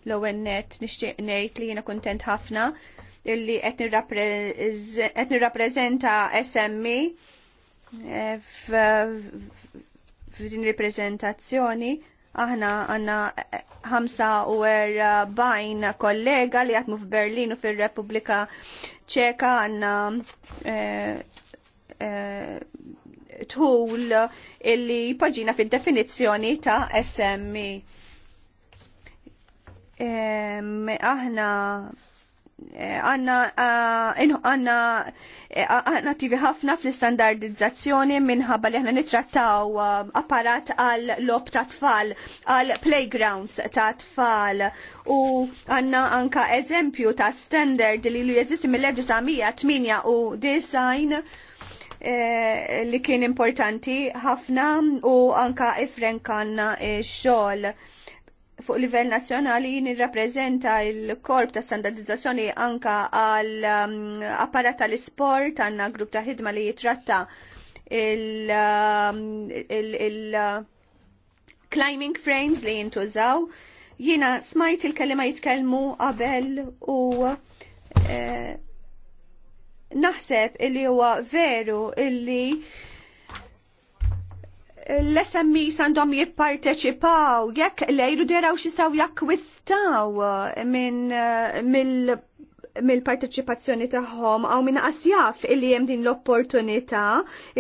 l-ewwel net nixtieq ngħid li jiena kuntent ħafna illi qed nirrappreżenta SMI e, eh, f'din il-prezentazzjoni aħna għanna 45 kollega li għatmu f'Berlin u fil-Repubblika ċeka għanna eh, eh, tħul illi poġina fil-definizjoni ta' SMI. E. aħna għanna eh, għanna eh, tivi ħafna fl-standardizzazzjoni minħabba li ħna nitrattaw eh, apparat għal lob ta' tfal, għal playgrounds ta' tfal u għanna anka eżempju ta' standard li li jeżisti mill 1998 u design li kien importanti ħafna u anka ifrenkan xogħol. xol fuq livell nazzjonali jien irrappreżenta il-korp ta' standardizzazzjoni anka għal um, apparat tal-isport għandna grupp ta' ħidma li jitratta il-climbing um, frames li jintużaw. Jiena smajt il-kelima jitkellmu qabel u eh, naħseb li huwa veru illi l-SMI e sandom jipparteċipaw, jekk lejru deraw xistaw jakkwistaw uh, minn uh, mill mill-parteċipazzjoni tagħhom għaw minn asjaf illi hemm din l-opportunità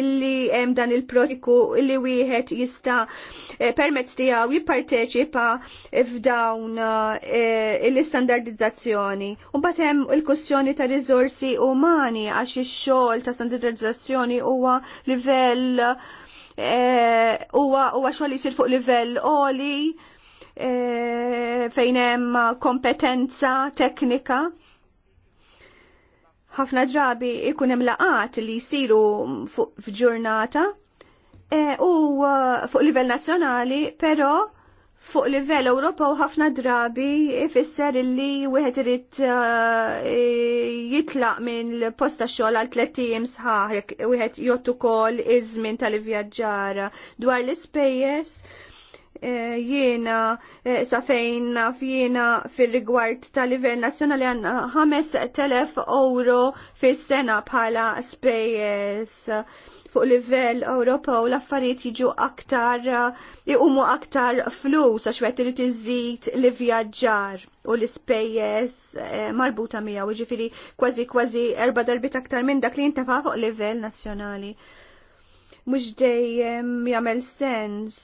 illi hemm dan il-protiku illi wieħed jista' eh, permezz tiegħu jipparteċipa f'dawn eh, l-istandardizzazzjoni. U mbagħad hemm il-kwestjoni ta' rizorsi umani għax ix-xogħol ta' standardizzazzjoni huwa livell Eh, huwa huwa xogħol li fuq livell oli eh, fejn hemm kompetenza teknika ħafna drabi ikun hemm laqat li jsiru fuq f'ġurnata eh, u fuq livell nazzjonali, però fuq livell Ewropa u ħafna drabi ifisser illi wieħed irid uh, jitlaq minn posta xogħol għal tliet ijiem sħaħ jekk wieħed jgħod ukoll iż-żmien tal-ivvjaġġar dwar l-ispejjeż eh, jiena eh, sa fejn naf jiena fil-rigward tal-livell nazzjonali għanna 5.000 euro fis-sena bħala spejjeż fuq livell Ewropa u l-affarijiet jiġu aktar eh, iqumu aktar flus għax qed irid iżid l-ivvjaġġar u l-ispejjeż eh, marbuta miegħu, jiġifieri kważi kważi erba' darbit aktar minn dak li jintefa' fuq livell nazzjonali. Mhux dejjem jagħmel sens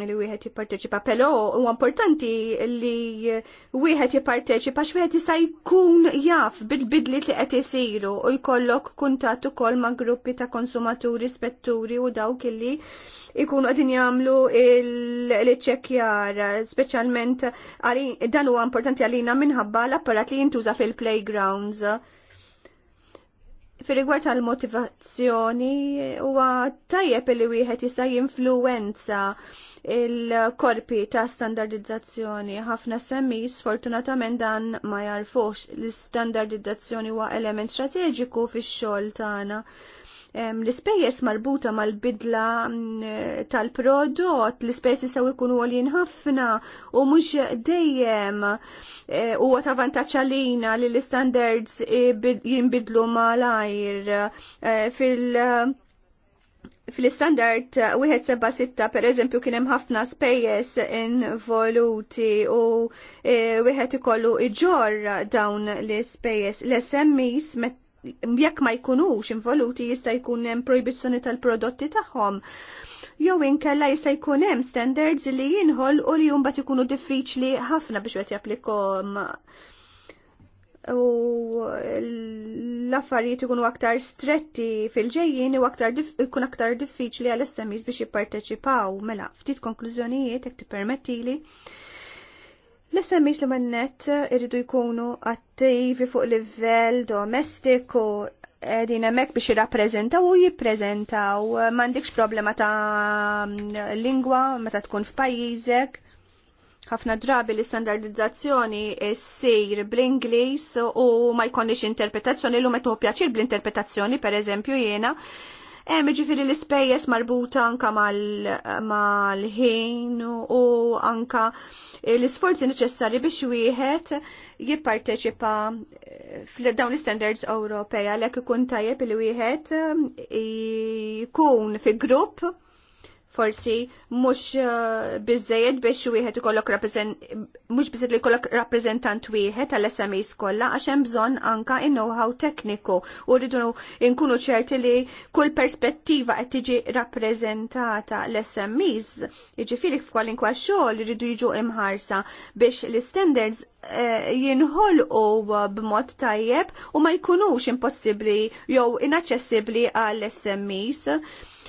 li wieħed jipparteċipa, però huwa importanti li wieħed jipparteċipa x'wieħed jista' jkun jaf bil-bidliet li qed isiru u jkollok kuntatt ukoll ma' gruppi ta' konsumaturi, spetturi u dawk illi ikunu qegħdin jagħmlu l iċċekkjar speċjalment dan huwa importanti għalina minħabba l-apparat li jintuża fil-playgrounds. Fi rigward tal-motivazzjoni huwa tajjeb li wieħed jista' jinfluwenza il-korpi ta' standardizzazzjoni. Ħafna semmis fortunatament dan ma jarfux l-standardizzazzjoni huwa element strateġiku fix-xogħol tagħna. L-ispejjeż marbuta mal-bidla mm, tal-prodott, l-ispejjeż jistgħu jkunu għolin ħafna u mhux dejjem e, huwa ta' vantaġġ għalina li l-standards jinbidlu malajr e, fil- fil-standard 176 uh, per eżempju kien hemm ħafna spejjeż involuti u eh, wieħed ikollu iġor dawn l-ispejjeż l-SMEs jekk ma jkunux involuti jista' jkun hemm projbizzjoni tal-prodotti tagħhom jew inkella jista' jkun hemm standards li jinħol u li jumbagħad ikunu diffiċli ħafna biex qed japplikhom u l-affarijiet ikunu aktar stretti fil-ġejjien u aktar ikun aktar diffiċli għal SMEs biex jipparteċipaw. Mela, ftit konklużjonijiet jekk tippermettili. L-SMEs li mannet irridu jkunu attivi fuq livell domestiku edin emmek biex jirrapprezentaw u jipprezentaw. Mandikx problema ta' lingwa meta tkun f'pajjiżek ħafna drabi l-istandardizzazzjoni ssir bl-Ingliż u ma jkollix interpretazzjoni l metu pjaċir bl-interpretazzjoni per eżempju jiena. Hemm ġifieri l-ispejjeż marbuta anka mal-ħin u anka l-isforzi neċessari biex wieħed jipparteċipa eh, f'dawn l-standards Ewropea għalhekk ikun tajjeb li wieħed jkun eh, fi grupp forsi mhux eh, biżejjed biex wieħed ikollok mhux biżejjed li jkollok rappreżentant wieħed għall smis kollha għax hemm bżonn anka in-know-how tekniku u rridu nkunu ċerti li kull perspettiva qed tiġi rappreżentata l-SMEs. Jiġifieri kwa xogħol irridu jiġu imħarsa biex l-standards Eh, jinħolqu b'mod tajjeb u ma jkunux impossibbli jew inaċċessibbli għall smis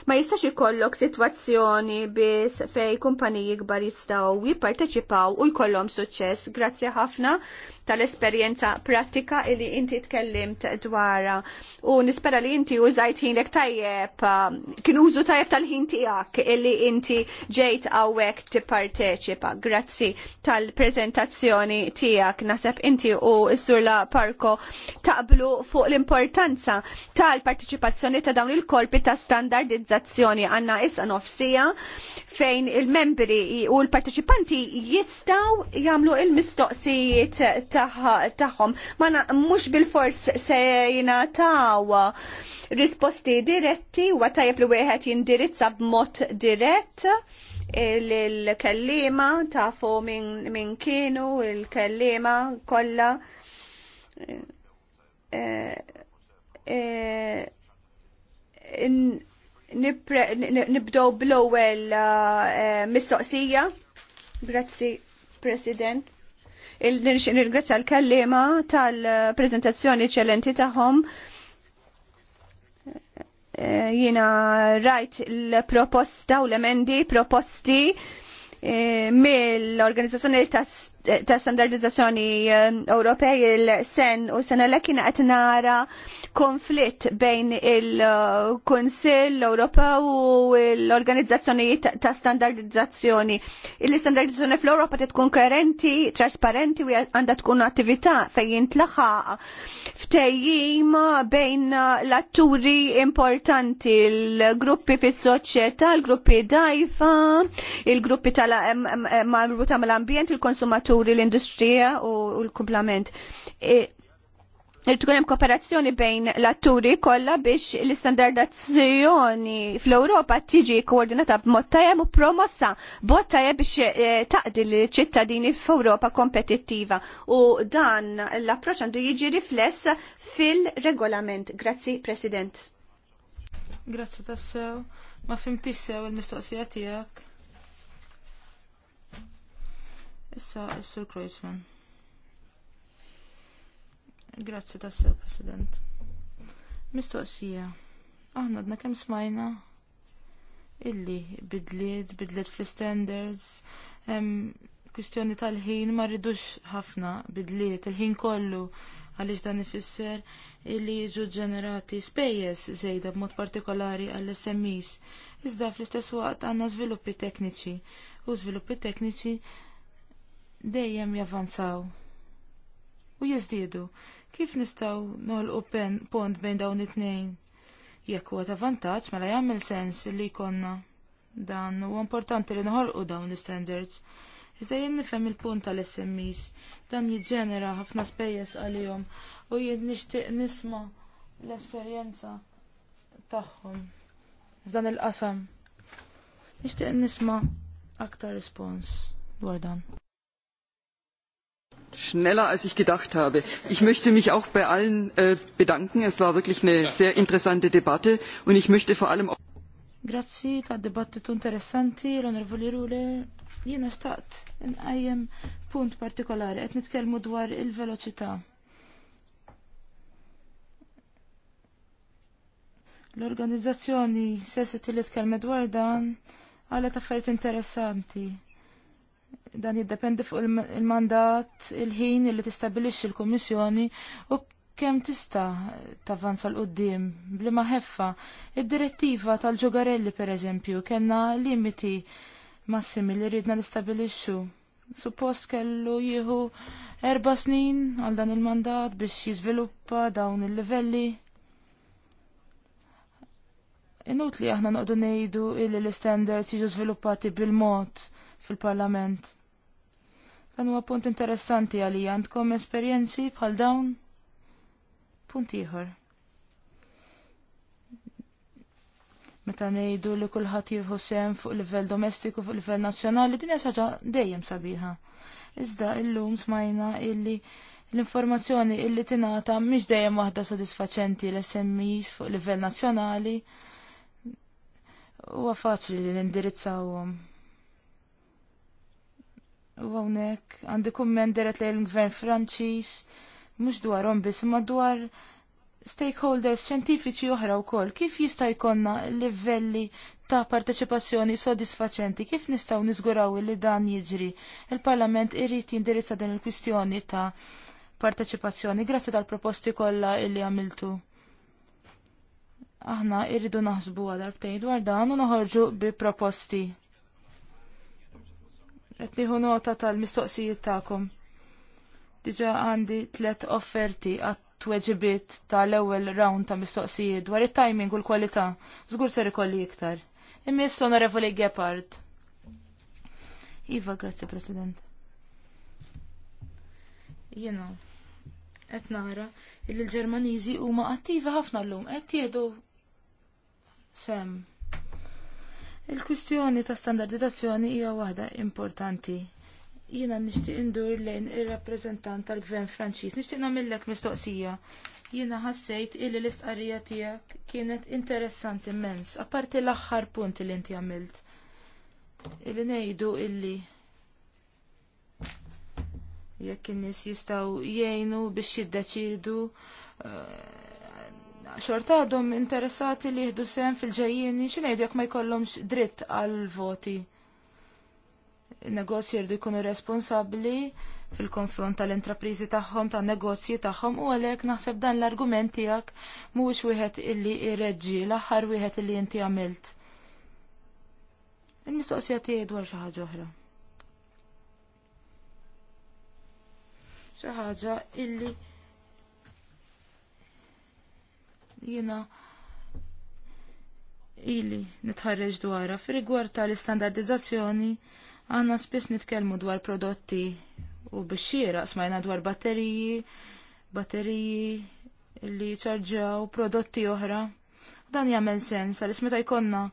Ma jistax ikollok sitwazzjoni biss fej kumpaniji kbar jistgħu jipparteċipaw u jkollhom suċċess. Grazzi ħafna tal-esperjenza pratika li inti tkellimt dwara. U nispera li inti użajt ħinek tajjeb, um, kien użu tajjeb tal-ħin tiegħek illi inti ġejt hawnhekk tipparteċipa. Grazzi tal-preżentazzjoni tiegħek. Naseb inti u s-surla Parko taqblu fuq l-importanza tal parteċipazzjoni ta' dawn il-korpi ta' standardizzazzjoni għanna issa nofsija fejn il-membri u l parteċipanti jistaw jamlu il-mistoqsijiet tagħhom. Ma mhux bil-fors se jingħataw risposti diretti wa tajjeb li wieħed jindirizza b'mod dirett il-kellima tafu minn kienu il-kellima kollha eh, eh, nibdow bl-ewwel eh, mistoqsija. Grazzi, President. Nirgrazzja l-kallima tal-prezentazzjoni ċellenti tagħhom e, jina rajt l-proposta u l-emendi proposti e, mill-organizzazzjoni ta' standardizzazzjoni ehm, Ewropej il-sen u sena l kien qed nara konflitt bejn il-Kunsill Ewropew u l-organizzazzjonijiet ta' standardizzazzjoni. Il-standardizzazzjoni fl-Ewropa qed tkun koerenti, trasparenti u għandha tkun attività fejn jintlaħaq ftejjim bejn l-atturi importanti, l-gruppi fis-soċjetà, l-gruppi dajfa, il-gruppi tal-ambjent, il-konsumaturi il l-industrija u l-kumplament. E, Irtukunem kooperazzjoni bejn l-atturi kollha biex l-istandardazzjoni fl-Ewropa tiġi koordinata b'mod tajjeb u promossa b'mod tajem biex e, taqdi l-ċittadini f'Ewropa kompetittiva. U dan l-approċċ għandu jiġi rifless fil-regolament. Grazzi, President. Grazzi tassew. Ma fimtissew il-mistoqsija tiegħek. Issa, Sur Kreuzman. Grazzi Sir President. Mistoqsija, aħna għadna kemm smajna illi bidliet, bidliet fl-standards, kwistjoni tal-ħin ma rridux ħafna bidliet, il-ħin kollu għaliex dan ifisser illi jiġu ġenerati spejjeż żejda b'mod partikolari għall smes Iżda fl-istess waqt għandna żviluppi tekniċi u żviluppi tekniċi dejjem javanzaw u jiżdiedu. Kif nistgħu pen pont bejn dawn it-tnejn? Jekk huwa ta' vantaġġ mela jagħmel sens li jkollna dan huwa importanti li noħolqu dawn l-standards. Iżda jien nifhem il-punt tal-SMEs dan jiġġenera ħafna spejjeż għalihom u jien nixtieq nisma' l-esperjenza tagħhom f'dan il-qasam. Nixtieq nisma' aktar respons dwar dan schneller, als ich gedacht habe. Ich möchte mich auch bei allen äh, bedanken. Es war wirklich eine sehr interessante Debatte und ich möchte vor allem auch ta' dibattitu interessanti, l Rule, jiena punt partikolari, qed nitkellmu dwar il-veloċità. L-organizzazzjoni sessi li tkellmet dwar dan għalet affarijiet interessanti. Dan jiddependi fuq il-mandat, il-ħin li tistabilixxi l-Kummissjoni u kemm tista' tavanza l qoddim bli ħeffa. Id-direttiva tal-ġugarelli pereżempju kellna limiti massimi li ridna nistabilixxu. Suppost kellu jieħu erba snin għal dan il-mandat biex jiżviluppa dawn il-livelli inut li aħna noqdu nejdu illi l-standards jiġu żviluppati bil-mod fil-Parlament. Dan huwa punt interessanti għalija għandkom esperjenzi bħal dawn? Punt ieħor. Meta ngħidu li kulħadd jieħu sehem fuq livell domestiku fuq livell nazzjonali din hija ħaġa dejjem sabiħa. Iżda illum smajna illi l-informazzjoni illi tingħata mhix dejjem waħda sodisfaċenti l-SMEs fuq livell nazzjonali huwa faċli li nindirizzawhom U għonek, għandi kumment li l-gvern franċis, mux dwar ombis, ma dwar stakeholders xjentifiċi oħra u koll. Kif jista' jkonna livelli ta' parteċipazzjoni sodisfaċenti? Kif nistaw nizguraw li dan jiġri? Il-Parlament irrit jindirizza din il-kwistjoni ta' parteċipazzjoni. Grazzi tal-proposti kollha illi għamiltu. Aħna irridu naħsbu għadarbtejn dwar dan u noħorġu bi proposti. Qed nieħu nota tal-mistoqsijiet tagħkom. Diġà għandi tliet offerti għat-tweġibiet tal-ewwel round ta' mistoqsijiet dwar it-timing u l-kwalità. Żgur ser ikolli iktar. Immiss Onorevoli Gepard. Iva, grazzi President. Jena, You qed nara li l-Ġermaniżi huma attivi ħafna llum qed jieħdu sem Il-kwistjoni ta' standardizzazzjoni hija waħda importanti. Jiena nixtieq indur lejn ir-rappreżentant tal-Gvern Franċiż. Nixtieq nagħmilek mistoqsija. Jiena ħassejt illi l-istqarrija tiegħek kienet interessanti immens, apparti l-aħħar punt li inti għamilt. Illi ngħidu illi jekk in-nies jistgħu jgħinu biex jiddeċidu uh, xorta għadhom interessati li jihdu sem fil-ġejjini xinajdu jekk ma jkollhomx dritt għal-voti. negozji jirdu jkunu responsabli fil-konfront tal-intraprizi tagħhom, tan-negozji tagħhom u għalhekk naħseb dan l-argument tiegħek mhux wieħed illi jreġġi l-aħħar wieħed illi inti għamilt. Il-mistoqsija tiegħi dwar xi ħaġa oħra. Xi ħaġa illi jiena ili nitħarreġ dwara. fir-rigward tal-istandardizzazzjoni għandna spiss nitkellmu dwar prodotti u bixxiera smajna dwar batteriji, batteriji li ċarġaw prodotti oħra. Dan jagħmel sens għaliex meta jkollna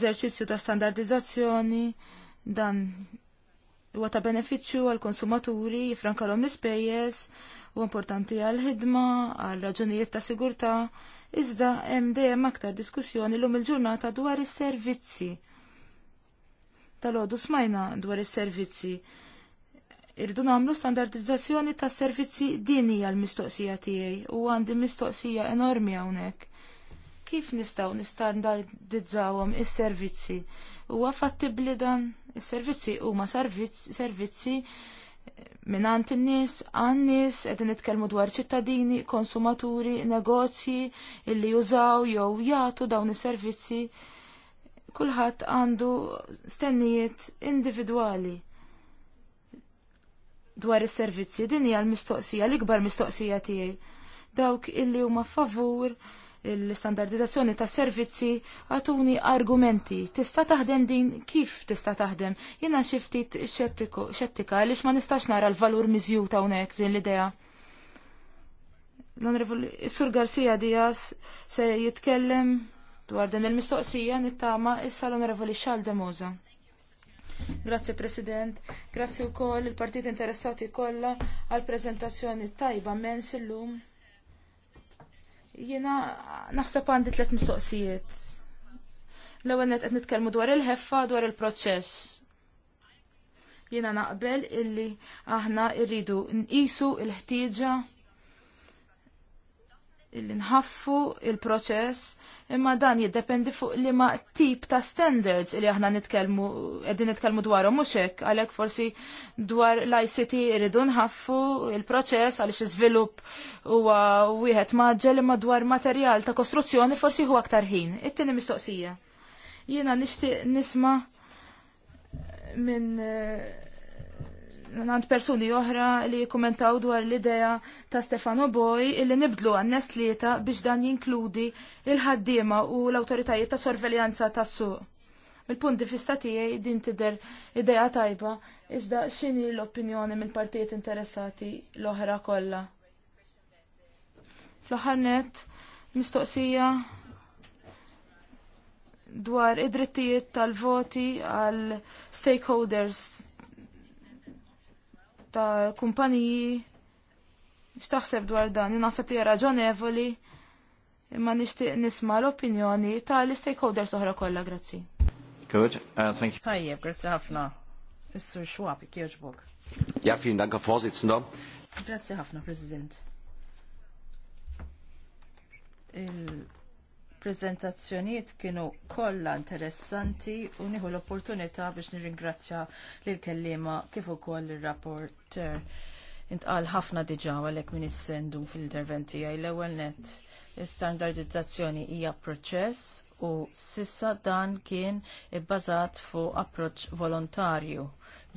eżerċizzju ta' standardizzazzjoni dan huwa ta' benefiċċju għal konsumaturi jifrankalhom l-ispejjeż u importanti għal ħidma għal raġunijiet ta' sigurtà iżda hemm dejjem aktar diskussjoni lum il-ġurnata dwar is-servizzi. Tal-għodu smajna dwar is-servizzi. Irdu nagħmlu standardizzazzjoni tas servizzi din għal mistoqsija tiegħi u għandi mistoqsija enormi hawnhekk. Kif nistgħu nistandardizzawhom is-servizzi? huwa fattibbli dan is-servizzi huma servizzi eh, minant in-nies għan-nies qegħdin nitkellmu dwar ċittadini, konsumaturi, negozji illi jużaw jew jagħtu dawn is-servizzi. Kulħadd għandu stennijiet individwali dwar is-servizzi. Din hija l-mistoqsija, l-ikbar mistoqsija tiegħi. Dawk illi huma favur l-standardizzazzjoni ta' servizzi għatuni argumenti. Tista' taħdem din kif tista' taħdem? Jina xiftit xettika għaliex ma nistax nara l-valur mizju ta' unek din l-idea. L-Onorevoli Sur Garcia Diaz se jitkellem dwar din il-mistoqsija nittama issa l-Onorevoli Xalde Moza. Grazzi President, grazzi u koll il-partit interessati kollha għal-prezentazzjoni tajba mens illum. lum Jiena naħseb għandi tliet mistoqsijiet. L-ewwel qed nitkellmu dwar il-ħeffa dwar il-proċess. Jiena naqbel illi aħna rridu nqisu il-ħtieġa il ħtieġa illi nħaffu il-proċess imma dan jiddependi fuq li ma tip ta' standards li aħna nitkellmu qegħdin nitkellmu dwarhom mhux hekk għalhekk forsi dwar l-ICT iridu nħaffu il-proċess għaliex iżvilupp huwa wieħed maġġel imma dwar materjal ta' kostruzzjoni forsi hu aktar ħin. It-tieni mistoqsija. Jiena nixtieq nisma' minn eh, għand persuni oħra li kommentaw dwar l-idea ta' Stefano Boj illi nibdlu għannes tlieta biex dan jinkludi il-ħaddiema u l-autoritajiet ta' sorveljanza ta' suq. mil punt di vista tiegħi din tidher idea tajba iżda x'inhi l-opinjoni mill-partijiet interessati l-oħra kollha. fl ħarnet mistoqsija dwar id-drittijiet tal-voti għal stakeholders ta' kumpaniji X'taħseb dwar dan? Naħseb li raġonevoli imma nixtieq nisma' l-opinjoni tal-stakeholders oħra kollha, grazzi. Good, uh, thank you. Tajjeb, grazzi ħafna. Issur sur Schwab, jogħġbok. Ja, vielen Dank, Herr Vorsitzender. Grazzi ħafna, President il kienu kollha interessanti u nieħu l-opportunità biex nirringrazzja lil kelliema kif ukoll ir-rapporter. Intqal ħafna diġà għalhekk min issendu fil-interventi għaj l-ewwel nett. Standardizzazzjoni hija proċess u sissa dan kien ibbażat fuq approċċ volontarju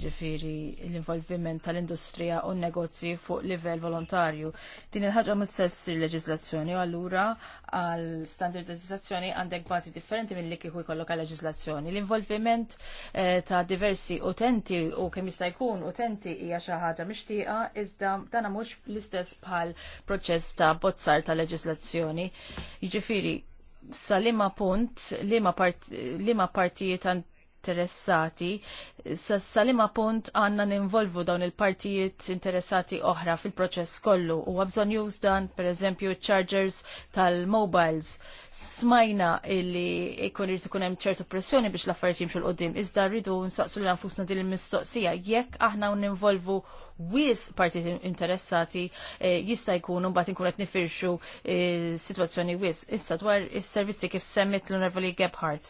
ġifiri l-involviment tal-industrija u n-negozji fuq livell volontarju. Din il-ħagġa mus sess il-leġizlazzjoni u allura għal standardizzazzjoni għandek bazi differenti minn li kieku jkollok għal leġizlazzjoni. L-involviment eh, ta' diversi utenti u kemm jista' jkun utenti hija xi ħaġa mixtieqa iżda dan mhux l-istess bħal proċess ta' bozzar ta' leġizlazzjoni. Jiġifieri sa' liema punt, liema partijiet interessati, salima punt għanna ninvolvu dawn il-partijiet interessati oħra fil-proċess kollu u għabżon już dan per eżempju chargers tal-mobiles. Smajna illi ikun irrid ikun hemm ċertu pressjoni biex l-affarijiet jimxu l-qoddim, iżda rridu nsaqsu l-anfusna din il-mistoqsija jekk aħna ninvolvu wis partit interessati eh, jista' jkunu mbagħad inkun qed nifirxu eh, sitwazzjoni wis. Issa dwar is-servizzi kif semmit l-Onorevoli Gebhardt.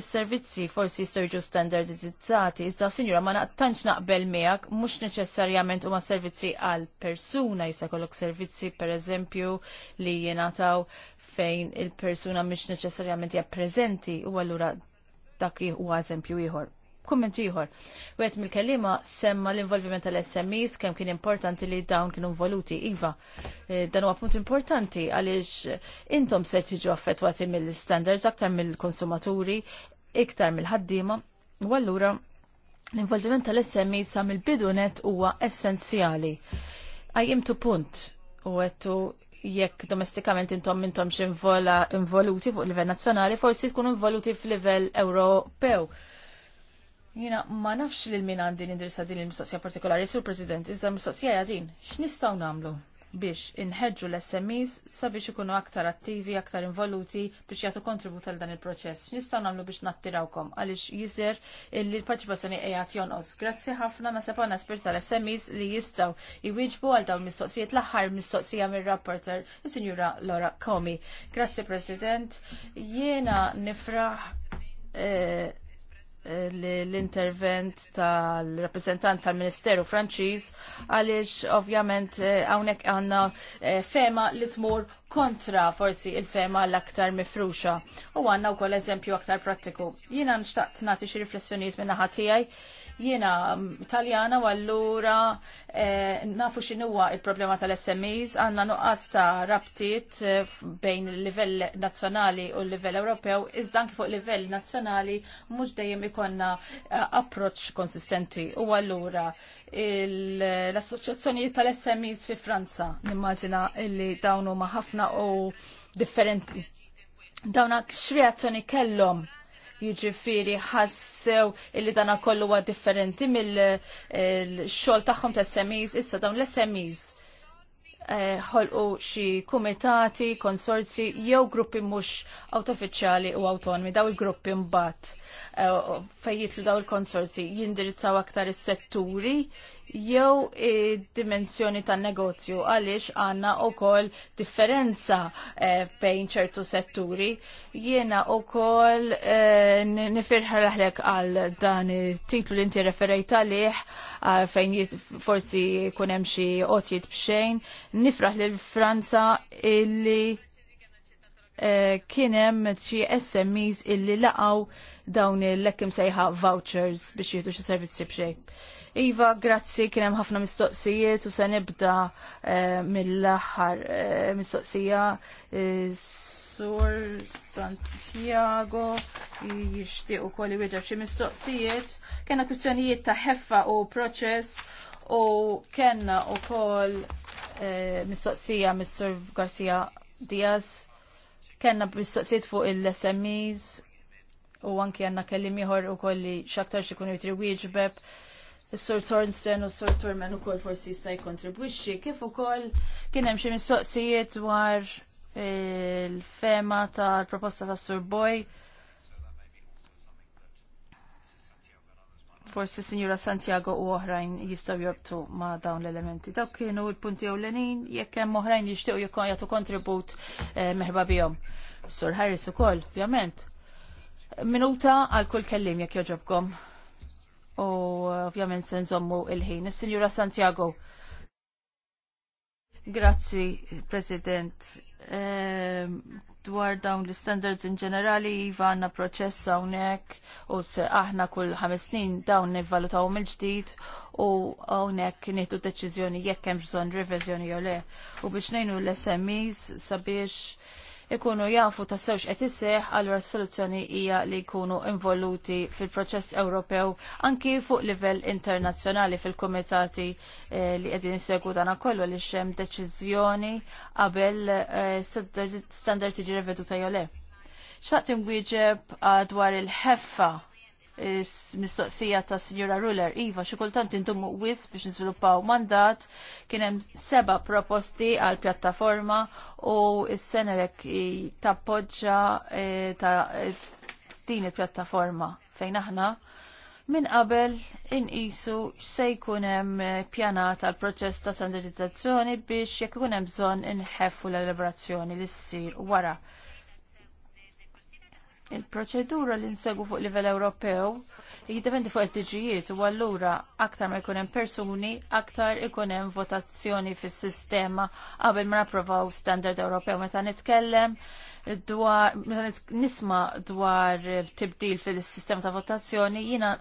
Is-servizzi forsi jistgħu jiġu standardizzati, iżda sinjura ma naqtantx naqbel miegħek mhux neċessarjament huma servizzi għal persuna jista' jkollok servizzi pereżempju li jingħataw fejn il-persuna mhix neċessarjament hija preżenti u allura dak huwa eżempju ieħor. Kumment ieħor. Wieħed mill-kelliema semma l-involviment tal-SMEs kemm kien importanti li dawn kienu involuti. Iva, eh, dan huwa punt importanti għaliex eh, intom se tiġu affettwati mill-standards aktar mill-konsumaturi, iktar mill-ħaddiema. U allura l-involviment tal-SMEs sa mill-bidunet huwa essenzjali. tu punt u għettu jekk domestikament intom intom xinvola involuti fuq livell nazzjonali, forsi tkun involuti f'livell livell Ewropew Jina ma nafx lil min għandi nindirsa din il-mistoqsija partikolari, sur President, iżda mistoqsija din, x'nistgħu nagħmlu biex inħeġġu l-SMEs sabiex ikunu aktar attivi, aktar involuti biex jagħtu kontribut għal dan il-proċess. Nistaw nagħmlu biex nattirawkom għaliex jiser li l-parċipazzjoni għajat jonqos. Grazzi ħafna nasab għandna espert tal-SMEs li jistaw jwieġbu għal dawn mistoqsijiet l-aħħar mistoqsija mir-rapporter il sinjura Laura Comi. Grazzi President. Jiena nifraħ eh, l-intervent tal-rappresentant tal-Ministeru Franċiż għaliex ovvjament eh, hawnhekk għandna eh, fema li tmur kontra forsi il-fema l-aktar mifruxa. U għandna wkoll eżempju aktar prattiku. Jiena nxtaqt nagħti xi riflessjonijiet minna naħa tiegħi Jiena mm, Taljana u allura eh, nafu x'inhuwa il-problema tal-SMEs għandna nuqqas ta' rabtiet eh, bejn il-livell nazzjonali u l-livell Ewropew iżda anke fuq livell nazzjonali mhux dejjem ikonna eh, approċċ konsistenti u allura l-assoċjazzjonijiet tal-SMEs fi Franza, nimmaġina li dawn huma ħafna u differenti. Dawna x-reazzjoni kellhom jiġifieri ħassew illi dana kollu huwa differenti mill-xogħol eh, tagħhom ta' SMEs issa dawn l-SMEs eh, ħolqu xi kumitati, konsorzi jew gruppi mhux awtofiċjali u awtonomi daw il-gruppi mbat eh, fejn daw il-konsorzi jindirizzaw aktar is-setturi jew id-dimensjoni tan negozju għaliex għanna u koll differenza eh, bejn ċertu setturi. Jiena u koll eh, nifirħalħlek għal dan il-titlu li inti referejt għalih eh, fejn forsi kunem xi otjiet bxejn. Nifraħ lil Franza illi kienem xi SMEs illi laqaw dawn l lekkim sejħa vouchers biex jieħdu xi servizzi bxejn Iva, grazzi, kien hemm ħafna mistoqsijiet u se nibda eh, mill-aħħar eh, mistoqsija eh, Sur Santiago u ukoll weġa xi mistoqsijiet. Kena kwistjonijiet ta' ħeffa u proċess u u ukoll mistoqsija mis-Sur Garcia Diaz kena mistoqsijiet fuq il-SMEs u anki għanna kellimiħor u kolli xaktar xikun jitri wieġbeb Is-Sur Thornstein u s-Sur Turman ukoll forsi jista' jikkontribwixxi kif ukoll kien hemm xi mistoqsijiet dwar il-fema tal-proposta ta' Sur Boy. Forsi Sinjura Santiago u oħrajn jistgħu jorbtu ma' dawn l-elementi. Dawk kienu l-punti ewlenin jekk hemm oħrajn jixtiequ jekk jatu kontribut eh, meħba bihom. Sur Harris ukoll, ovvjament. Minuta għal kull kellim jekk joġobkom u eh, ovvjament se nżommu il-ħin. Is-Sinjura Santiago. Grazzi, President. Ehm, dwar dawn l-standards in ġenerali, iva għanna proċess hawnhekk u se aħna kull ħames snin dawn nivvalutaw mill-ġdid u hawnhekk nieħdu deċiżjoni jekk hemm bżonn reviżjoni jew le. U biex ngħinu l-SMEs sabiex ikunu jafu ta' sewx qed isseħ allura s-soluzzjoni hija li jkunu involuti fil-proċess Ewropew anki fuq livell internazzjonali fil-kumitati eh, li qegħdin insegwu dan kollu li xem deċiżjoni qabel eh, standard tiġi reveduta jew le. Xaqt imwieġeb ah, dwar il-ħeffa mistoqsija ta' Signora Ruler, Iva, xi kultant intum wis biex niżviluppaw mandat, kien hemm seba proposti għal pjattaforma u s-senelek tappoġġa e, ta' e, din il-pjattaforma fejn aħna minn qabel inqisu se jkun hemm pjanat għal proċess ta' standardizzazzjoni biex jekk ikun hemm bżonn inħeffu l-elaborazzjoni li ssir wara. Il-proċedura li nsegu fuq livell Ewropew jiddependi fuq it-tiġijiet u allura aktar ma jkun hemm persuni, aktar ikun hemm votazzjoni fis-sistema qabel ma napprovaw standard Ewropew meta nitkellem dwar nisma dwar tibdil fil-sistema ta' votazzjoni jiena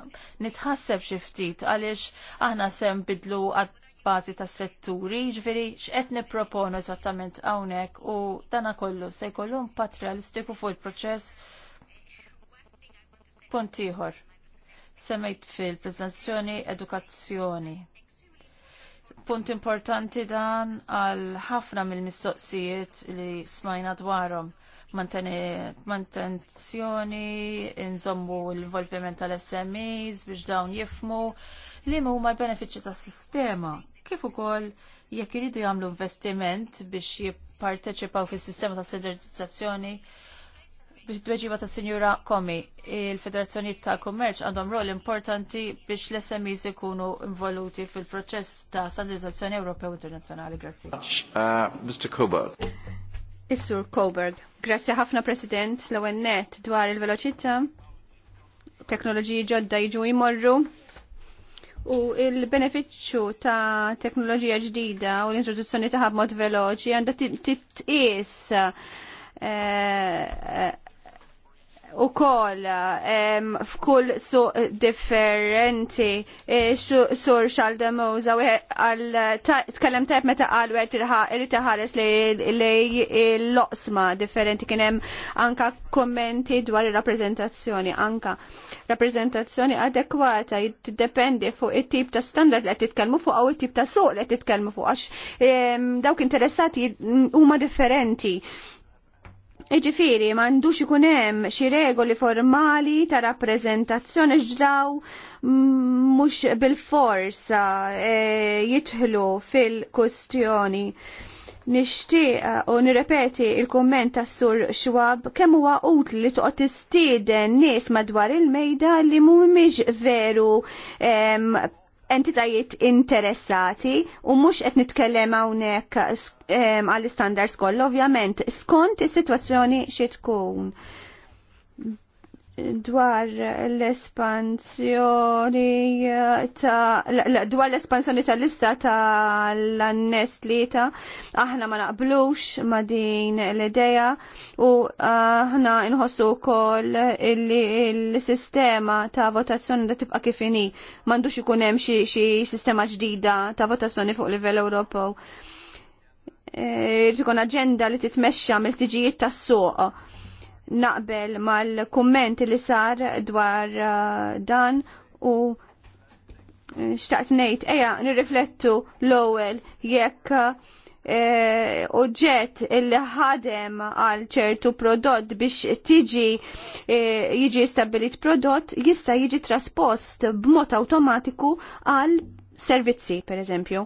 nitħasseb xi ftit għaliex aħna sem bidlu għad bażi tas setturi, ġveri jiġifieri x'qed nipproponu eżattament hawnhekk u dana kollu se jkollu impatt realistiku fuq il-proċess Punt ieħor. Semmejt fil-prezentazzjoni edukazzjoni. Punt importanti dan għal ħafna mill-mistoqsijiet li smajna dwarhom mantenzjoni, nżommu l-involviment tal-SMEs biex dawn jifmu li huma l-benefiċċji tas-sistema. Kif ukoll jekk iridu jagħmlu investiment biex jipparteċipaw fis-sistema ta' standardizzazzjoni biex dweġiba ta' Sinjura Komi, il-Federazzjoni ta' Kummerċ għandhom rol importanti biex l smis ikunu involuti fil-proċess ta' standardizzazzjoni Ewropew internazzjonali. Grazie. Uh, Mr. Coburg. Is-Sur Coburg. Grazzi ħafna President l net dwar il-veloċità, teknoloġiji ġodda jiġu jmorru u il-beneficju ta' teknoloġija ġdida u l-introduzzjoni ta' mod veloċi għandha titqies eh, eh, u kol f'kull suq differenti e, sur xal-demuza u għal tkellem tajb meta għal u għet ħares li l-loqsma differenti kienem anka kommenti dwar il-rappresentazzjoni anka rappresentazzjoni adekwata jiddependi fuq it-tip ta' standard li għet titkelmu fuq għaw it-tip ta' suq li għet titkelmu fuq għax dawk interessati huma differenti. Iġifiri, mandux ikun hemm xi regoli formali ta' rappreżentazzjoni ġdaw mhux bil-forsa e, jidħlu fil-kustjoni. Nixtieq uh, u nirrepeti il-kumment tas Sur Schwab kemm huwa utli li toqgħod tistieden nies madwar il-mejda li mhumiex veru entitajiet interessati u mhux qed nitkellem hawnhekk għall-istandards kollha, ovvjament skont is-sitwazzjoni xi tkun dwar l-espansjoni eh, ta' dwar l-espansjoni ta' lista ta' l-annes li ta' aħna ma naqblux ma' din l-ideja u eh, aħna nħossu kol il-sistema ta' votazzjoni da' tibqa' kifini mandux ikun hemm xi sistema ġdida ta' votazzjoni fuq livell Ewropew. Eh, irrid ikun aġenda li titmexxa mill-tiġijiet tas-suq naqbel mal-komment li sar dwar uh, dan u uh, xtaqt ngħid eja nirriflettu l-ewwel jekk uh, oġġett il ħadem għal ċertu prodott biex tiġi jiġi stabilit prodott jista' jiġi traspost b'mod awtomatiku għal servizzi, per eżempju.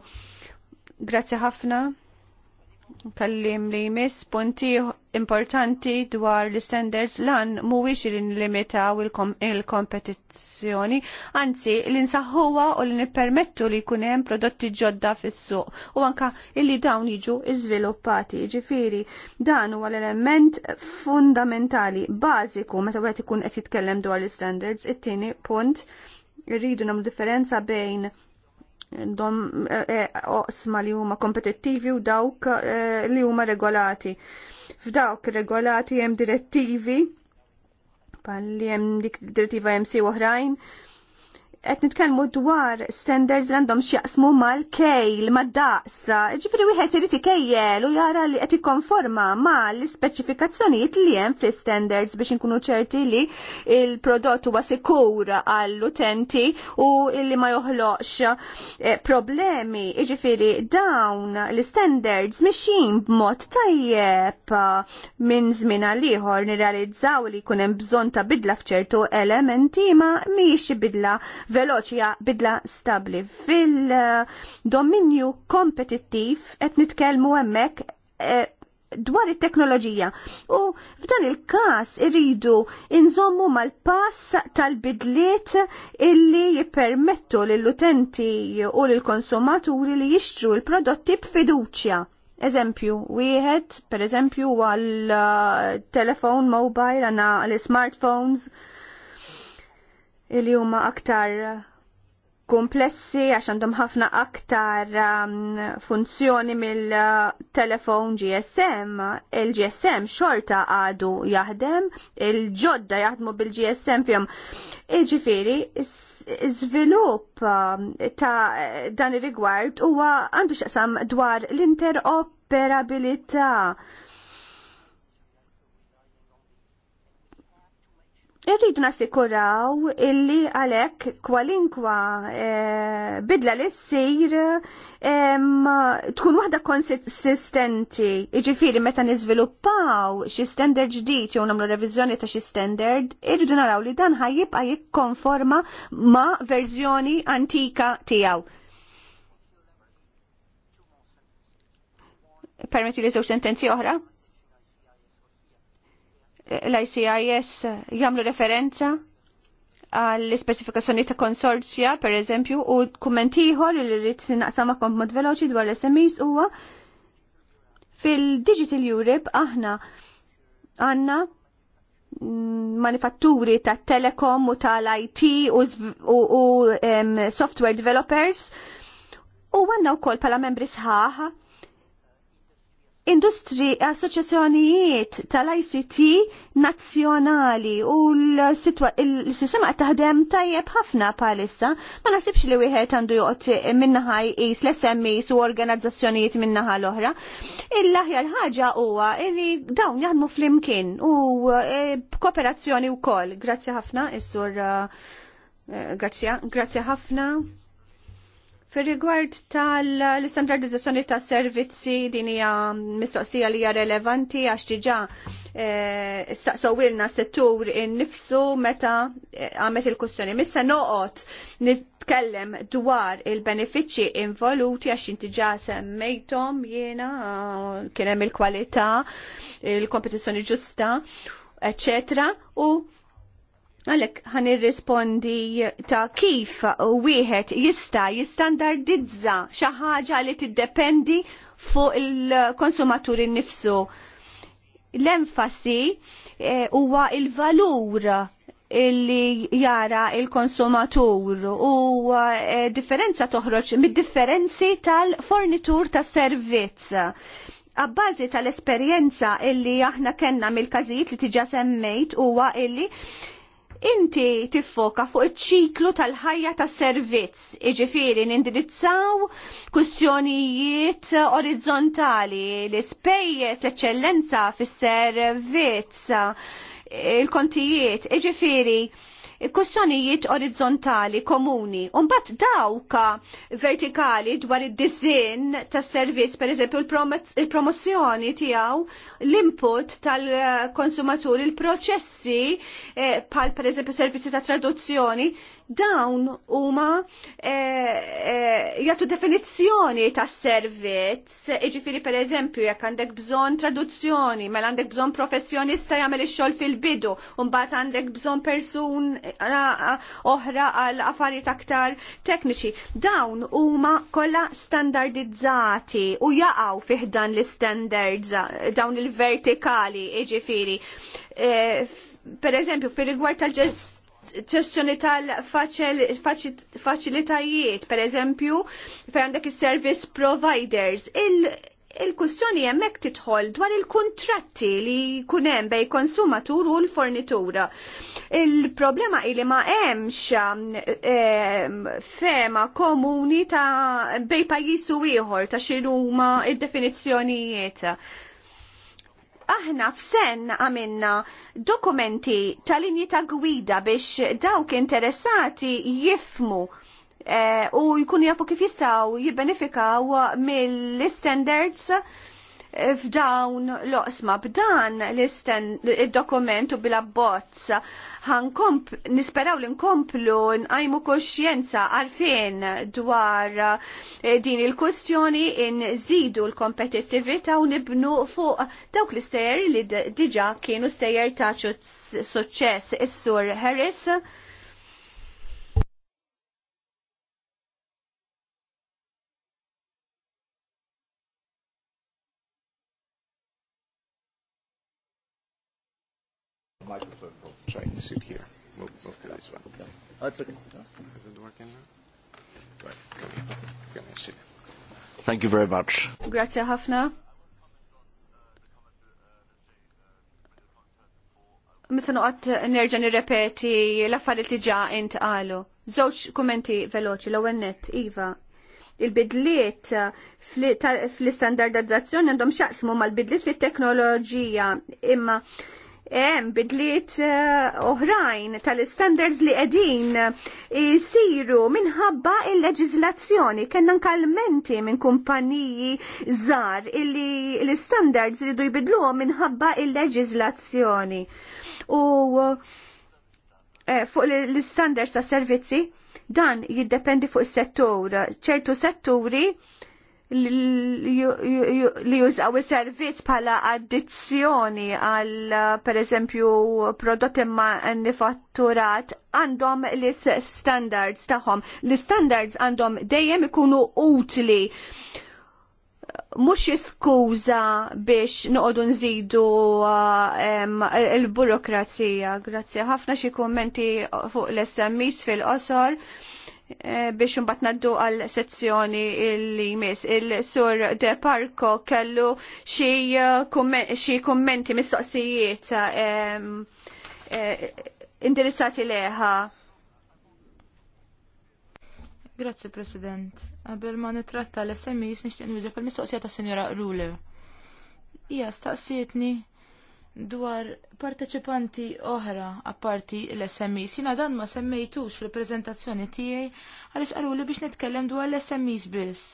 Grazzi ħafna kallim li jmiss punti importanti dwar l-standards lan mhuwiex li nlimitaw il-kompetizzjoni, anzi li nsaħħuwa u li nippermettu li jkun hemm prodotti ġodda fis-suq u anka illi dawn jiġu iżviluppati. Ġifieri dan huwa l-element fundamentali bażiku meta wieħed ikun qed jitkellem dwar l-standards. It-tieni punt irridu nagħmlu differenza bejn dom e, e, osma li huma kompetittivi u dawk e, li huma regolati. F'dawk regolati hemm direttivi, pal li hemm dik direttiva hemm si oħrajn qed nitkellmu dwar standards li għandhom x'jaqsmu mal-kejl, mad-daqs. Ġifieri wieħed irid ikejjel u jara li qed ikkonforma mal-ispeċifikazzjonijiet li hemm fl-standards biex inkunu ċerti li il-prodott huwa sikur għall-utenti u li ma joħloqx eh, problemi. Ġifieri dawn l-standards mixin b'mod tajjeb minn żmien għal ieħor nirrealizzaw li jkun hemm bżonn ta' bidla f'ċertu elementi ma mhijiex bidla veloċija bidla stabli. Fil-dominju kompetittiv qed nitkellmu hemmhekk e, dwar it-teknoloġija. U f'dan il-każ iridu inżommu mal-pass tal-bidliet illi jippermettu lill-utenti u lill-konsumaturi li jixtru l-prodotti b'fiduċja. Eżempju, wieħed, per eżempju, għal uh, telefon mobile, għana l-smartphones, li huma aktar komplessi għax għandhom ħafna aktar um, funzjoni mill-telefon GSM. Il-GSM xorta għadu jaħdem, il-ġodda jaħdmu bil-GSM fjom. Iġifiri, iżvilupp um, ta' dan ir-rigward huwa għandu xaqsam dwar l-interoperabilità Irridu nasikuraw illi għalek kwalinkwa eh, bidla li s-sir tkun wahda konsistenti. Iġifiri meta nizviluppaw xi standard ġdid jew nagħmlu reviżjoni ta' xi standard, irridu naraw li dan ħajjibqa' jikkonforma ma' verżjoni antika tiegħu. Permetti li żewġ sentenzi oħra? l-ICIS jamlu referenza għall-ispecifikazzjoni ta' konsorzja, per eżempju, u kummentiħor li rrit naqsama kont mod veloċi dwar l smis huwa fil-Digital Europe aħna għanna manifatturi ta' telekom u tal-IT u, u, u um, software developers u għanna u kol pala membri sħaħa industri assoċjazzjonijiet tal-ICT nazzjonali u l-sistema qed taħdem tajjeb ħafna bħalissa ma nasibx li wieħed għandu joqgħod minnaħa jqis l-SMEs u organizzazzjonijiet minnaħa l-oħra. Il-aħjar ħaġa huwa li dawn jaħdmu flimkien u b'kooperazzjoni e, wkoll. Grazzi ħafna is-sur e, Grazzi ħafna. Fir rigward tal-istandardizzazzjoni ta' servizzi din hija mistoqsija li hija relevanti għax diġà e, settur innifsu meta eh, għamet il-kussjoni. Missa noqgħod nitkellem dwar il-benefiċċji involuti għax inti ġa semmejthom jiena kien hemm il-kwalità, il-kompetizzjoni ġusta, eccetera u Għalek għan irrespondi ta' kif wieħed jista' jistandardizza xi ħaġa li tiddependi fuq il-konsumaturi nifsu. L-enfasi eh, huwa eh, il-valur illi jara il-konsumatur u e, differenza toħroġ mid-differenzi tal-fornitur tas servizz. Abbażi tal-esperjenza illi aħna kenna mill-każijiet li tiġa semmejt huwa illi inti tiffoka fuq iċ-ċiklu tal-ħajja tas servizz, iġifieri nindirizzaw kwistjonijiet orizzontali, l-ispejjeż, l-eċċellenza fis-servizz, il-kontijiet, iġifieri kussjonijiet orizzontali komuni. Umbat dawka vertikali dwar id dizzin tas servizz per eżempju il-promozzjoni tiegħu, l-input tal-konsumatur, il-proċessi eh, pal per eżempju servizzi ta' traduzzjoni, Dawn huma eh, eh, jagħtu definizzjoni tas servizz, jiġifieri pereżempju jekk għandek bżonn traduzzjoni, mela għandek bżonn professjonista jagħmel ix-xogħol fil-bidu, u mbagħad għandek bżonn persun oħra għal affarijiet aktar tekniċi. Dawn huma kollha standardizzati u jaqgħu fih dan l-standards dawn il-vertikali, jiġifieri. per eżempju, fil rigward tal-ġest ċessjoni tal-faċilitajiet, per eżempju, fej għandek il-service providers. Il-kustjoni jemmek titħol dwar il-kontratti li kunem bej konsumatur u l-fornitura. Il-problema li ma hemmx um, fema komuni ta' bej pajjiż u ieħor ta' xi huma id-definizzjonijiet aħna f'sen għamilna dokumenti tal-linji ta' gwida biex dawk interessati jifmu eh, u jkunu jafu kif jistaw jibbenefikaw mill-standards f'dawn loqsma b'dan l-dokumentu bil-abbozz nisperaw li nkomplu nqajmu koxjenza għalfejn dwar eh, din il-kustjoni nżidu l kompetittività u nibnu fuq dawk l-istejjer li diġa kienu stejjer ta' suċċess is-sur Harris trying to sit here. Move, move to this one. No. Oh, it's okay. Is it working now? Right, come here. Come here, sit. Thank you very much. Grazie Hafner. Misa nuqat nerġa nirrepeti laffar il li int għalu. Zoċ kumenti veloċi l għennet Iva, il-bidliet uh, fl-istandardizzazzjoni għandhom xaqsmu mal-bidliet fit-teknoloġija imma hemm bidliet eh, oħrajn uh, tal-standards li qegħdin eh, isiru minħabba l leġiżlazzjoni kellna nkalmenti minn kumpaniji żgħar illi l-standards ridu jbidluhom minħabba l leġiżlazzjoni U uh, fuq l-standards ta' servizzi dan jiddependi fuq is-settur. ċertu setturi li jużaw is-servizz bħala addizzjoni għal pereżempju prodotti ma' nifatturat għandhom l-standards tagħhom. L-standards għandhom dejjem ikunu utli mux iskuza biex noqogħdu nżidu l burokrazija Grazzi ħafna xi kummenti fuq l-SMIs fil-qosor. Eh, biex mbagħad naddu għal sezzjoni li jmiss il-sur De Parco kellu xi eh, kummenti mistoqsijiet eh, indirizzati leħa. Grazzi President. Qabel ma nitratta l-SMIs nixtieq nwiġġa il mistoqsija ta' Sinjora Ruler. Hija staqsietni dwar parteċipanti oħra apparti l-SMEs. Jina dan ma semmejtux fil-prezentazzjoni tiegħi għaliex qalu li biex nitkellem dwar l-SMEs biss.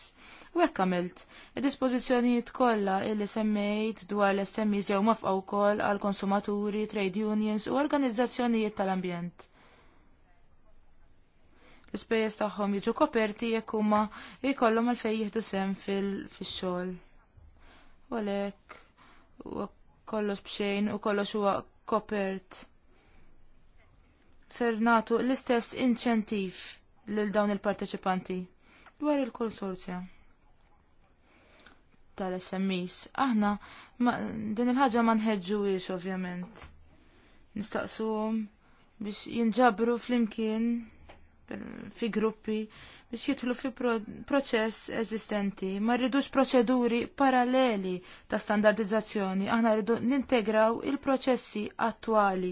U hekk għamilt, id-dispożizzjonijiet kollha illi semmejt dwar l-SMEs jew mafqa wkoll għal konsumaturi, trade unions u organizzazzjonijiet tal-ambjent. L-ispejjeż tagħhom jiġu koperti jekk huma jkollhom għalfejn jieħdu sem fil-xogħol. U kollox bxejn u kollox huwa kopert. Ser natu l-istess inċentiv lil dawn il-parteċipanti dwar il-konsorzja tal-SMEs. Aħna din il-ħaġa ma nħeġġuwiex ovvjament. Nistaqsuhom biex jinġabru flimkien fi gruppi biex jidħlu fi proċess eżistenti. Ma rridux proċeduri paralleli ta' standardizzazzjoni, aħna rridu nintegraw il-proċessi attwali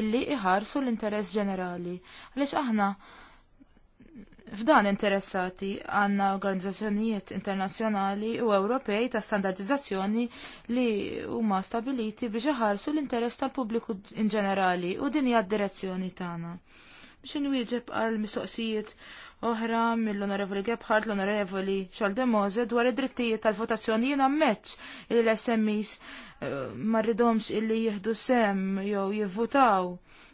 illi iħarsu l-interess ġenerali. Għaliex aħna f'dan interessati għanna organizzazzjonijiet internazzjonali u Ewropej ta' standardizzazzjoni li huma stabiliti biex iħarsu l-interess tal-pubbliku in ġenerali u din hija d-direzzjoni tagħna biex inwieġeb għal mistoqsijiet oħra mill-Onorevoli Gebhardt, l-Onorevoli Xaldemose dwar id-drittijiet tal-votazzjoni jiena meċ il l-SMEs marridomx illi eh, jihdu sem jew jivvutaw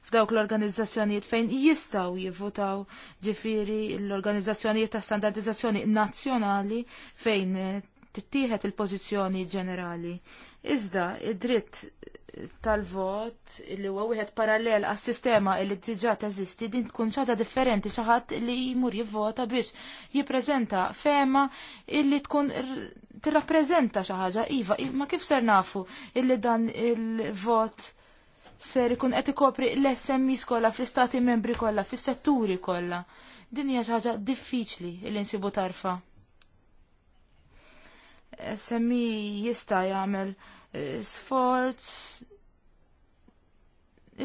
f'dawk l-organizzazzjonijiet fejn jistaw jivvutaw ġifiri l-organizzazzjonijiet ta' standardizzazzjoni nazzjonali fejn tittieħed il-pożizzjoni ġenerali. Iżda id-dritt tal-vot li huwa wieħed parallel għas sistema li diġà teżisti din tkun xaġa differenti xi ħadd li jmur jivvota biex jippreżenta fema illi tkun tirrappreżenta xi ħaġa iva, ma kif ser nafu illi dan il-vot ser ikun qed ikopri l sms e kollha fl-istati membri kollha, fis-setturi kollha. Din hija xi ħaġa diffiċli li nsibu tarfa. SMI jista' jagħmel eh, sforz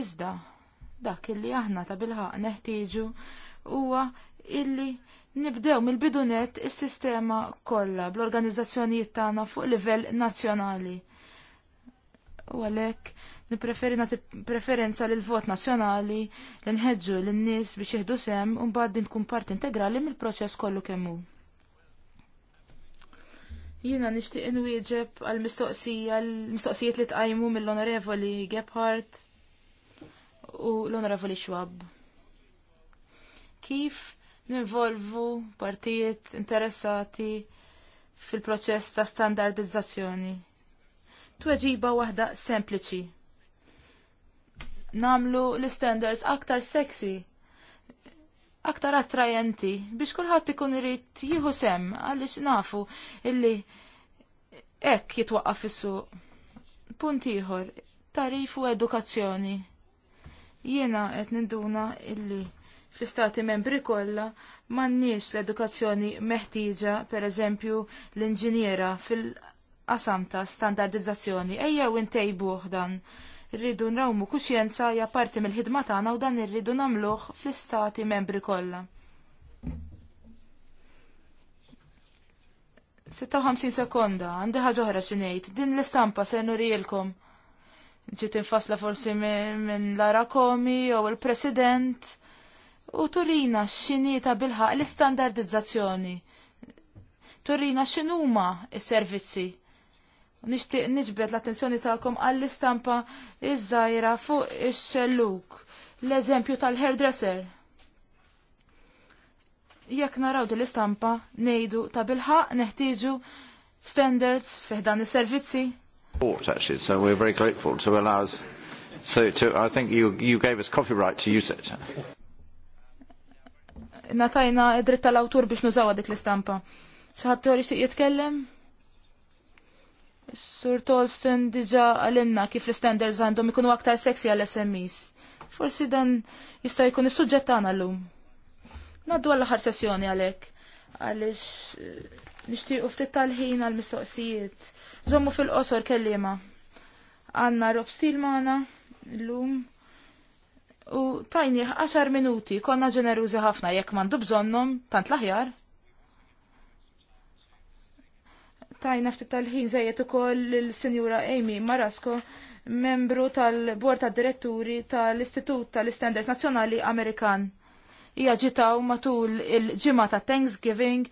iżda dak illi aħna ta' bilħaq neħtieġu huwa illi nibdew mill-bidunet is-sistema kollha bl-organizzazzjonijiet tagħna fuq livell nazzjonali. U għalhekk nippreferi nagħti preferenza lil vot nazzjonali li nħeġġu lin-nies biex jieħdu sem u mbagħad din tkun parti integrali mill-proċess kollu kemm hu. Jiena nixtieq inwieġeb għal mistoqsija l-mistoqsijiet li tqajmu mill-Onorevoli Gebhardt u l-Onorevoli Schwab. Kif ninvolvu partijiet interessati fil-proċess ta' standardizzazzjoni? Tweġiba waħda sempliċi. Namlu l-standards aktar sexy aktar attrajenti biex kulħadd ikun irid jieħu sem għaliex nafu illi hekk jitwaqqaf fis-suq. Punt ieħor, tarif u edukazzjoni. Jiena qed ninduna illi fl-istati membri kollha m'għandniex l-edukazzjoni meħtieġa, pereżempju l-inġiniera fil-qasam ta' standardizzazzjoni. Ejjew intejbuh dan rridu nrawmu kuxjenza hija parti mill-ħidma tagħna u dan irridu nagħmluh fl-istati membri kollha. 56 sekonda, għandi ħaġa oħra xi ngħid, din l-istampa se nurijilkom. Ġiet infasla forsi minn Lara Komi jew il-President u turina x'inita bilħaq l-istandardizzazzjoni. Turina x'inhuma s-servizzi Nixtieq niġbed l-attenzjoni tagħkom għall-istampa iż-żajra fuq ix-xelluk. L-eżempju tal-hairdresser. Jekk naraw din l-istampa ngħidu ta' bilħaq neħtieġu standards fiħdan is-servizzi. so we're very grateful to allow us. So to, I think you, you gave us copyright to use it. Natajna id-dritt tal-awtur biex nużawa dik l-istampa. Xi ħadd jitkellem? Sur Tolsten diġa għalinna kif l-standards għandhom ikunu aktar seksi għal SMEs. Forsi dan jista' jkun is-suġġett tagħna llum. Naddu għall aħħar sessjoni għalhekk għaliex eh, nixtiequ ftit tal-ħin għall-mistoqsijiet. Żommu fil-qosor kellima. Għandna Rob Stilmana llum u tajni 10 minuti konna ġenerużi ħafna jekk m'għandu bżonnhom tant l-aħjar. tajna ftit tal-ħin zejjed ukoll il-Sinjura Amy Marasco, membru tal-Bord tad Diretturi tal-Istitut tal-Istandards Nazzjonali Amerikan. Hija ġitaw matul il-ġimgħa ta' Thanksgiving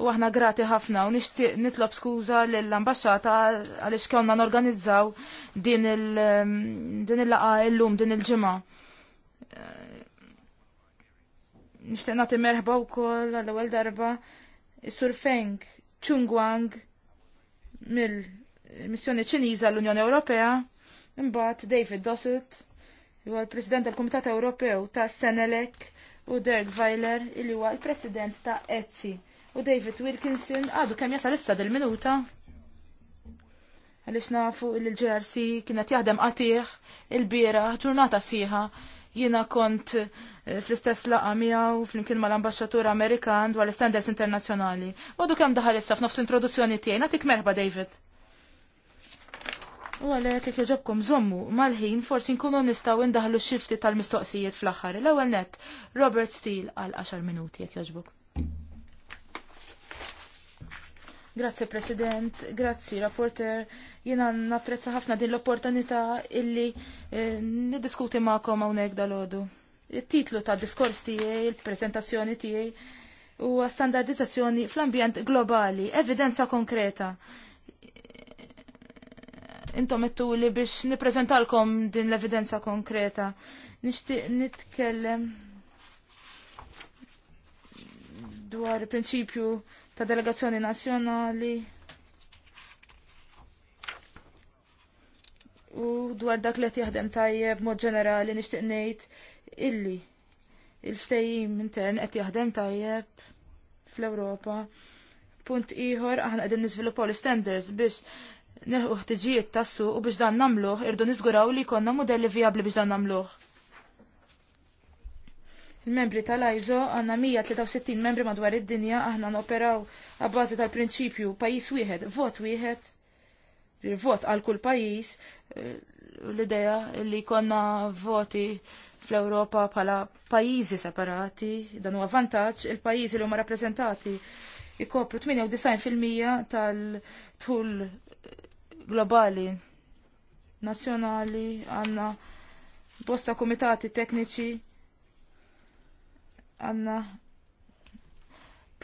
u aħna grati ħafna u nixtieq nitlob skuża lill-ambaxxata għaliex kellna norganizzaw din um, il-laqa illum din il-ġimgħa. Nixtieq nagħti merħba wkoll għall-ewwel darba is-Sur Feng Chungwang mill-missjoni ċiniża l-Unjoni Ewropea, imbagħad David Dossett, huwa l-President tal-Kumitat Ewropew ta' Senelek u Dirk Weiler il huwa l-President ta' Etsi u David Wilkinson għadu kemm jasal issa dil-minuta għaliex nafu il-GRC kienet jaħdem qatih il-bira ġurnata sieħa Jiena kont eh, fl-istess laqa miegħu flimkien mal-ambaxxatur Amerikan dwar l-standards internazzjonali. Modu kemm daħal issa f'nofs introduzzjoni tiegħi, nagħtik merħba David. U għalhekk jekk jogħġobkom żommu mal-ħin forsi nkunu nistgħu indaħlu xifti tal-mistoqsijiet fl-aħħar. L-ewwel nett, Robert Steele għal 10 minuti jekk jogħġbok. Grazzi President, grazzi Rapporter. Jena napprezza ħafna din l-opportunità illi eh, niddiskuti ma'kom hawnhekk dal-għodu. Il-titlu ta' diskors tiegħi, il-prezentazzjoni tiegħi huwa standardizzazzjoni fl-ambjent globali, evidenza konkreta. Intom ittuli li biex niprezentalkom din l-evidenza konkreta. Nixtieq nitkellem dwar il prinċipju ta' delegazzjoni nazzjonali u dwar dak li jaħdem tajjeb mod ġenerali nixtieq ngħid illi il-ftehim intern qed jaħdem tajjeb fl-Ewropa. Punt ieħor aħna qegħdin niżviluppaw l-standards biex nilħu ħtiġijiet tas-suq u biex dan nagħmluh irdu niżguraw li jkollna mudelli vijabbli biex dan nagħmluh. Il-membri tal-ISO għanna 163 membri madwar id-dinja aħna noperaw għabbażi tal-prinċipju pajis wieħed, vot wieħed, vot għal kull pajis, eh, l-ideja li konna voti fl-Europa pala pajizi separati, dan huwa vantaġġ il-pajizi li huma rappreżentati ikopru 98% tal-tħul globali nazzjonali għanna bosta komitati tekniċi għanna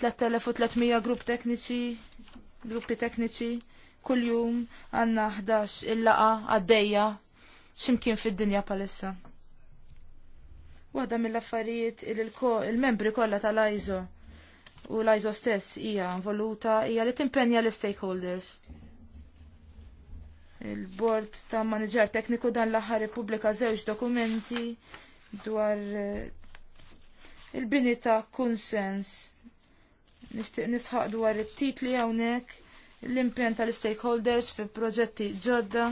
3300 grupp tekniċi, gruppi tekniċi, kull-jum għanna 11 il-laqa għaddeja ximkien fid-dinja palissa. Waħda mill-affarijiet il-membri kollha tal-ISO u l-ISO stess hija involuta hija li timpenja l-stakeholders. Il-Bord ta' Manager Tekniku dan l-aħħar ippubblika żewġ dokumenti dwar il-bini ta' kunsens. Nixtieq nisħaq dwar it-titli hawnhekk, l-impen tal-stakeholders fi proġetti ġodda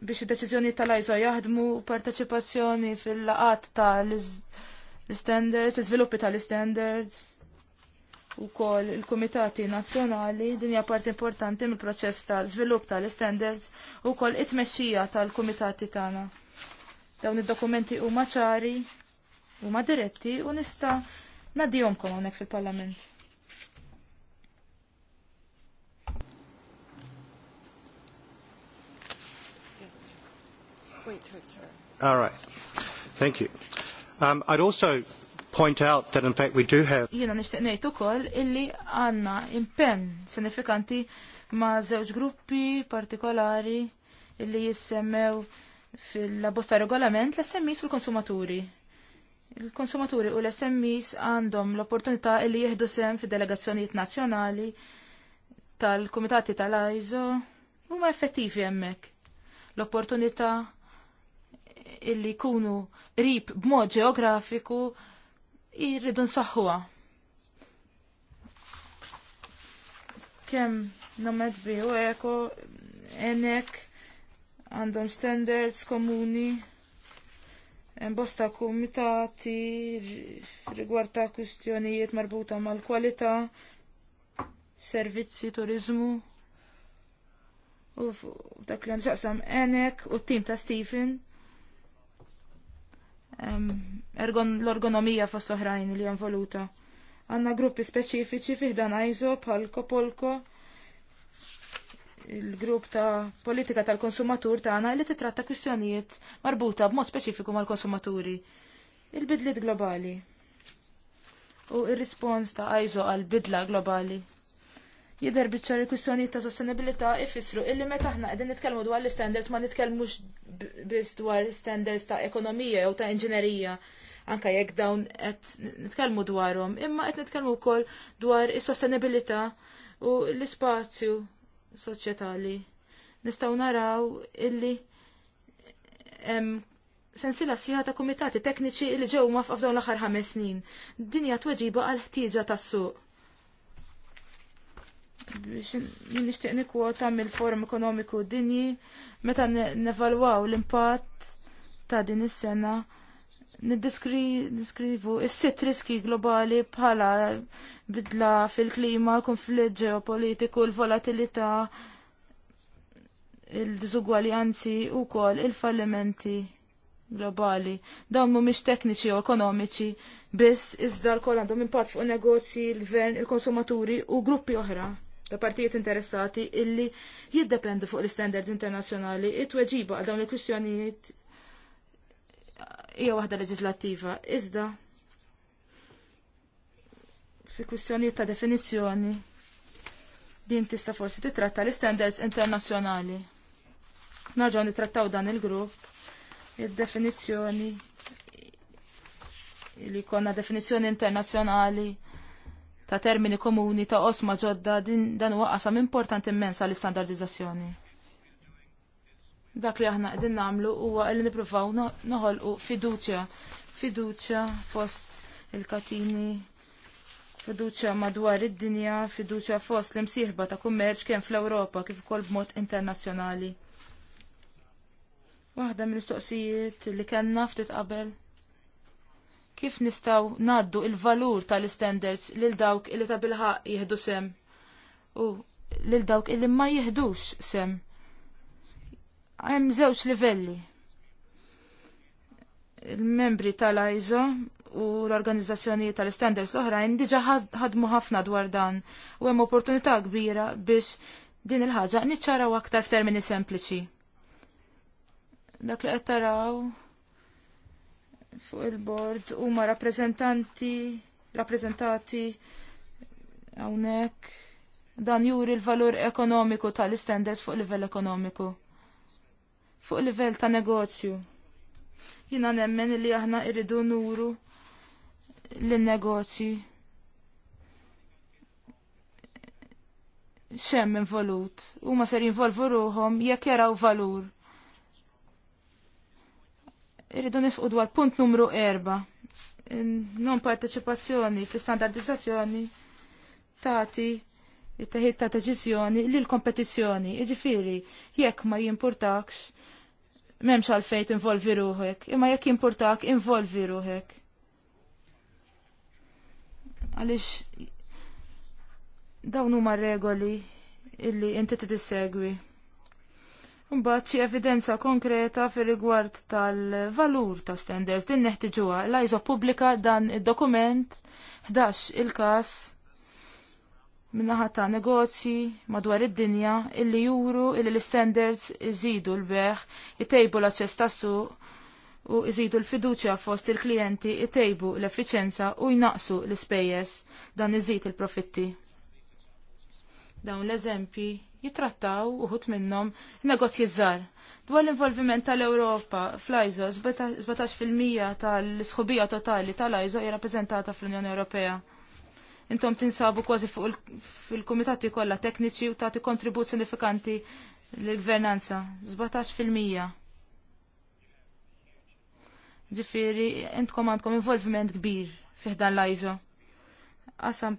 biex id-deċiżjoni tal-ISO jaħdmu parteċipazzjoni fil-laqat tal-standards, l-iżviluppi tal-standards u kol il-Komitati Nazzjonali, din hija parti importanti mill-proċess ta' żvilupp tal-standards u kol it-tmexxija tal-Kumitati tagħna. Dawn id-dokumenti huma ċari huma diretti u nista' nadihomkom hawnhekk fil-Parlament. All right. Thank you. Um, I'd also point out that in fact we do have Jiena nixtieq ngħid ukoll illi għandna impenn sinifikanti ma' żewġ gruppi partikolari illi jissemmew fil-abbozza regolament l assemmis fil-konsumaturi. Il-konsumaturi u l-SMEs għandhom l-opportunità li jieħdu sem fi delegazzjonijiet nazzjonali tal-Kumitati tal-ISO huma effettivi hemmhekk. L-opportunità illi jkunu qrib b'mod ġeografiku jirridu nsaħħuha. Kemm nomed bi u eko, enek, għandhom standards komuni bosta kumitati rigward ta' kwistjonijiet marbuta mal-kwalità, servizzi, turizmu. U dak li nxaqsam Enek u t-tim ta' Stephen. L-ergonomija fost oħrajn li jan voluta. Għanna gruppi speċifiċi fiħdan ISO bħal Kopolko. -ko il-grupp ta' politika tal-konsumatur tagħna li titratta kwistjonijiet marbuta b'mod speċifiku mal-konsumaturi. Il-bidliet globali u ir-rispons ta' ISO għal bidla globali. Jidher biċċar il-kwistjonijiet ta' sostenibilità ifissru illi meta aħna qegħdin nitkellmu dwar l-standards ma nitkellmux biss dwar standards ta' ekonomija jew ta' inġinerija anka jekk dawn qed nitkellmu dwarhom, imma qed nitkellmu wkoll dwar is-sostenibilità u l-ispazju soċjetali. Nistgħu naraw illi hemm sensila sħiħa ta' kumitati tekniċi li ġew ma' f'dawn l-aħħar ħames snin. Dinja tweġiba għal ħtieġa tas-suq. Biex nixtieq nikwota mill-Forum Ekonomiku Dinji meta nevalwaw l-impatt ta' din is-sena niddiskrivu is-sitt riski globali bħala bidla fil-klima, konflitt ġeopolitiku, l-volatilità, il-diżugwaljanzi u kol il-fallimenti globali. Dawn mhumiex tekniċi u ekonomiċi, biss iżda l-kol għandhom impatt fuq negozji, l-gvern, il-konsumaturi u gruppi oħra ta' partijiet interessati illi jiddependu fuq l-standards internazzjonali. It-tweġiba għal dawn il-kwistjonijiet hija waħda leġislattiva, iżda fi kwistjonijiet ta' definizzjoni din tista' forsi titratta l-standards internazzjonali. Narġgħu nitrattaw dan il-grupp id-definizzjoni li jkollna definizzjoni internazzjonali ta' termini komuni ta' osma ġodda din dan huwa qasam importanti immens għall-istandardizzazzjoni. Dak li aħna qegħdin nagħmlu huwa li nippruvaw noħolqu fiduċja, fiduċja fost il-katini, fiduċja madwar id-dinja, fiduċja fost l-imsieħba ta' kummerċ kemm fl-Ewropa kif ukoll b'mod internazzjonali. Waħda mill-istoqsijiet li kellna ftit qabel kif nistaw naddu il-valur tal istandards lil dawk illi ta' bilħaq jihdu sem u lil dawk illi ma jihdux sem. Hemm żewġ livelli. Il-membri tal-ISO u l-organizzazzjoni tal-standards l-oħrajn diġa ħadmu ħafna dwar dan u hemm opportunità kbira biex din il-ħaġa niċċaraw aktar f'termini sempliċi. Dak li qed taraw fuq il-bord huma rappreżentanti rappreżentati hawnhekk dan juri l-valur ekonomiku tal-istandards fuq livell ekonomiku fuq livell ta' negozju. Jina nemmen li aħna irridu nuru l-negozji. xemm involut, u ma ser jinvolvu ruħom jekk jaraw valur. Irridu nisqu dwar punt numru erba. Non parteċipazzjoni fl-standardizzazzjoni tati it-teħid ta' deċiżjoni li l-kompetizzjoni, iġifiri, jekk ma jimportax memx għalfejt involvi ruħek, imma jekk importak involvi ruħek. Għalix dawn huma regoli illi inti tissegwi. Mbagħad xi evidenza konkreta fir rigward tal-valur ta' standards din neħtiġuha l-ISO pubblika dan id-dokument 11 il-każ minnaħa ta' negozji madwar id-dinja illi juru illi l-standards iżidu l-beħ, itejbu l-aċċess tas-suq u iżidu l-fiduċja fost il-klijenti, itejbu l effiċjenza u jnaqsu l-ispejjeż dan iżid il-profitti. Dawn l-eżempji jitrattaw uħut minnom negozji żgħar. Dwar l-involviment tal-Ewropa fl-ISO 17% tal-sħubija totali tal-ISO jirrappreżentata fl-Unjoni Ewropea intom tinsabu kważi fuq il-kumitati kollha tekniċi u tagħti kontribut sinifikanti lill-gvernanza. 17 fil-mija. Ġifieri intkom għandkom involviment kbir fih dan l-ISO. Qasam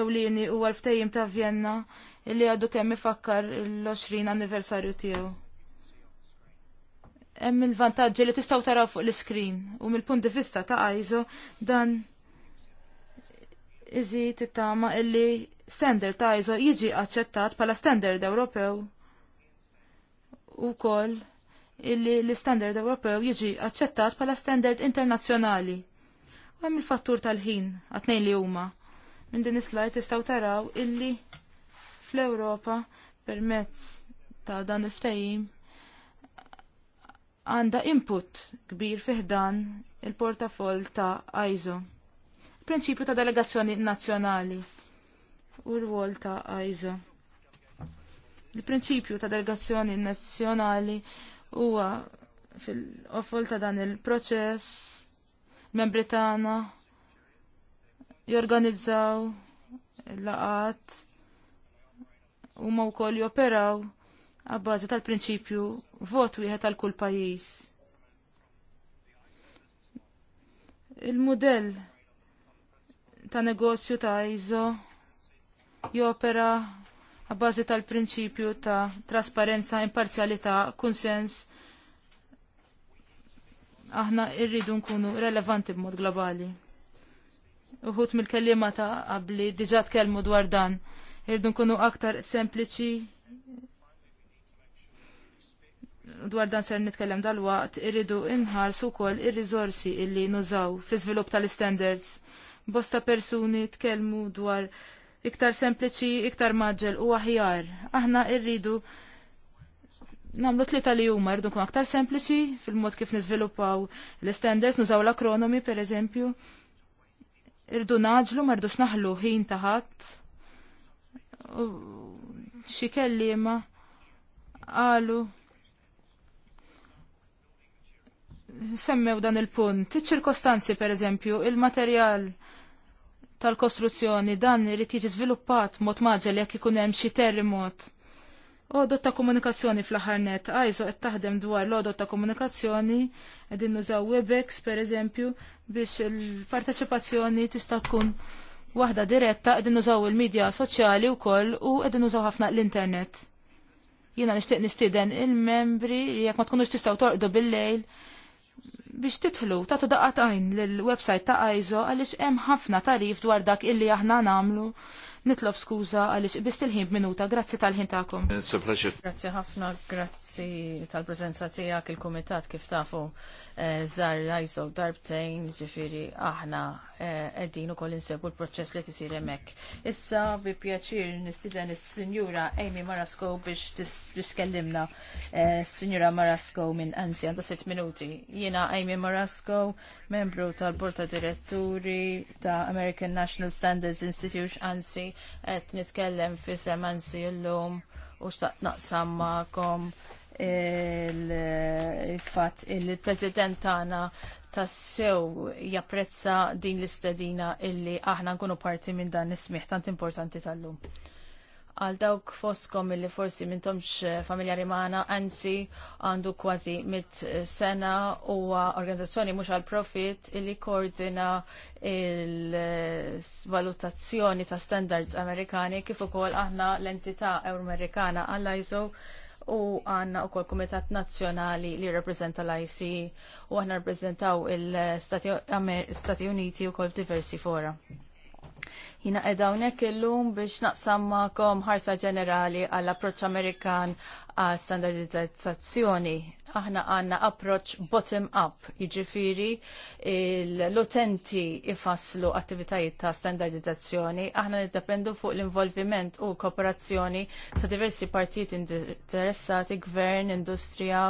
ewlieni u għalftejjim ta' Vienna illi għadu kemm ifakkar l-20 anniversarju tiegħu. Hemm il-vantaġġi li tistgħu taraw fuq l-iskrin u mill-punt di vista ta' ISO dan iżid it-tama illi standard ta' ISO jiġi aċċettat pala standard Ewropew u koll illi l-standard Ewropew jiġi aċċettat pala standard internazzjonali. U il-fattur tal-ħin għatnej li huma. Min din is-slajd taraw illi fl-Ewropa permezz ta' dan il-ftehim għanda input kbir fiħdan il portafoll ta' ISO prinċipju ta' delegazzjoni nazzjonali u l wol ta' ISO. Il-prinċipju ta' delegazzjoni nazzjonali huwa fil-qofol ta' dan il-proċess membri tagħna jorganizzaw laqat u ma wkoll joperaw għabbażi tal-prinċipju vot wieħed tal kull pajjiż. Il-modell ta' negozju ta' ISO jopera għabbażi tal-prinċipju ta' trasparenza, imparzjalità, kunsens. Aħna irridu nkunu relevanti b'mod globali. Uħut mill-kellima ta' qabli diġà tkellmu dwar dan. Irridu nkunu aktar sempliċi dwar dan ser nitkellem dal-waqt irridu inħarsu wkoll ir-riżorsi illi nużaw fl-iżvilupp tal-standards bosta persuni tkellmu dwar iktar sempliċi, iktar maġġel u aħjar. Aħna irridu namlu tlita li huma rridu nkun aktar sempliċi fil-mod kif niżviluppaw l-standards, nużaw l-akronomi per eżempju. Irridu naġlu ma rridux naħlu ħin taħat. Xi kelliema qalu semmew dan il-punt. Iċ-ċirkostanzi, per eżempju, il-materjal tal-kostruzzjoni dan irid jiġi żviluppat mod maġel jekk ikun hemm xi terremot. Odot ta' komunikazzjoni fl-aħħar net, għajżu qed taħdem dwar l-odot ta' komunikazzjoni, qegħdin nużaw Webex pereżempju biex il-parteċipazzjoni tista' tkun waħda diretta, qegħdin nużaw il-medja soċjali wkoll u qegħdin nużaw ħafna l-internet. Jiena nixtieq nistieden il-membri li jekk ma tkunux tistgħu torqdu bil-lejl biex titħlu tagħtu għajn lill-website ta' Aizo għaliex hemm ħafna tarif dwar dak illi aħna nagħmlu. Nitlob skuża għaliex biss il-ħin minuta, grazzi tal-ħin tagħkom. Grazzi ħafna, grazzi tal prezenza tiegħek il-kumitat kif tafu Eh, zar lajso darbtejn ġifiri aħna għeddin eh, u koll insebu l-proċess li t-sir emek. Issa bi pjaċir nistiden il-Sinjura Amy Marasco biex kellimna eh, Sinjura Marasko minn ansi għanda 6 minuti. Jena Amy Marasco, membru tal-Borta Diretturi ta' American National Standards Institute ansi, għed nitkellem fi sem ansi l-lum u xtaqt naqsam ma'kom il-fat il-President tagħna tassew japprezza din l-istedina illi aħna nkunu parti minn dan is smigħ tant importanti tal-lum. Għal dawk foskom illi forsi mintomx familjari maħna, anzi għandu kważi mit sena u organizzazzjoni mux għal profit illi koordina il-valutazzjoni ta' standards amerikani kif ukoll aħna l-entità Amerikana għall-ISO u għanna u kol komitat nazjonali li reprezenta l-IC u għanna reprezentaw il-Stati Uniti u kol diversi fora. Jina edawnek il-lum biex naqsamma kom ħarsa ġenerali għall-approċ Amerikan għal standardizzazzjoni aħna għanna approach bottom-up, jiġifieri l-utenti ifasslu attivitajiet ta' standardizzazzjoni, aħna niddependu fuq l-involviment u kooperazzjoni ta' diversi partijiet interessati, gvern, industrija,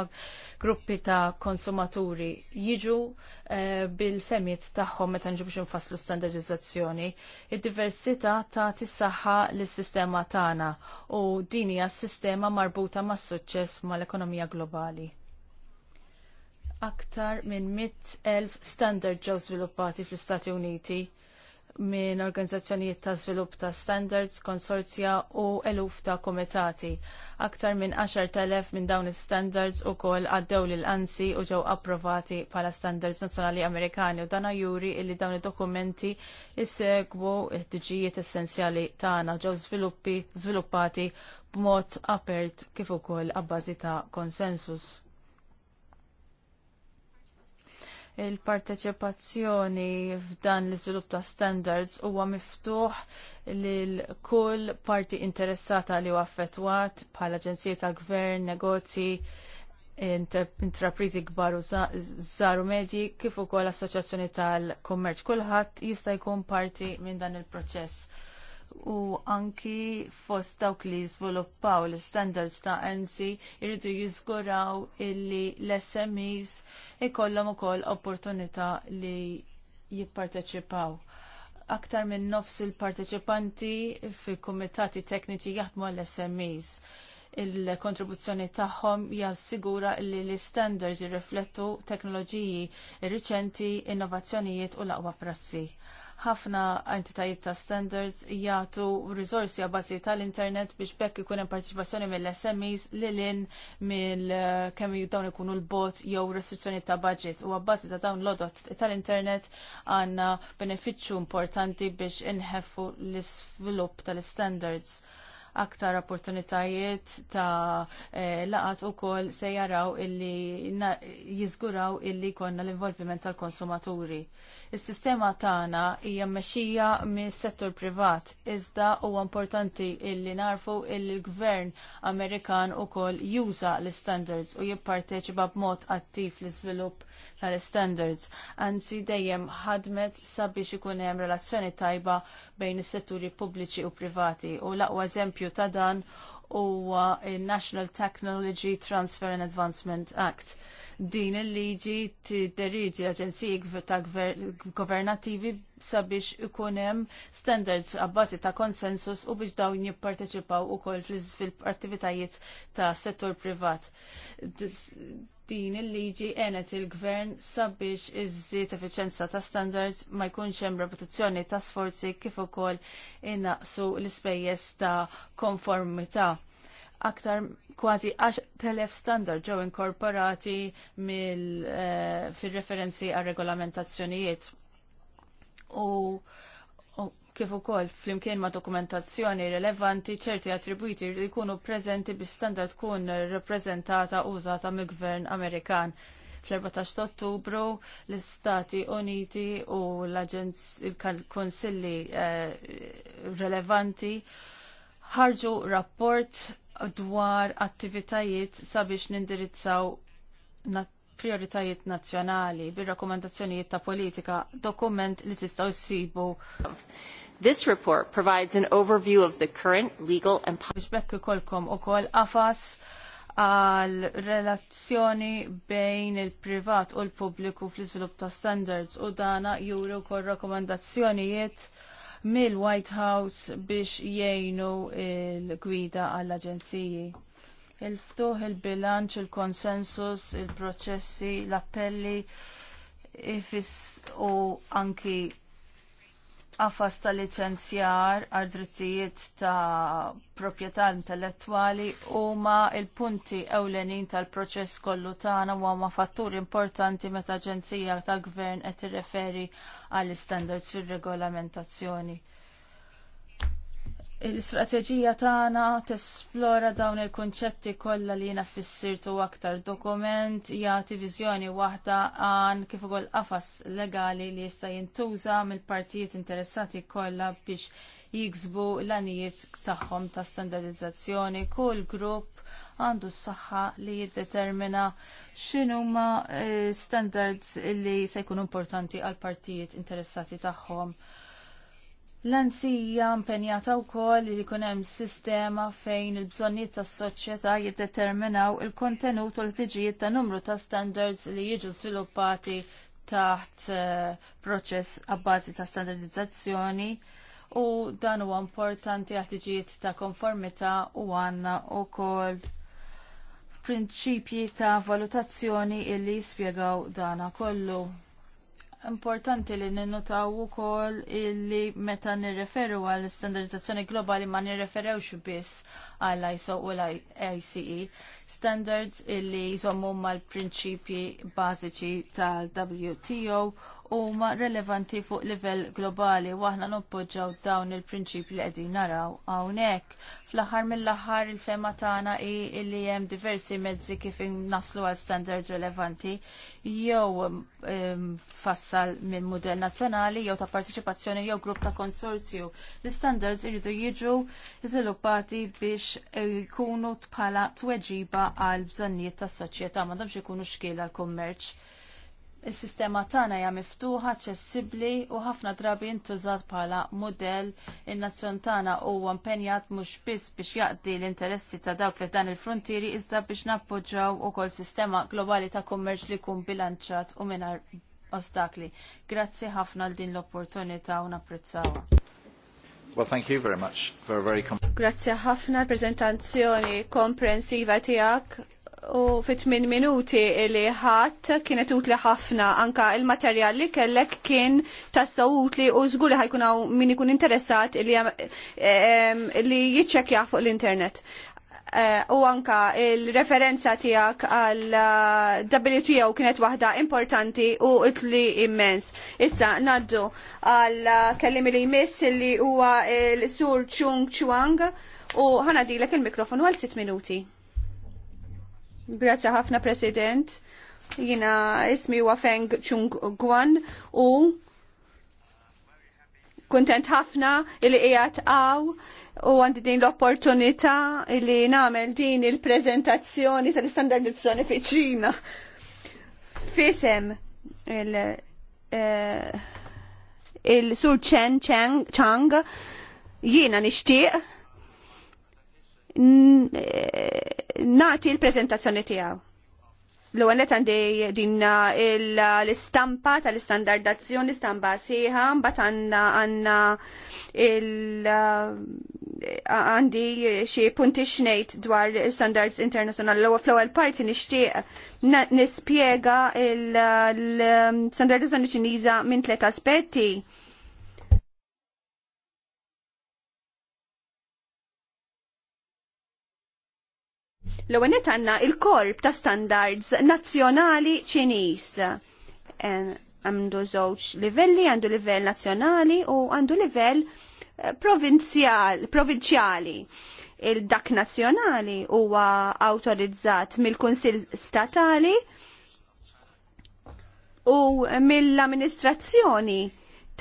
gruppi ta' konsumaturi jiġu eh, bil-femiet tagħhom meta nġibu nfasslu standardizzazzjoni. Id-diversità ta' tissaħħa l-sistema tagħna u din hija sistema marbuta mas suċċess mal-ekonomija globali. Aktar minn 100.000 standard ġew sviluppati fl-Istati Uniti minn organizzazzjonijiet ta' svilupp ta' standards, konsorzja u eluf ta' komitati. Aktar minn 10.000 minn dawn il standards u kol għaddew lil ansi u ġew approvati pala standards nazzjonali Amerikani u dana juri illi dawn id-dokumenti jissegwu il-ħtiġijiet essenzjali tagħna ġew sviluppi, sviluppati b'mod apert kif ukoll abbażi ta' konsensus. il-parteċipazzjoni f'dan l-iżvilupp ta' standards huwa miftuħ lil kull parti interessata li huwa affettwat bħal aġenziji ta' gvern, negozji, intraprizi kbar u żaru medji kif ukoll assoċjazzjoni tal-kummerċ. Kulħadd jista' jkun parti minn dan il-proċess u anki fost dawk li jizvoluppaw l istandards ta' NC irridu jizguraw illi l-SMEs ikollhom ukoll opportunità li jipparteċipaw. Aktar minn nofs il-parteċipanti fil kumitati tekniċi jaħdmu l-SMEs. Il-kontribuzzjoni tagħhom jassigura li l-standards jirriflettu teknoloġiji riċenti, innovazzjonijiet u l-aqwa prassi ħafna entitajiet ta' standards jagħtu risorsi għabbażi tal-internet biex bekk ikun hemm partiċipazzjoni mill-SMEs li lin mill kemm dawn ikunu l-bot jew restrizzjoni ta' budget u għabbażi ta' dawn l-odot tal-internet għandna benefiċċju importanti biex inħeffu l isvilupp tal-standards aktar opportunitajiet ta' eh, laqat u kol se jaraw illi jizguraw illi konna l-involviment tal-konsumaturi. il sistema tagħna hija mexxija mis-settur privat, iżda huwa importanti illi narfu illi l-gvern Amerikan ukoll juża l-standards u jipparteċiba b'mod attiv l-iżvilupp tal-standards. Anzi dejjem ħadmet sabiex ikun hemm relazzjoni tajba bejn is-setturi pubbliċi u privati u l-aqwa eżempju ta' dan huwa il-National Technology Transfer and Advancement Act. Din il-liġi tidderiġi l-aġenziji ta' governativi sabiex ikun hemm standards għabbasi ta' konsensus u biex dawn jipparteċipaw ukoll fil-attivitajiet ta' settur privat din il-liġi għenet il-gvern sabiex iżżid effiċenza ta' standards ma jkunx hemm reputazzjoni ta' sforzi kif ukoll innaqsu l-ispejjeż ta' konformità. Aktar kważi 10.000 standard ġew inkorporati eh, fir referenzi għal regolamentazzjonijiet. U kif ukoll flimkien ma' dokumentazzjoni rilevanti ċerti attribwiti li jkunu preżenti bi standard tkun rappreżentata użata mill-Gvern Amerikan. Fl-14 Ottubru l-Istati Uniti u l-Konsilli eh, rilevanti ħarġu rapport dwar attivitajiet sabiex nindirizzaw prioritajiet nazzjonali bir-rakkomandazzjonijiet ta' politika dokument li tistgħu ssibu. This report provides an overview of the current legal and biex bekk ukoll afas għal relazzjoni bejn il-privat u l-pubbliku fl-iżvilupp ta' standards u dana juru wkoll rakkomandazzjonijiet mill-White House biex jgħinu l gwida għall-aġenziji il-ftuħ, il-bilanċ, il-konsensus, il-proċessi, l-appelli, ifis u anki għafas ta' licenzjar għal drittijiet ta' proprjetà intellettwali huma l punti ewlenin tal-proċess kollu tagħna u huma fattur importanti meta aġenzija tal-gvern qed tirreferi għall standards fir-regolamentazzjoni l-istrateġija tagħna tesplora dawn il-konċetti kollha li jiena fissirtu aktar dokument jagħti viżjoni waħda għan kif ukoll qafas legali li jista' jintuża mill-partijiet interessati kollha biex jiksbu l-anijiet tagħhom ta' standardizzazzjoni. Kull grupp għandu s-saħħa li jiddetermina x'inhuma eh, standards li se jkunu importanti għal partijiet interessati tagħhom. L-ansija impenjata wkoll li jkun hemm sistema fejn il-bżonnijiet tas-soċjetà jiddeterminaw il-kontenut u l-ħtiġijiet ta' numru ta' standards li jiġu sviluppati taħt eh, proċess abbażi ta' standardizzazzjoni u dan huwa importanti għal ħtiġijiet ta' konformità u għandna wkoll prinċipji ta' valutazzjoni illi jispjegaw dana kollu. Importanti li ninnotaw ukoll li meta nirreferu għall standardizzazzjoni globali ma nirreferewx biss għall iso u l-ICE, standards illi jżommu mal-prinċipji bażiċi tal-WTO u ma relevanti fuq livell globali u aħna noppoġġaw dawn il-prinċipji li qegħdin naraw hawnhekk. Fl-aħħar mill-aħħar il-fema tagħna hi illi hemm diversi mezzi kif naslu għal standard relevanti jew ehm, fassal minn mudell nazzjonali jew ta' partiċipazzjoni jew grupp ta' konsorzju. L-standards irridu jiġu iżviluppati biex biex ikunu bħala tweġiba għal bżonnijiet tas soċjetà m'għandhomx ikunu xkiel għal kummerċ. Is-sistema tagħna hija miftuħa, aċċessibbli u ħafna drabi ntużat bħala mudell in-nazzjon tagħna huwa impenjat mhux biss biex jaqdi l-interessi ta' dawk fi dan il-frontieri iżda biex nappoġġaw ukoll sistema globali ta' kummerċ li jkun bilanċat u mingħajr ostakli. Grazzi ħafna għal din l-opportunità u napprezzawha. Well, thank you very much for a very Grazie ħafna l-prezentazzjoni komprensiva tiegħek u fit min minuti li ħadd kienet utli ħafna anka il-materjal li kellek kien tassaw utli u żgur li ħajkun hawn min ikun interessat li eh, eh, jiċċekkja fuq l-internet. Eh, u anka il-referenza tijak għal eh, WTO kienet wahda importanti u itli immens. Issa naddu għal eh, kellimi li jmiss li huwa il-sur Chung Chuang u ħana dilek il-mikrofonu għal 6 minuti. Grazie ħafna President. Jina ismi huwa Feng Chung Guan u kontent ħafna li qiegħed għaw u għandi din l-opportunità li nagħmel din il prezentazzjoni tal-istandardizzazzjoni fi ċina. Fisem il- eh, il-sur Chen Chang, Chang jiena nixtieq il l tijaw. tiegħu. L-ewwel qed għandi din uh, l-istampa tal-istandardazzjoni stampa siħa, mbagħad għandna għandna il uh, għandi xi punti xnejt dwar standards internazzjonali. L-ewwel fl-ewwel parti nixtieq nispjega l-standardizzazzjoni uh, Ċiniża minn tliet aspetti L-għonet għanna il-korp ta' standards nazjonali ċinis. Għandu żewġ livelli, għandu livell nazjonali u għandu livell eh, provinċjali. Il-dak nazjonali huwa autorizzat mill kunsill Statali u mill-amministrazzjoni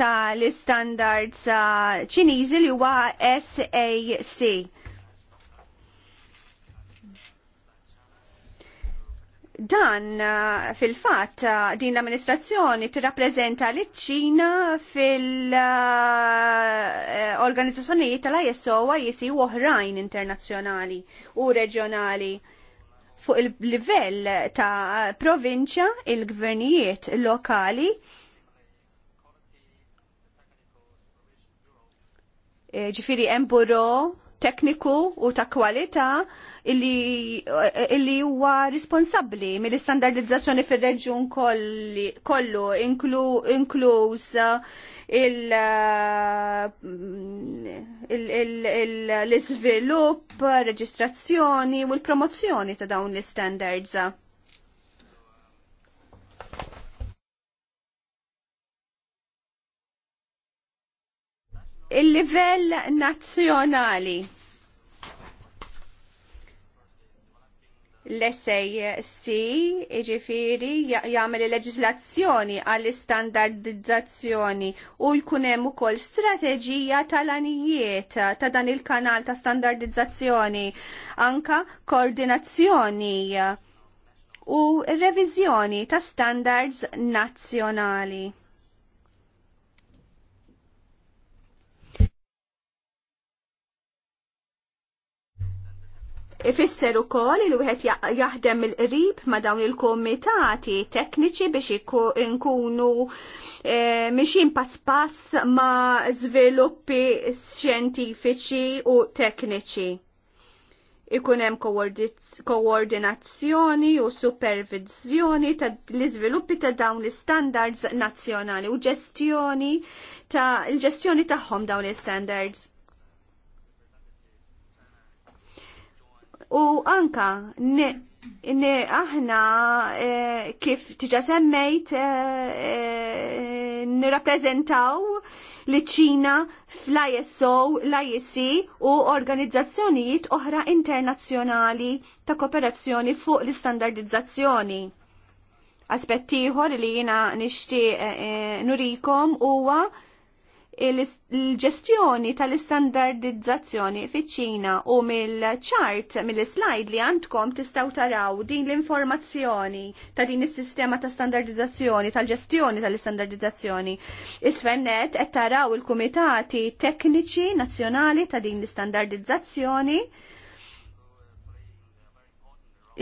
tal-standards eh, ċiniżi li huwa SAC. Dan eh, fil-fatt eh, din l-amministrazzjoni tirrappreżenta li ċina fil-organizzazzjonijiet eh, tal-ISO jisi u oħrajn internazzjonali u reġjonali fuq il-livell ta' provinċja, il-gvernijiet lokali ġifiri emburo tekniku u ta' kwalità illi huwa responsabbli mill-istandardizzazzjoni fir-reġjun kollu inkluż l-iżvilupp, reġistrazzjoni u l-promozzjoni ta' dawn l-standards il-livell nazzjonali. l-SAC iġifiri jagħmel il-leġislazzjoni għall-istandardizzazzjoni u jkun hemm ukoll strateġija tal-anijiet ta' dan il-kanal ta' standardizzazzjoni anka koordinazzjoni u revizjoni ta' standards nazzjonali. Ifisser ukoll li wieħed jaħdem il-qrib ma' dawn il-komitati tekniċi biex inkunu e, mixin pass pass ma' żviluppi xjentifiċi u tekniċi ikun hemm koordinazzjoni u supervizjoni l iżviluppi ta' dawn l-standards nazzjonali u ġestjoni ta' l-ġestjoni tagħhom dawn l-standards. U anka ne, ne aħna e, kif tiġa semmejt e, e, nirrappreżentaw li ċina fl-ISO, l-ISC u organizzazzjonijiet oħra internazzjonali ta' kooperazzjoni fuq l-istandardizzazzjoni aspettiħor li jina nishtiq nurikom huwa il-ġestjoni tal-istandardizzazzjoni fiċ-Ċina u mill-ċart mill-slide li għandkom tistaw taraw din l-informazzjoni ta' din is-sistema ta' standardizzazzjoni tal-ġestjoni tal-istandardizzazzjoni. Isfennet qed taraw il-kumitati tekniċi nazzjonali ta' din l-istandardizzazzjoni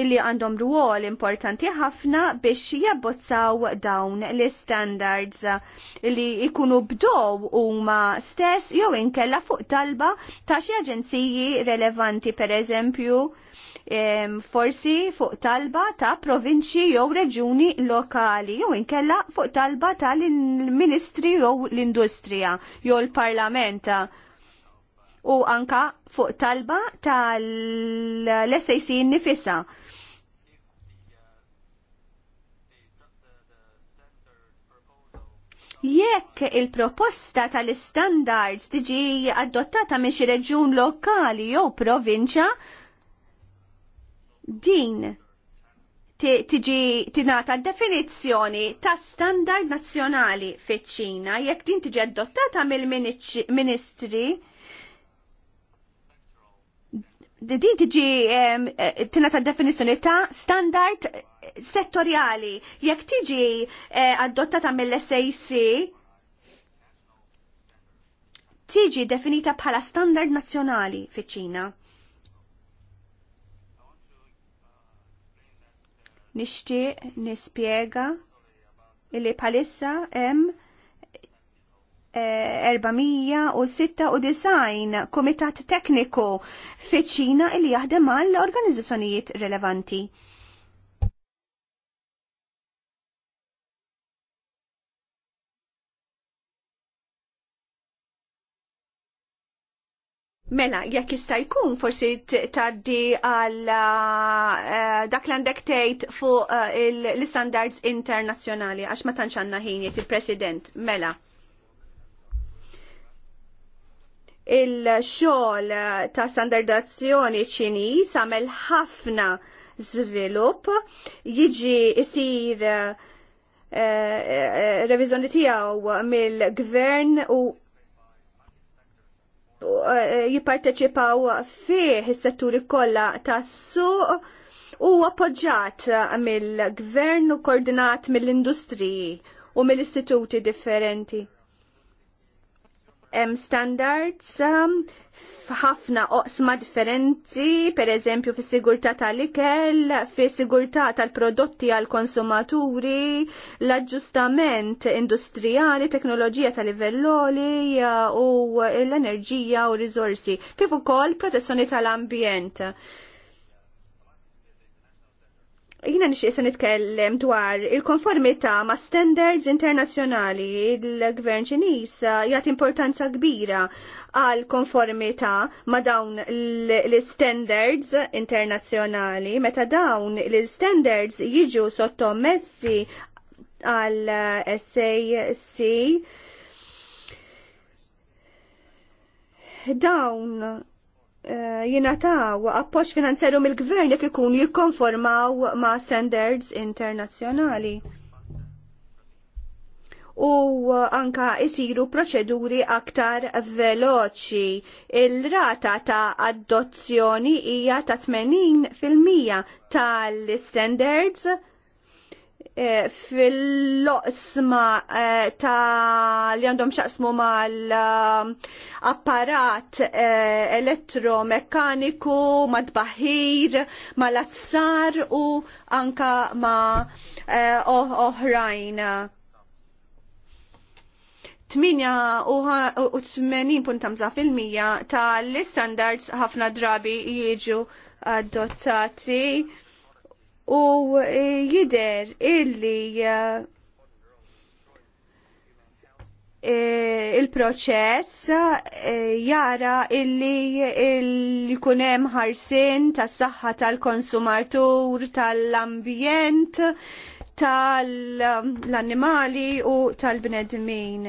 illi għandhom ruol importanti ħafna biex jabbozzaw dawn l-standards li ikunu bdow huma stess jew inkella fuq talba ta' xi aġenziji relevanti pereżempju forsi fuq talba ta' provinċi jew reġuni lokali jew inkella fuq talba tal-ministri jew l-industrija jew l-parlamenta u anka fuq talba tal-SAC nifissa. jekk il-proposta tal-standards tiġi adottata minn xi reġjun lokali jew provinċja, din tiġi tingħata definizzjoni ta' standard nazzjonali fiċ-Ċina jekk din tiġi adottata mill-Ministri din tiġi eh, tina ta' definizjoni ta' standard settorjali. Jekk tiġi eh, adottata mill-SAC, tiġi definita bħala standard nazzjonali fiċ-Ċina. Nixtieq nispjega illi bħalissa hemm 496 eh, komitat tekniku fi ċina li jaħdem mal organizzazzjonijiet rilevanti. Mela, jekk jista' jkun forsi taddi għal eh, dak li għandek tgħid fuq eh, l-istandards internazzjonali għax ma tantx għandna ħin jgħid il-President. Mela. il-xogħol ta' standardazzjoni ċiniż għamel ħafna żvilupp jiġi jisir revizjoni eh, eh, reviżjoni tiegħu mill-gvern u eh, jipparteċipaw fih is-setturi kollha tas-suq u appoġġat mill-gvern u koordinat mill-industriji u mill-istituti differenti hemm standards um, f'ħafna oqsma differenti, per eżempju fis-sigurtà tal-ikel, fis-sigurtà tal-prodotti għal konsumaturi, l-aġġustament industrijali, teknoloġija tal livelloli uh, u l-enerġija u risorsi, kif ukoll protezzjoni tal-ambjent. Jina nixtieq se nitkellem dwar il-konformità ma' standards internazzjonali. Il-Gvern Ċiniż uh, jagħti importanza kbira għal konformità ma' dawn l-standards internazzjonali. Meta dawn l-standards jiġu sottomessi għal uh, SAC dawn u eh, appoġġ finanzjeru mill-gvern jekk ikunu jikkonformaw ma' standards internazzjonali. U anka isiru proċeduri aktar veloċi. Il-rata ta' adozzjoni hija ta' 80% tal-standards Eh, fil-loqsma eh, ta' li għandhom xaqsmu mal eh, apparat elettromekkaniku, ma' dbaħir, ma' lazzar u anka ma' oħrajn. 88.5% tal-standards ħafna drabi jiġu adottati u e, jider illi e, e, il-proċess jara illi il-kunem ħarsin tas saħħa tal-konsumatur, tal-ambjent, tal-annimali u tal-bnedmin.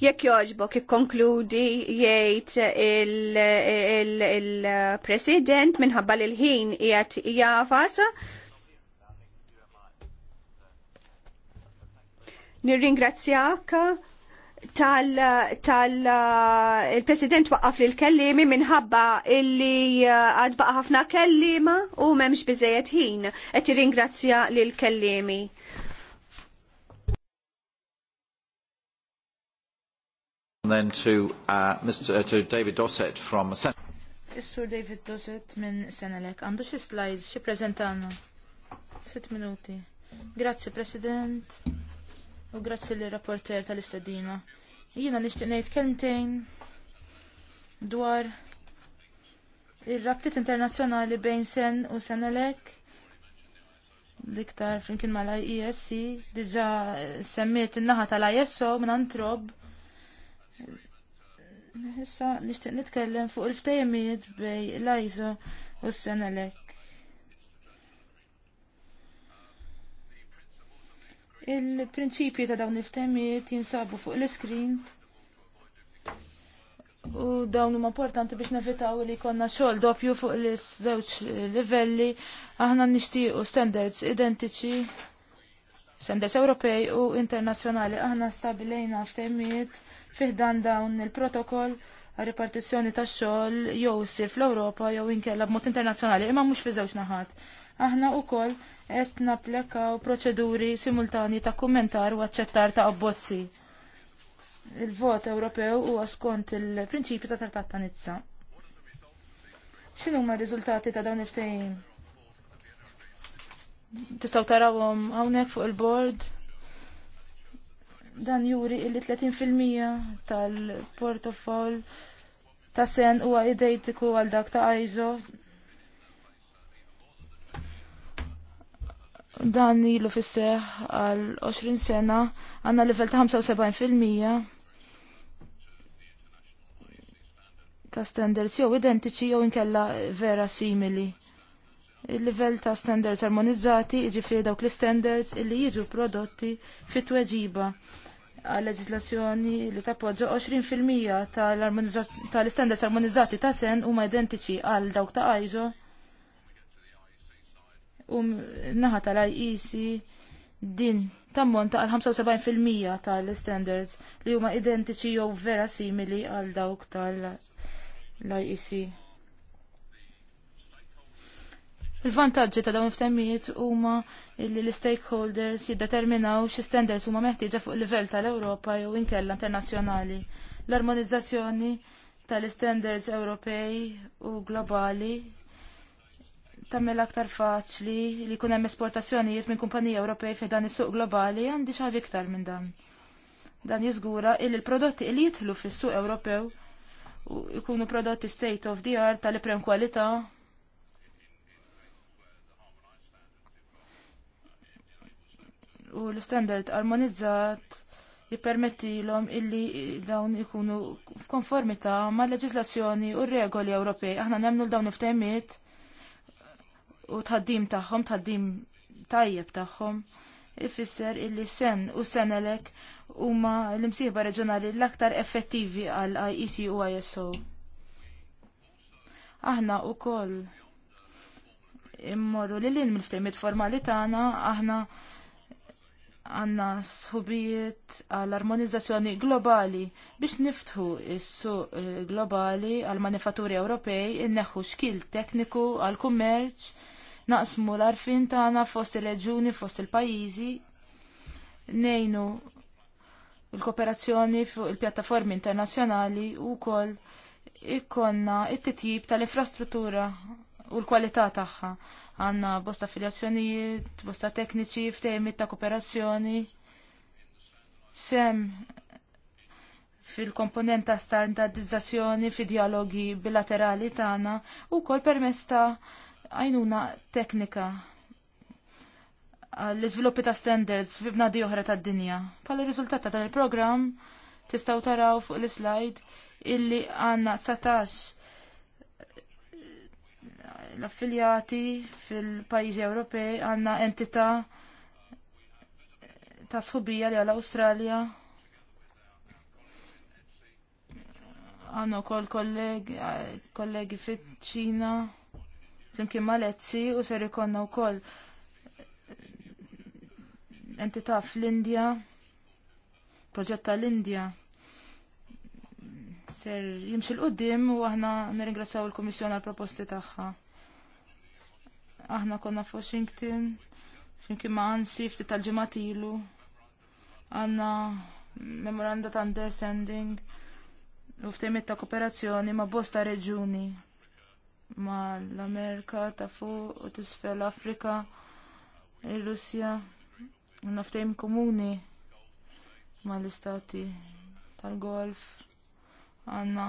Jekk joġbok ikkonkludi jgħid il-President minħabba l ħin qiegħed jafas. Nirringrazzjak tal-president tal, waqqaf li l-kellimi minħabba illi uh, għadbaqa ħafna kellima u memx bizzejet ħin. Et jirringrazzja li l-kellimi. And then to, uh, Mr., uh, to David Dossett from Sen Is-sur David Dossett minn Senelec. Għandu xi slides, xi preżentanna. Sitt minuti. Grazzi President u grazzi l rapporter tal-istadina. Jiena nixtieq ngħid kelmtejn dwar ir-rabtiet internazzjonali bejn Sen u Senelek l-iktar flimkien mal e ISC diġa semmiet in-naħa tal-ISO minn antrob Issa nixtieq nitkellem fuq il-ftejmiet bej l-ISO u s-Senelek. Il-prinċipji ta' dawn il-ftejmiet jinsabu fuq l-iskrin u dawn huma importanti biex nevitaw li jkollna xogħol doppju fuq l-żewġ livelli aħna nixtiequ standards identiċi standards Ewropej u internazzjonali aħna stabilejna ftejmiet fiħdan dawn il-protokoll għal ripartizzjoni tax-xogħol jew issir fl-Ewropa jew inkella b'mod internazzjonali imma mhux fi żewġ naħat aħna wkoll qed napplekaw proċeduri simultani ta' kummentar u aċċettar ta' abbozzi. Il-vot Ewropew huwa skont il-prinċipju ta' Trattat ta' Nizza. X'inhuma r riżultati ta' dawn il-ftehim? Tistgħu tarawhom hawnhekk fuq il-bord Dan juri illi 30% tal-portofol ta' sen huwa identiku għal dak ta' ISO. Dan ilu fisseħ għal 20 sena għanna livell ta' 75% ta' standards jew identiċi jew inkella vera simili. Il-livell ta' standards armonizzati jiġifieri dawk l-standards illi jiġu prodotti fit-tweġiba għal leġislazzjoni li tappoġġa 20% tal-istandards armonizzati ta' sen huma identiċi għal dawk ta' ISO u naħa tal-IEC din tammonta għal 75% tal-standards li huma identiċi jew vera simili għal dawk tal-IEC. Il-vantaġġi ta' dawn il-ftemijiet huma li l-stakeholders jiddeterminaw xi standards huma meħtieġa fuq livell tal-Ewropa jew inkella internazzjonali. L-armonizzazzjoni tal-standards Ewropej u globali tagħmel aktar faċli li jkun hemm esportazzjonijiet minn kumpaniji Ewropej fi dan is-suq globali għandi xi ħaġa iktar minn dan. Dan jiżgura li l-prodotti li jidħlu fis-suq Ewropew ikunu prodotti state of the art tal-iprem kwalità u l-standard armonizzat jippermettilhom illi dawn ikunu f'konformità mal leġislazzjoni u regoli Ewropej. Aħna nemmnu l-dawn iftemiet u tħaddim tagħhom, tħaddim tajjeb tagħhom. Ifisser illi sen u senelek huma l-imsieħba reġjonali l-aktar effettivi għal IEC u ISO. Aħna wkoll immorru lil in mill-ftehmiet formali tagħna aħna għanna sħubijiet għall-armonizzazzjoni globali biex niftħu is-suq eh, globali għall-manifatturi Ewropej, inneħħu xkil tekniku għall-kummerċ, naqsmu l-arfin tagħna fost il-reġuni, fost il-pajjiżi, nejnu l-kooperazzjoni fuq il-pjattaformi internazzjonali u wkoll ikkonna it-titjib tal-infrastruttura u l-kwalità tagħha għanna bosta affiljazzjonijiet, bosta tekniċi, ftejmit ta' kooperazzjoni. Sem fil-komponent ta' standardizzazzjoni fi dialogi bilaterali tagħna u kol permess ta' għajnuna teknika l-iżviluppi ta' standards fi bnadi oħra tad dinja. Pala riżultat ta' tal il-programm tistgħu taraw fuq l-slide illi għandna satax l-affiljati fil-pajjiżi Ewropej għandna entità ta' sħubija li għall-Awstralja. Għandna wkoll kollegi fil ċina flimkien mal-Ezzi u ser ikonna wkoll entità fl-Indja, proġett tal-Indja ser jimxil qoddim u aħna nirringrazzaw il komissjon għal proposti tagħha. Aħna konna f'Washington, flimkien ma' Ansi ftit tal-ġimgħat ilu. Għandna memoranda ta' understanding u ftehmiet ta' kooperazzjoni ma' bosta reġuni ma' l-Amerika ta' fuq u tisfel Afrika, il russja u ftehim komuni ma' l-istati tal-golf, għandna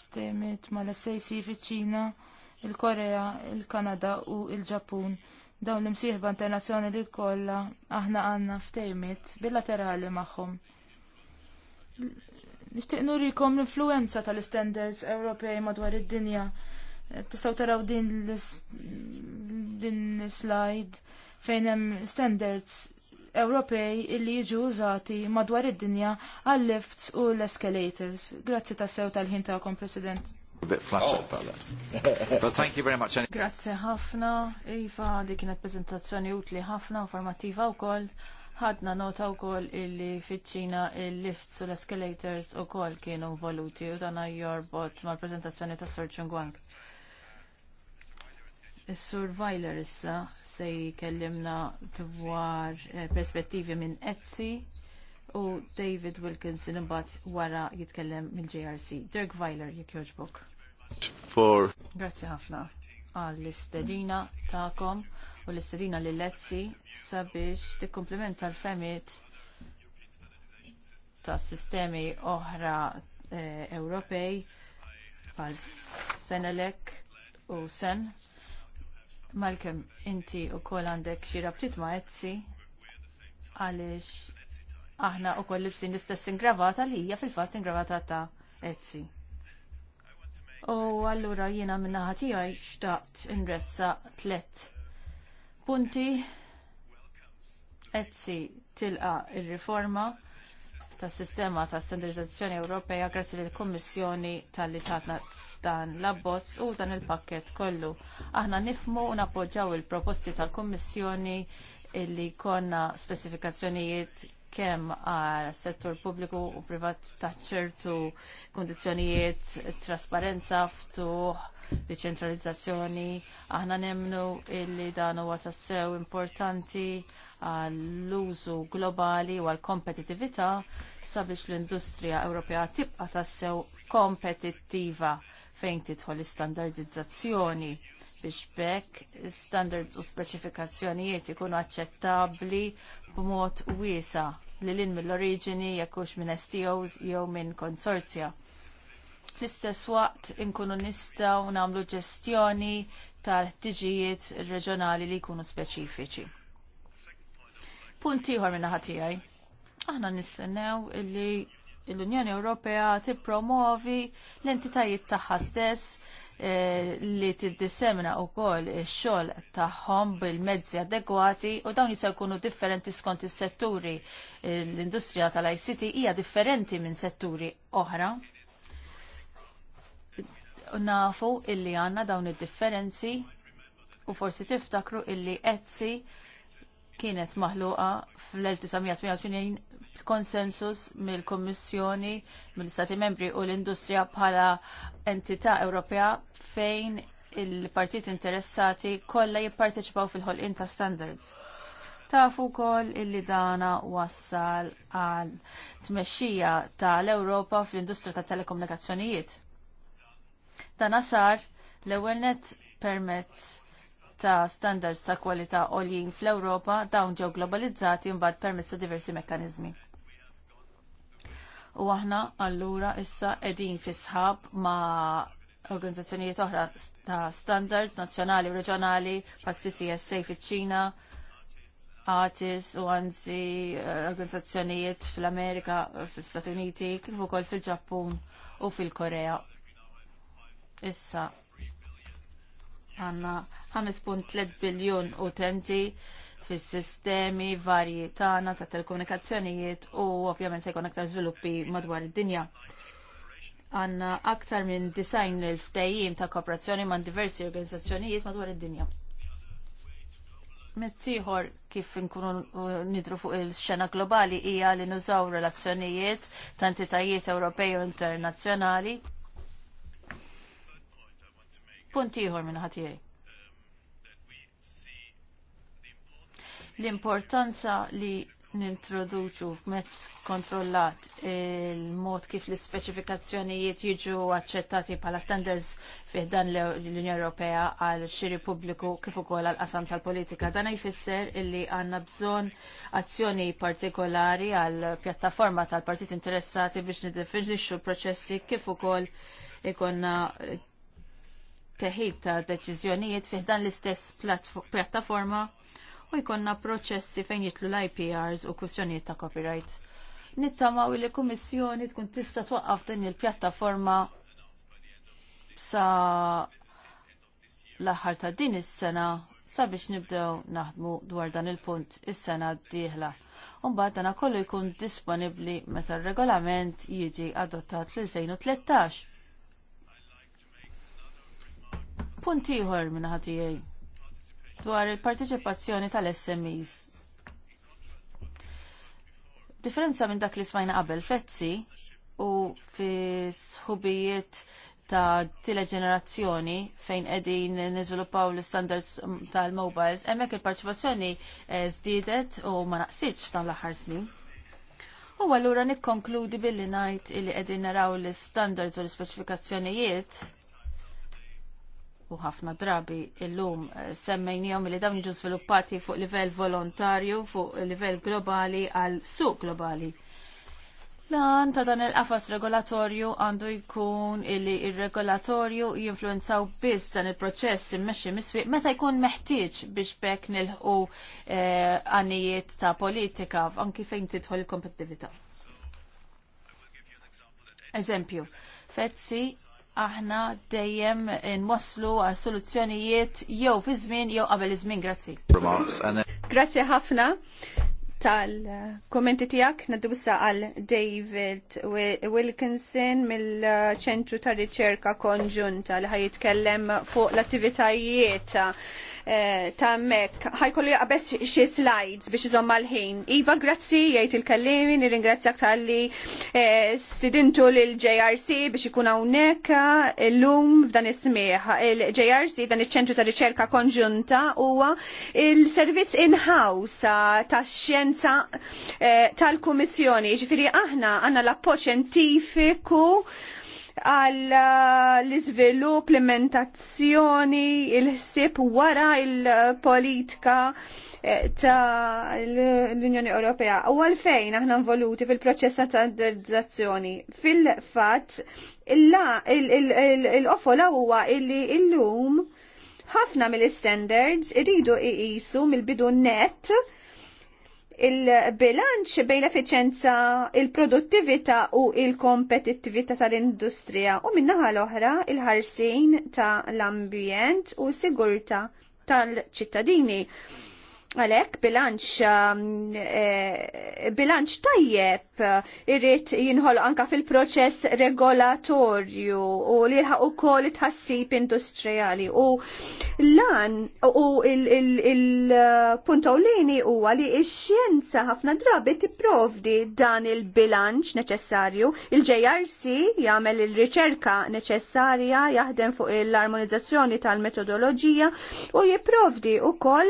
ftehmiet ma' l-SAC fiċ-Ċina il-Korea, il-Kanada u l il ġappun Dawn l-imsieħba internazzjonali kollha aħna għandna ftejmiet bilaterali magħhom. Nixtieq nurikom l-influenza tal-standards Ewropej madwar id-dinja. Tistgħu taraw din din slide fejn hemm standards Ewropej illi jiġu użati madwar id-dinja għal lifts u l-escalators. Grazzi tassew tal-ħin tagħkom, President bit flattered oh. that. But thank you very much. Grazie ħafna, Iva, di kienet prezentazzjoni utli ħafna, informattiva u kol. Ħadna nota u kol illi fiċċina il-lifts u l-escalators u kol kienu voluti u dana jorbot mal prezentazzjoni ta' Sir Chungwang. Is-Sur Vajler issa se jkellimna dwar eh, perspettivi minn Etsy u David Wilkinson imbagħad wara jitkellem mill-JRC. Dirk Weiler jekk jogħġbok. For... Grazzi ħafna għall-istedina tagħkom u l-istedina li Lezzi sabiex tikkumplimenta l-femit ta' sistemi oħra eh, Ewropej bħal Senelek u Sen. Malkem, inti u kol għandek xi rabtiet ma' Etsi għaliex aħna u koll libsin l-istess ingravata li hija fil-fatt ingravata ta' Etsy. U allura jiena minnaħa tiegħi xtaqt inressa tlet punti Etsy tilqa il riforma tas sistema ta' standardizzazzjoni Ewropea grazzi lill kummissjoni tal-li tatna dan l-abbozz u dan il-pakket kollu. Aħna nifmu u nappoġġaw il-proposti tal-Kummissjoni illi konna specifikazzjonijiet kemm għal settur pubbliku u privat ta' ċertu kundizzjonijiet trasparenza, ftuħ, deċentralizzazzjoni. Aħna nemnu illi dan huwa tassew importanti għall-użu globali u għall-kompetitività sabiex l-industrija Ewropea tibqa' tassew kompetittiva fejn tidħol l-istandardizzazzjoni biex bekk standards u speċifikazzjonijiet ikunu aċċettabbli b'mod wiesa' li l-in mill-oriġini jekkux minn STOs jew minn konsorzja. L-istess waqt inkunu nistaw namlu ġestjoni tal-ħtiġijiet reġjonali li jkunu speċifiċi. Punt ieħor minna ħatijaj. Aħna nistennew li l-Unjoni Ewropea tippromovi l-entitajiet tagħha stess Eh, li tiddisemina wkoll ix-xogħol tagħhom bil-mezzi adegwati u dawn jistgħu jkunu differenti skont is-setturi. L-industrija tal-ICT hija differenti minn setturi oħra. Nafu illi għandna dawn id-differenzi u forsi tiftakru illi Etsy kienet maħluqa fl-1988 konsensus mill-Kommissjoni, mill-Stati membri u l-industrija bħala entità Ewropea fejn il-partit interessati kollha jipparteċipaw fil-ħolqien ta' standards. Tafu wkoll illi dana wassal għal tmexxija tal-Ewropa fl-industrija tat telekomunikazzjonijiet. Dana sar l-ewwel net permezz ta' standards ta' kwalità għoljin fl-Ewropa dawn ġew globalizzati mbagħad permezz ta' diversi mekkaniżmi u aħna allura issa qegħdin fi sħab ma' organizzazzjonijiet oħra ta' standards nazzjonali u reġjonali passi CCSA fiċ-Ċina, artists u anzi eh, organizzazzjonijiet fl-Amerika, fl-Stati Uniti, kif ukoll fil-Ġappun u fil-Korea. Issa għanna 5.3 biljon utenti fis-sistemi varji tagħna ta' telekomunikazzjonijiet u ovvjament se jkun aktar żviluppi madwar id-dinja. Għanna aktar minn design il ta' kooperazzjoni ma' diversi organizzazzjonijiet madwar id-dinja. Mezziħor kif nkunu uh, nidru fuq il-xena globali hija li nużaw relazzjonijiet ta' entitajiet Ewropej u internazzjonali. Punt ieħor minn ħatijaj L-importanza li nintroduċu f'mezz kontrollat il-mod kif l-ispeċifikazzjonijiet jiġu aċċettati bħala standards fih dan l-Unjoni Ewropea għal xiri pubbliku kif ukoll għal qasam tal-politika. Dan jfisser illi għandna bżonn azzjoni partikolari għal pjattaforma tal-partit interessati biex nidefinixxu l-proċessi kif ukoll ikonna teħid ta' deċiżjonijiet fih dan l-istess pjattaforma u jkollna proċessi fejn jitlu l-IPRs u kwistjonijiet ta' copyright. Nittamaw li kummissjoni tkun tista' twaqqaf din il-pjattaforma sa l-aħħar ta' din is-sena sabiex nibdew naħdmu dwar dan il-punt is-sena d-dieħla. Umbagħad dan kollu jkun disponibbli meta r-regolament jiġi adottat fl-2013. Punt ieħor minn ħatijaj dwar il-parteċipazzjoni tal-SMEs. Differenza minn dak li smajna qabel fetzi u fi sħubijiet ta' tile ġenerazzjoni fejn edin niżviluppaw l-standards tal-mobiles, emmek il-parċipazzjoni zdidet eh, u ma naqsitx f'dan l-aħħar snin. U għallura nikkonkludi billi najt illi edin naraw l-standards u l ispeċifikazzjonijiet u ħafna drabi illum eh, semmejnijom li dawn jiġu sviluppati fuq livell volontarju, fuq livell globali għal suq globali. Lan ta' dan il-qafas regolatorju għandu jkun illi il-regolatorju jinfluenzaw biss dan il-proċess immexxi misfiq meta jkun meħtieġ biex bekk nilħu eh, għanijiet ta' politika anki fejn tidħol il-kompetitività. Eżempju, Fetzi aħna dejjem nwasslu għal soluzzjonijiet jew fi żmien jew qabel iż-żmien, grazzi. Grazzi ħafna tal-kommenti tijak naddusa għal David Wilkinson mill-ċentru ta' riċerka konġunta li ħaj jitkellem fuq l-attivitajiet eh, ta' mek. kollu jaqbess xie slides biex iżomma mal ħin Iva, grazzi, jajt il-kallimi, nir-ingrazzjak tal-li eh, studintu l-JRC biex ikun hawnhekk eh, l-lum f'dan ismieħ. Il-JRC, dan iċ-ċentru ta' riċerka konġunta, huwa il-servizz in-house ta' xjenza l-kompetenza eh, tal-Kummissjoni. Ġifiri aħna għanna l-appoċ ċentifiku għal eh, l-izvilup, l-implementazzjoni, il-ħsib wara il-politika eh, ta' l-Unjoni Ewropea. U għalfejn aħna involuti fil-proċess ta' standardizzazzjoni. Fil-fat, il-offo la' huwa illi il-lum ħafna mill-standards iridu iqisu mill-bidu net il-bilanċ bejn l-efficienza, il-produttività u il-kompetittività tal-industrija u minnaħa l-oħra il-ħarsin tal-ambjent u s sigurta tal-ċittadini. Għalek, bilanċ um, eh, bilanċ tajjeb eh, irrit jinħol anka fil-proċess regolatorju u li u kol tħassib industrijali u lan u il-puntawlini eh, huwa li il xjenza ħafna drabi tipprovdi dan il-bilanċ neċessarju. Il-JRC jagħmel il-riċerka neċessarja jaħdem fuq l-armonizzazzjoni tal-metodoloġija u jipprovdi kol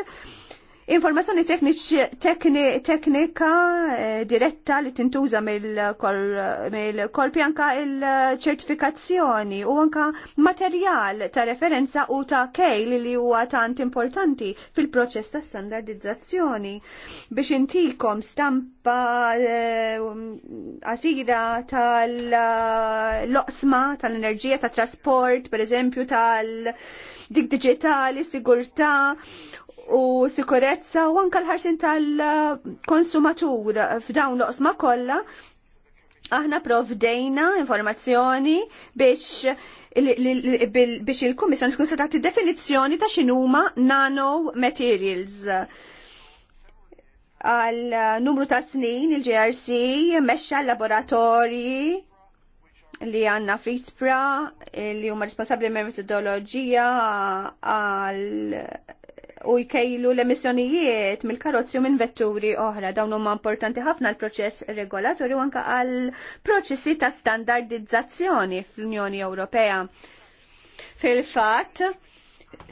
Informazzjoni teknika eh, diretta li tintuża mill kol pjanka il-ċertifikazzjoni u anka materjal ta' referenza u ta' kejl li huwa tant importanti fil-proċess ta' standardizzazzjoni. Biex intikom stampa għasira eh, tal-loqsma tal-enerġija, ta' trasport, per eżempju tal-dik digitali, sigurta' u sikurezza u anka l-ħarsin tal-konsumatur f'dawn l-osma kollha aħna provdejna informazzjoni biex biex il-Kummissjoni tkun se tagħti definizzjoni ta' x'inhuma nano materials għal numru ta' snin il-GRC mexxa l-laboratorji li għanna frispra li huma responsabbli me metodoloġija għal u jkejlu l-emissjonijiet mill-karozzi u minn vetturi oħra. Dawn huma importanti ħafna l-proċess regolatorju anka għal proċessi ta' standardizzazzjoni fl-Unjoni Ewropea. Fil-fatt,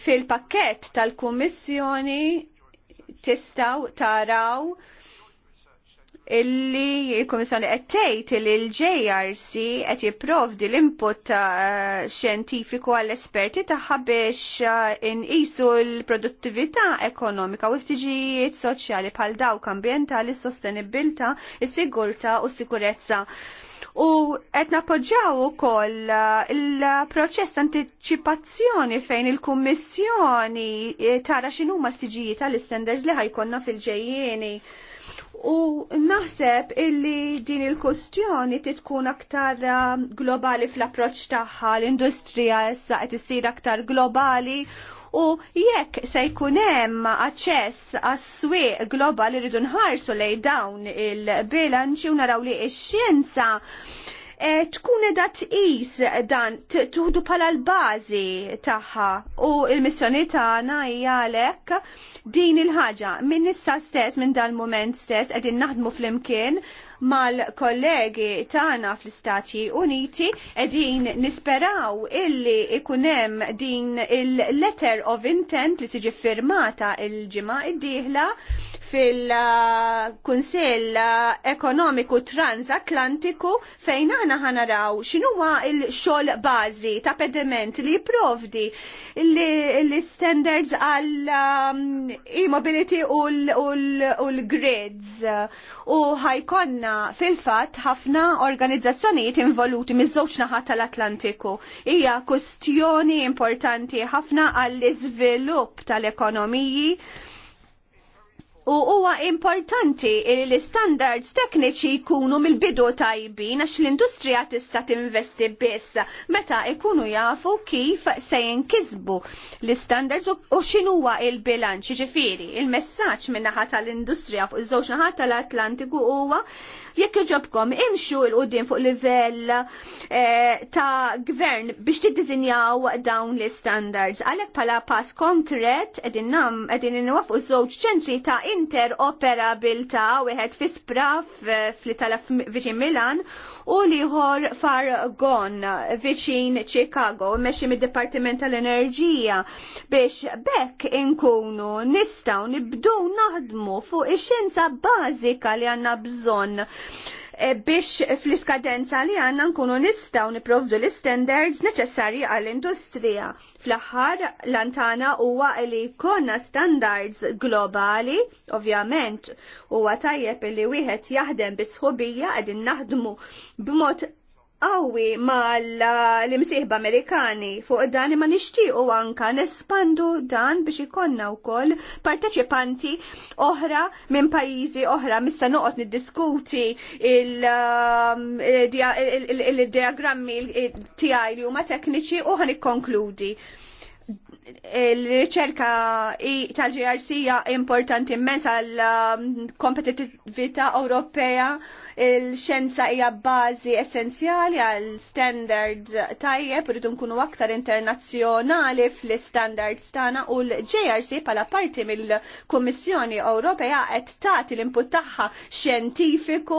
fil-pakket tal-Kummissjoni tistaw taraw illi il-Komissjoni qed tgħid li l-JRC qed jipprovdi l-input xjentifiku għall-esperti tagħha biex eh, inqisu l-produttività ekonomika u l-ħtiġijiet soċjali bħal dawk ambjentali, s-sostenibilità, is-sigurtà u s-sikurezza. U qed nappoġġjaw ukoll eh, il-proċess anticipazzjoni fejn il-Kummissjoni eh, tara x'inhuma l-ħtiġijiet għall-istenders li ħajkonna fil-ġejjieni. U naħseb illi din il-kustjoni titkun aktar um, globali fl-approċ tagħha, l-industrija issa qed issir aktar globali u jekk se jkun hemm aċċess għas-swieq globali rridu nħarsu lejn dawn il-bilanċi u naraw li x-xjenza Eh, tkun edha tqis dan tuħdu pala l-bażi tagħha u l-missjoni tagħna hija din il-ħaġa minn issa stess minn dal-mument stess qegħdin naħdmu flimkien mal-kollegi tagħna fl-Istati Uniti qegħdin nisperaw illi ikunem din il-letter of intent li tiġi firmata il-ġimgħa id-dieħla fil-Kunsell Ekonomiku Transatlantiku fejn aħna ħanaraw x'inhuwa l-xogħol bażi ta' pediment li jipprovdi l-standards għal um, e-mobility u l-grids u ħajkonna fil-fatt ħafna organizzazzjonijiet involuti miż-żewġ naħat tal-Atlantiku. Hija kustjoni importanti ħafna għall-iżvilupp tal-ekonomiji u huwa importanti li l-standards tekniċi jkunu mill-bidu tajbin għax l-industrija tista' tinvesti biss meta jkunu jafu kif se jinkisbu l-standards u x'inhuwa il-bilanċ. Ġifieri, il-messaġġ min-naħa tal-industrija fuq iż-żewġ naħat tal-Atlantiku huwa jekk iġobkom imxu l-qudiem fuq livell eh, ta' gvern biex tiddizinjaw dawn l-standards. Għalhekk pala pass konkret qegħdin nam qegħdin inwafqu żewġ ċentri ta' interoperabilta wieħed fi Spraf eh, fl-Itala Viġin Milan u liħor Gon, viċin Chicago meċi mid-Departiment tal-Enerġija biex bekk inkunu nistaw nibdu naħdmu fuq ix-xjenza bażika li għandna bżonn Eh, biex fl-iskadenza li għanna nkunu nistaw niprovdu l-standards neċessarji għall-industrija. Fl-aħħar lantana huwa li konna standards globali, ovvjament, huwa tajjeb li wieħed jaħdem bisħubija qegħdin naħdmu b'mod qawwi mal l-imsieħba Amerikani fuq dan ma nixtiequ anka nespandu dan biex ikonna wkoll parteċipanti oħra minn pajjiżi oħra missa noqgħod niddiskuti il-diagrammi um, tiegħi li huma tekniċi u ħan ikkonkludi il-riċerka tal-GRC hija importanti immens għal um, kompetitività Ewropea il-xenza hija bażi essenzjali għal standard tajjeb irridu nkunu aktar internazzjonali fl standard tagħna u l-JRC bħala parti mill-Kummissjoni Ewropea qed tagħti l-input tagħha xjentifiku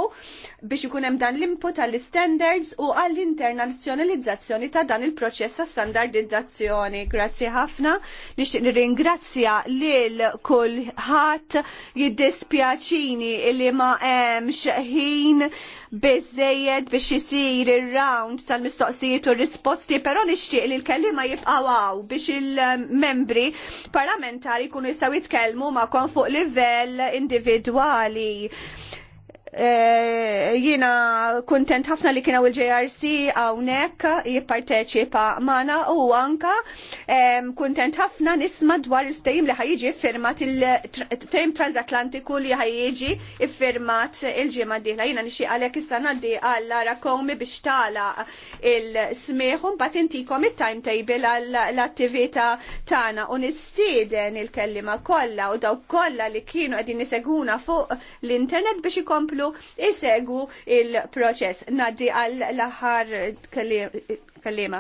biex ikun hemm dan l-input għall-standards u għall-internazzjonalizzazzjoni ta' dan il-proċess ta' standardizzazzjoni. Grazzi ħafna. Nixtieq nirringrazzja lil kulħadd jiddispjaċini li ma hemmx ħin ħin biżejjed biex isir ir-round tal-mistoqsijiet u risposti, però nixtieq li l-kellima jibqgħu biex il-membri parlamentari jkunu jistgħu jitkellmu kon fuq livell individwali. Eh, Jiena kuntent ħafna li kienaw il-JRC hawnhekk jipparteċipa Mana. u anka kuntent ħafna nisma dwar il-ftehim li ħajġi firmat il-ftehim transatlantiku li ħajjiġi iffirmat il-ġimgħa diħla Jiena nixi għalhekk issa ngħaddi għalla rakomi Komi biex tagħlaq il-smieħ u intikom it-timetable għall-attività tagħna u nistieden il-kellima kollha u dawk kollha li kienu qegħdin niseguna fuq l-internet biex ikomplu jkomplu isegwu il-proċess. Naddi għall-aħħar kallima.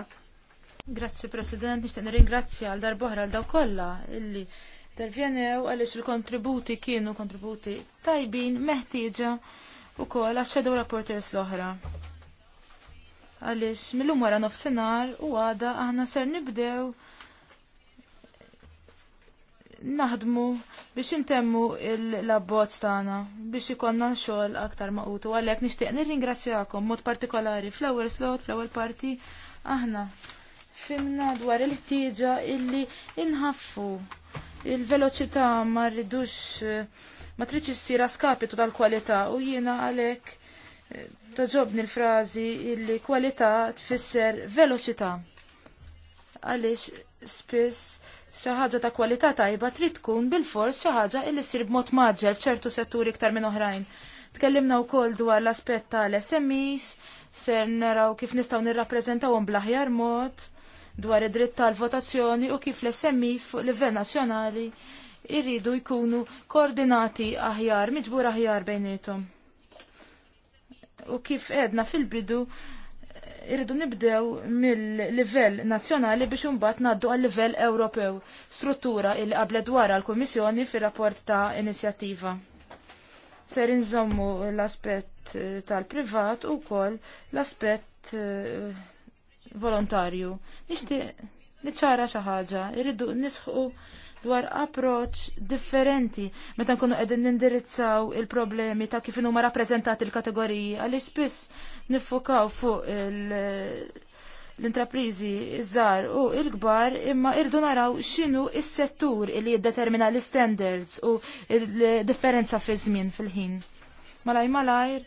Grazzi President, nixtieq nirringrazzja għal darbohra għal daw kollha illi intervjenew għaliex il-kontributi kienu kontributi tajbin meħtieġa wkoll għax-shadow reporters l-oħra. Għaliex millum wara nofsinhar u għada aħna ser nibdew naħdmu biex intemmu l-abbozz tagħna biex ikonna xogħol aktar maqutu għalhekk nixtieq nirringrazzjakom mod partikolari fl-ewwel slot, fl-ewwel parti aħna fimna dwar il-ħtieġa illi inħaffu il-veloċità ma rridux ma tridx issir skapitu tal-kwalità u jiena għalhekk eh, toġobni l-frażi illi kwalità tfisser veloċità għaliex spiss xi ħaġa ta' kwalità tajba trid tkun bil-fors xi ħaġa li ssir b'mod maġġel f'ċertu setturi iktar minn oħrajn. Tkellimna wkoll dwar l-aspett tal-SMEs, ser naraw kif nistgħu nirrappreżentawhom bl-aħjar mod dwar id-dritt tal-votazzjoni u kif l-SMEs fuq livell nazzjonali irridu jkunu koordinati aħjar, miġbur aħjar bejnietom. U kif edna fil-bidu irridu nibdew mill-livell nazzjonali biex imbagħad ngħaddu għal livell Ewropew, struttura il qablet wara l-Kummissjoni fir-rapport ta' inizjattiva. Ser inżommu l-aspett eh, tal-privat u wkoll l-aspett eh, volontarju. Nixtieq niċċara xi ħaġa, irridu nisħu dwar approach differenti meta nkunu qegħdin nindirizzaw il-problemi ta' kif huma rappreżentati l-kategoriji għalli spiss niffokaw fuq l-intraprizi iż-żar u l-kbar imma irdu naraw x'inhu s-settur li jiddetermina l-standards u l-differenza fi żmien fil-ħin. Malaj malajr,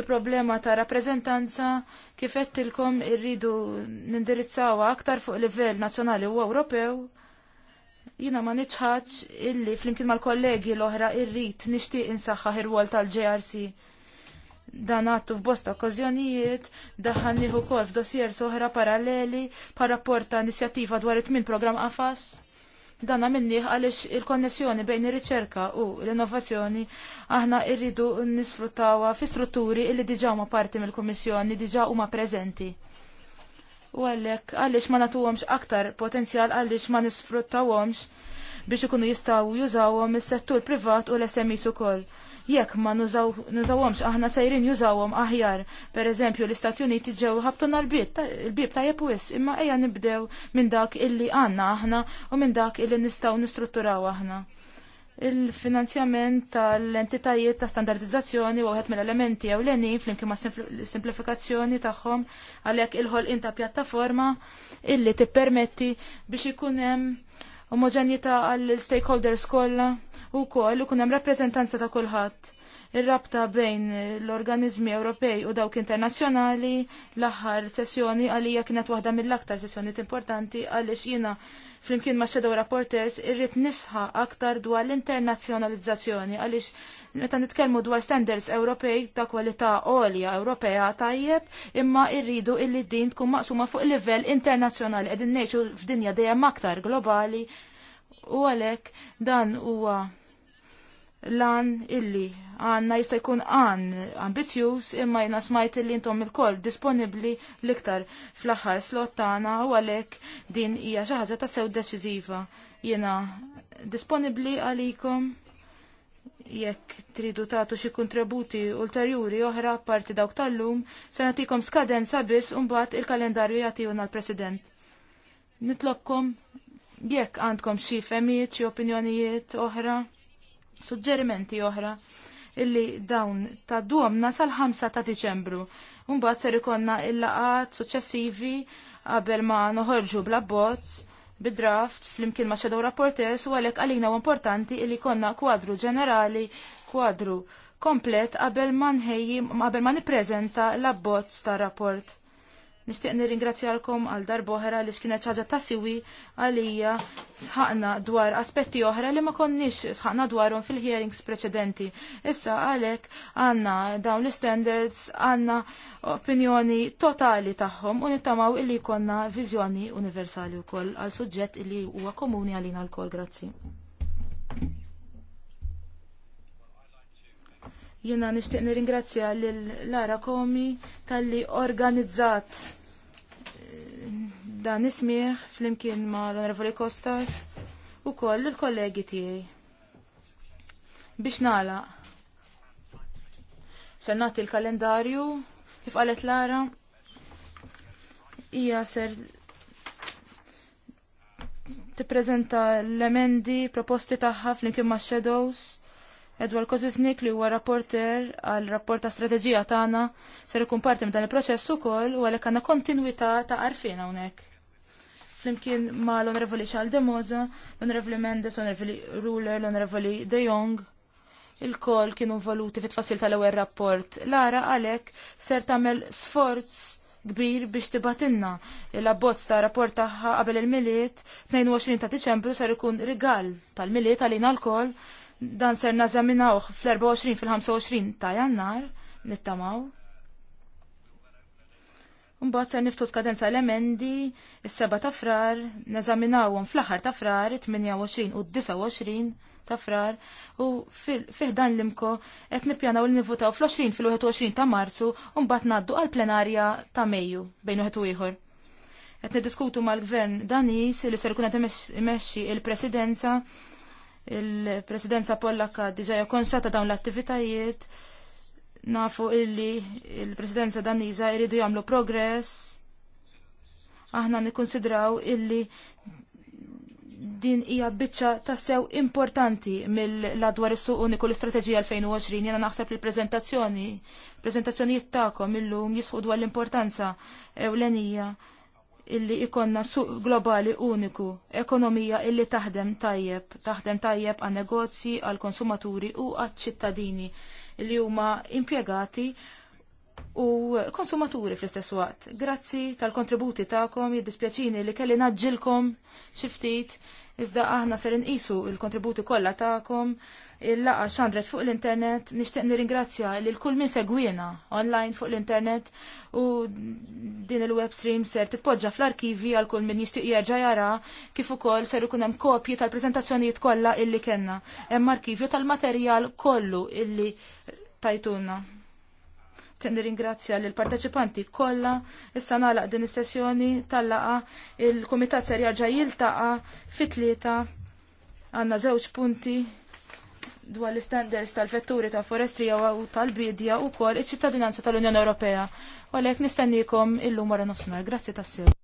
il-problema ta' rappreżentanza kif qedtilkom irridu nindirizzawha aktar fuq livell nazzjonali u Ewropew Jina ma nitħaċ illi flimkien mal-kollegi l-oħra irrit nishtiq insaxħa ir-wol tal-JRC. Dan għattu f'bosta okkazjonijiet, daħan nieħu kol f'dossier soħra paralleli, parapporta inizjattiva dwar it min program Afas. Dan għamilniħ għalix il-konnessjoni bejn ir-riċerka u l-innovazzjoni aħna irridu nisfruttawa fi strutturi illi diġa huma parti mill-Kummissjoni diġa huma preżenti u għalhekk għaliex ma nagħtuhomx aktar potenzjal għaliex ma nisfruttawhomx biex ikunu jistgħu jużawhom is-settur privat u l-SMEs ukoll. Jekk ma nużawhomx aħna sejrin jużawhom aħjar. Pereżempju l-Istati Uniti ġew ħabtuna l-bib ta' wis, imma eja nibdew minn dak illi għandna aħna u minn dak illi nistgħu nistrutturaw aħna il-finanzjament tal-entitajiet ta' standardizzazzjoni u għed mill-elementi għaw l eni fl-imkien ma' simplifikazzjoni tagħhom għalhekk il-ħol inta pjattaforma illi tippermetti biex ikun hemm għal għall stakeholders kollha u koll ikun hemm rappreżentanza ta' kulħadd ir-rabta bejn l-organizmi Ewropej u dawk internazzjonali l-aħħar sessjoni għalija kienet waħda mill-aktar sessjonijiet importanti għaliex jiena flimkien ma' Shadow Rapporters irrid nisħa aktar dwar l-internazzjonalizzazzjoni għaliex meta nitkellmu dwar standards Ewropej ta' kwalità għolja Ewropea tajjeb imma irridu illi din tkun maqsuma fuq livell internazzjonali qegħdin ngħixu f'dinja dejjem aktar globali u għalhekk dan huwa lan illi għanna jista' jkun għan ambizjuż imma jina smajt li intom il-koll disponibli l-iktar fl-aħħar slot tagħna u għalhekk din hija xi ħaġa ta' sew deċiżiva. Jiena disponibli għalikom jekk tridu tagħtu xi kontributi ulterjuri oħra parti dawk tal-lum se nagħtikom skadenza biss u mbagħad il-kalendarju jagħtihuna l-President. Nitlobkom jekk għandkom xi femijiet, xi opinjonijiet oħra, suġġerimenti oħra illi dawn ta' domna sal-5 ta' Diċembru. Mbagħad ser ikonna il-laqat suċċessivi qabel ma noħorġu bla bots bid-draft flimkien ma' xedow rapporters u għalhekk għalina u importanti illi konna kwadru ġenerali, kwadru komplet qabel ma nħejji qabel ma nippreżenta l-abbozz ta' rapport. Nishtiq nirringrazzjalkom għal darboħra li xkienet ċaġa ta' siwi għalija sħaqna dwar aspetti oħra li ma konniex sħaqna dwarhom fil-hearings preċedenti. Issa għalek għanna dawn l-standards għanna opinjoni totali tagħhom u nittamaw illi konna viżjoni universali wkoll għal suġġett illi huwa komuni għalina l-kol. Grazzi. Jiena nixtieq nirringrazzja lil Lara Komi talli organizzat eh, dan fl flimkien ma l-Onorevoli Kostas u koll il-kollegi tiegħi. Biex nala. Sennati nagħti l-kalendarju kif qalet Lara. Hija ser tippreżenta l-emendi proposti tagħha flimkien ma' Shadows Edward Kozisnik li huwa rapporter għal rapport ta' strateġija tagħna ser ikun parti minn dan il-proċess ukoll u għalhekk għandna kontinwità ta' għarfien hawnhekk. Flimkien ma' l-Onorevoli Moza, l-Onorevoli Mendes, l-Onorevoli Ruler, l-Onorevoli De Jong, il-kol kienu valuti fit fasil tal-ewwel rapport. Lara għalhekk ser tagħmel sforz kbir biex tibatinna l-abbozz ta' rapport tagħha qabel il-miliet 22 ta' Diċembru ser ikun rigal tal-miliet għalina l-kol dan ser nażaminawh fl-24 fil-25 ta' jannar nittamaw. Mbagħad ser niftu skadenza l-emendi is-7 ta' frar, nażaminawhom fl-aħħar ta' frar, 28 u 29 ta' frar u fiħdan l-imko qed nippjanaw li nivutaw fl-20 fil-21 ta' Marzu u mbagħad ngħaddu għall-plenarja ta' Mejju bejn wieħed u ieħor. Qed niddiskutu mal-gvern Danis li ser ikun qed imexxi il-presidenza il presidenza il-presidenza pollaka diġa konxata dawn l-attivitajiet nafu illi il-presidenza daniża jridu jagħmlu progress aħna nikkonsidraw illi din hija biċċa tassew importanti mill-adwar is-suq uniku l-istrateġija 2020 jena naħseb li l-preżentazzjoni, preżentazzjonijiet tagħkom illum jisħu dwar l-importanza ewlenija illi ikonna suq globali uniku, ekonomija illi taħdem tajjeb, taħdem tajjeb għan negozji, għal konsumaturi u għal ċittadini illi huma impjegati u konsumaturi fl-istess waqt. Grazzi tal-kontributi tagħkom, jiddispjaċini li kelli naġġilkom xi ftit, iżda aħna ser inqisu l kontributi kollha tagħkom il-laqa xandret fuq l-internet, nishtiq nirringrazzja li l-kull min segwina online fuq l-internet u din il-web stream ser titpoġġa fl-arkivi għal kull min jishtiq jerġa' jara kif ukoll ser ikun hemm kopji tal prezentazzjonijiet kollha illi kellna. Hemm arkivju tal-materjal kollu illi tajtuna. Tiq nirringrazzja l parteċipanti kollha issa nagħlaq din is-sessjoni tal-laqa il-kumitat ser jerġa' jiltaqa' fit-tlieta għandna żewġ punti dwar l-standards tal-vetturi ta' forestrija u tal-bidja u kol iċ-ċittadinanza tal-Unjoni Ewropea. U għalek nistennikom illum wara nofsinhar. Grazzi tassew.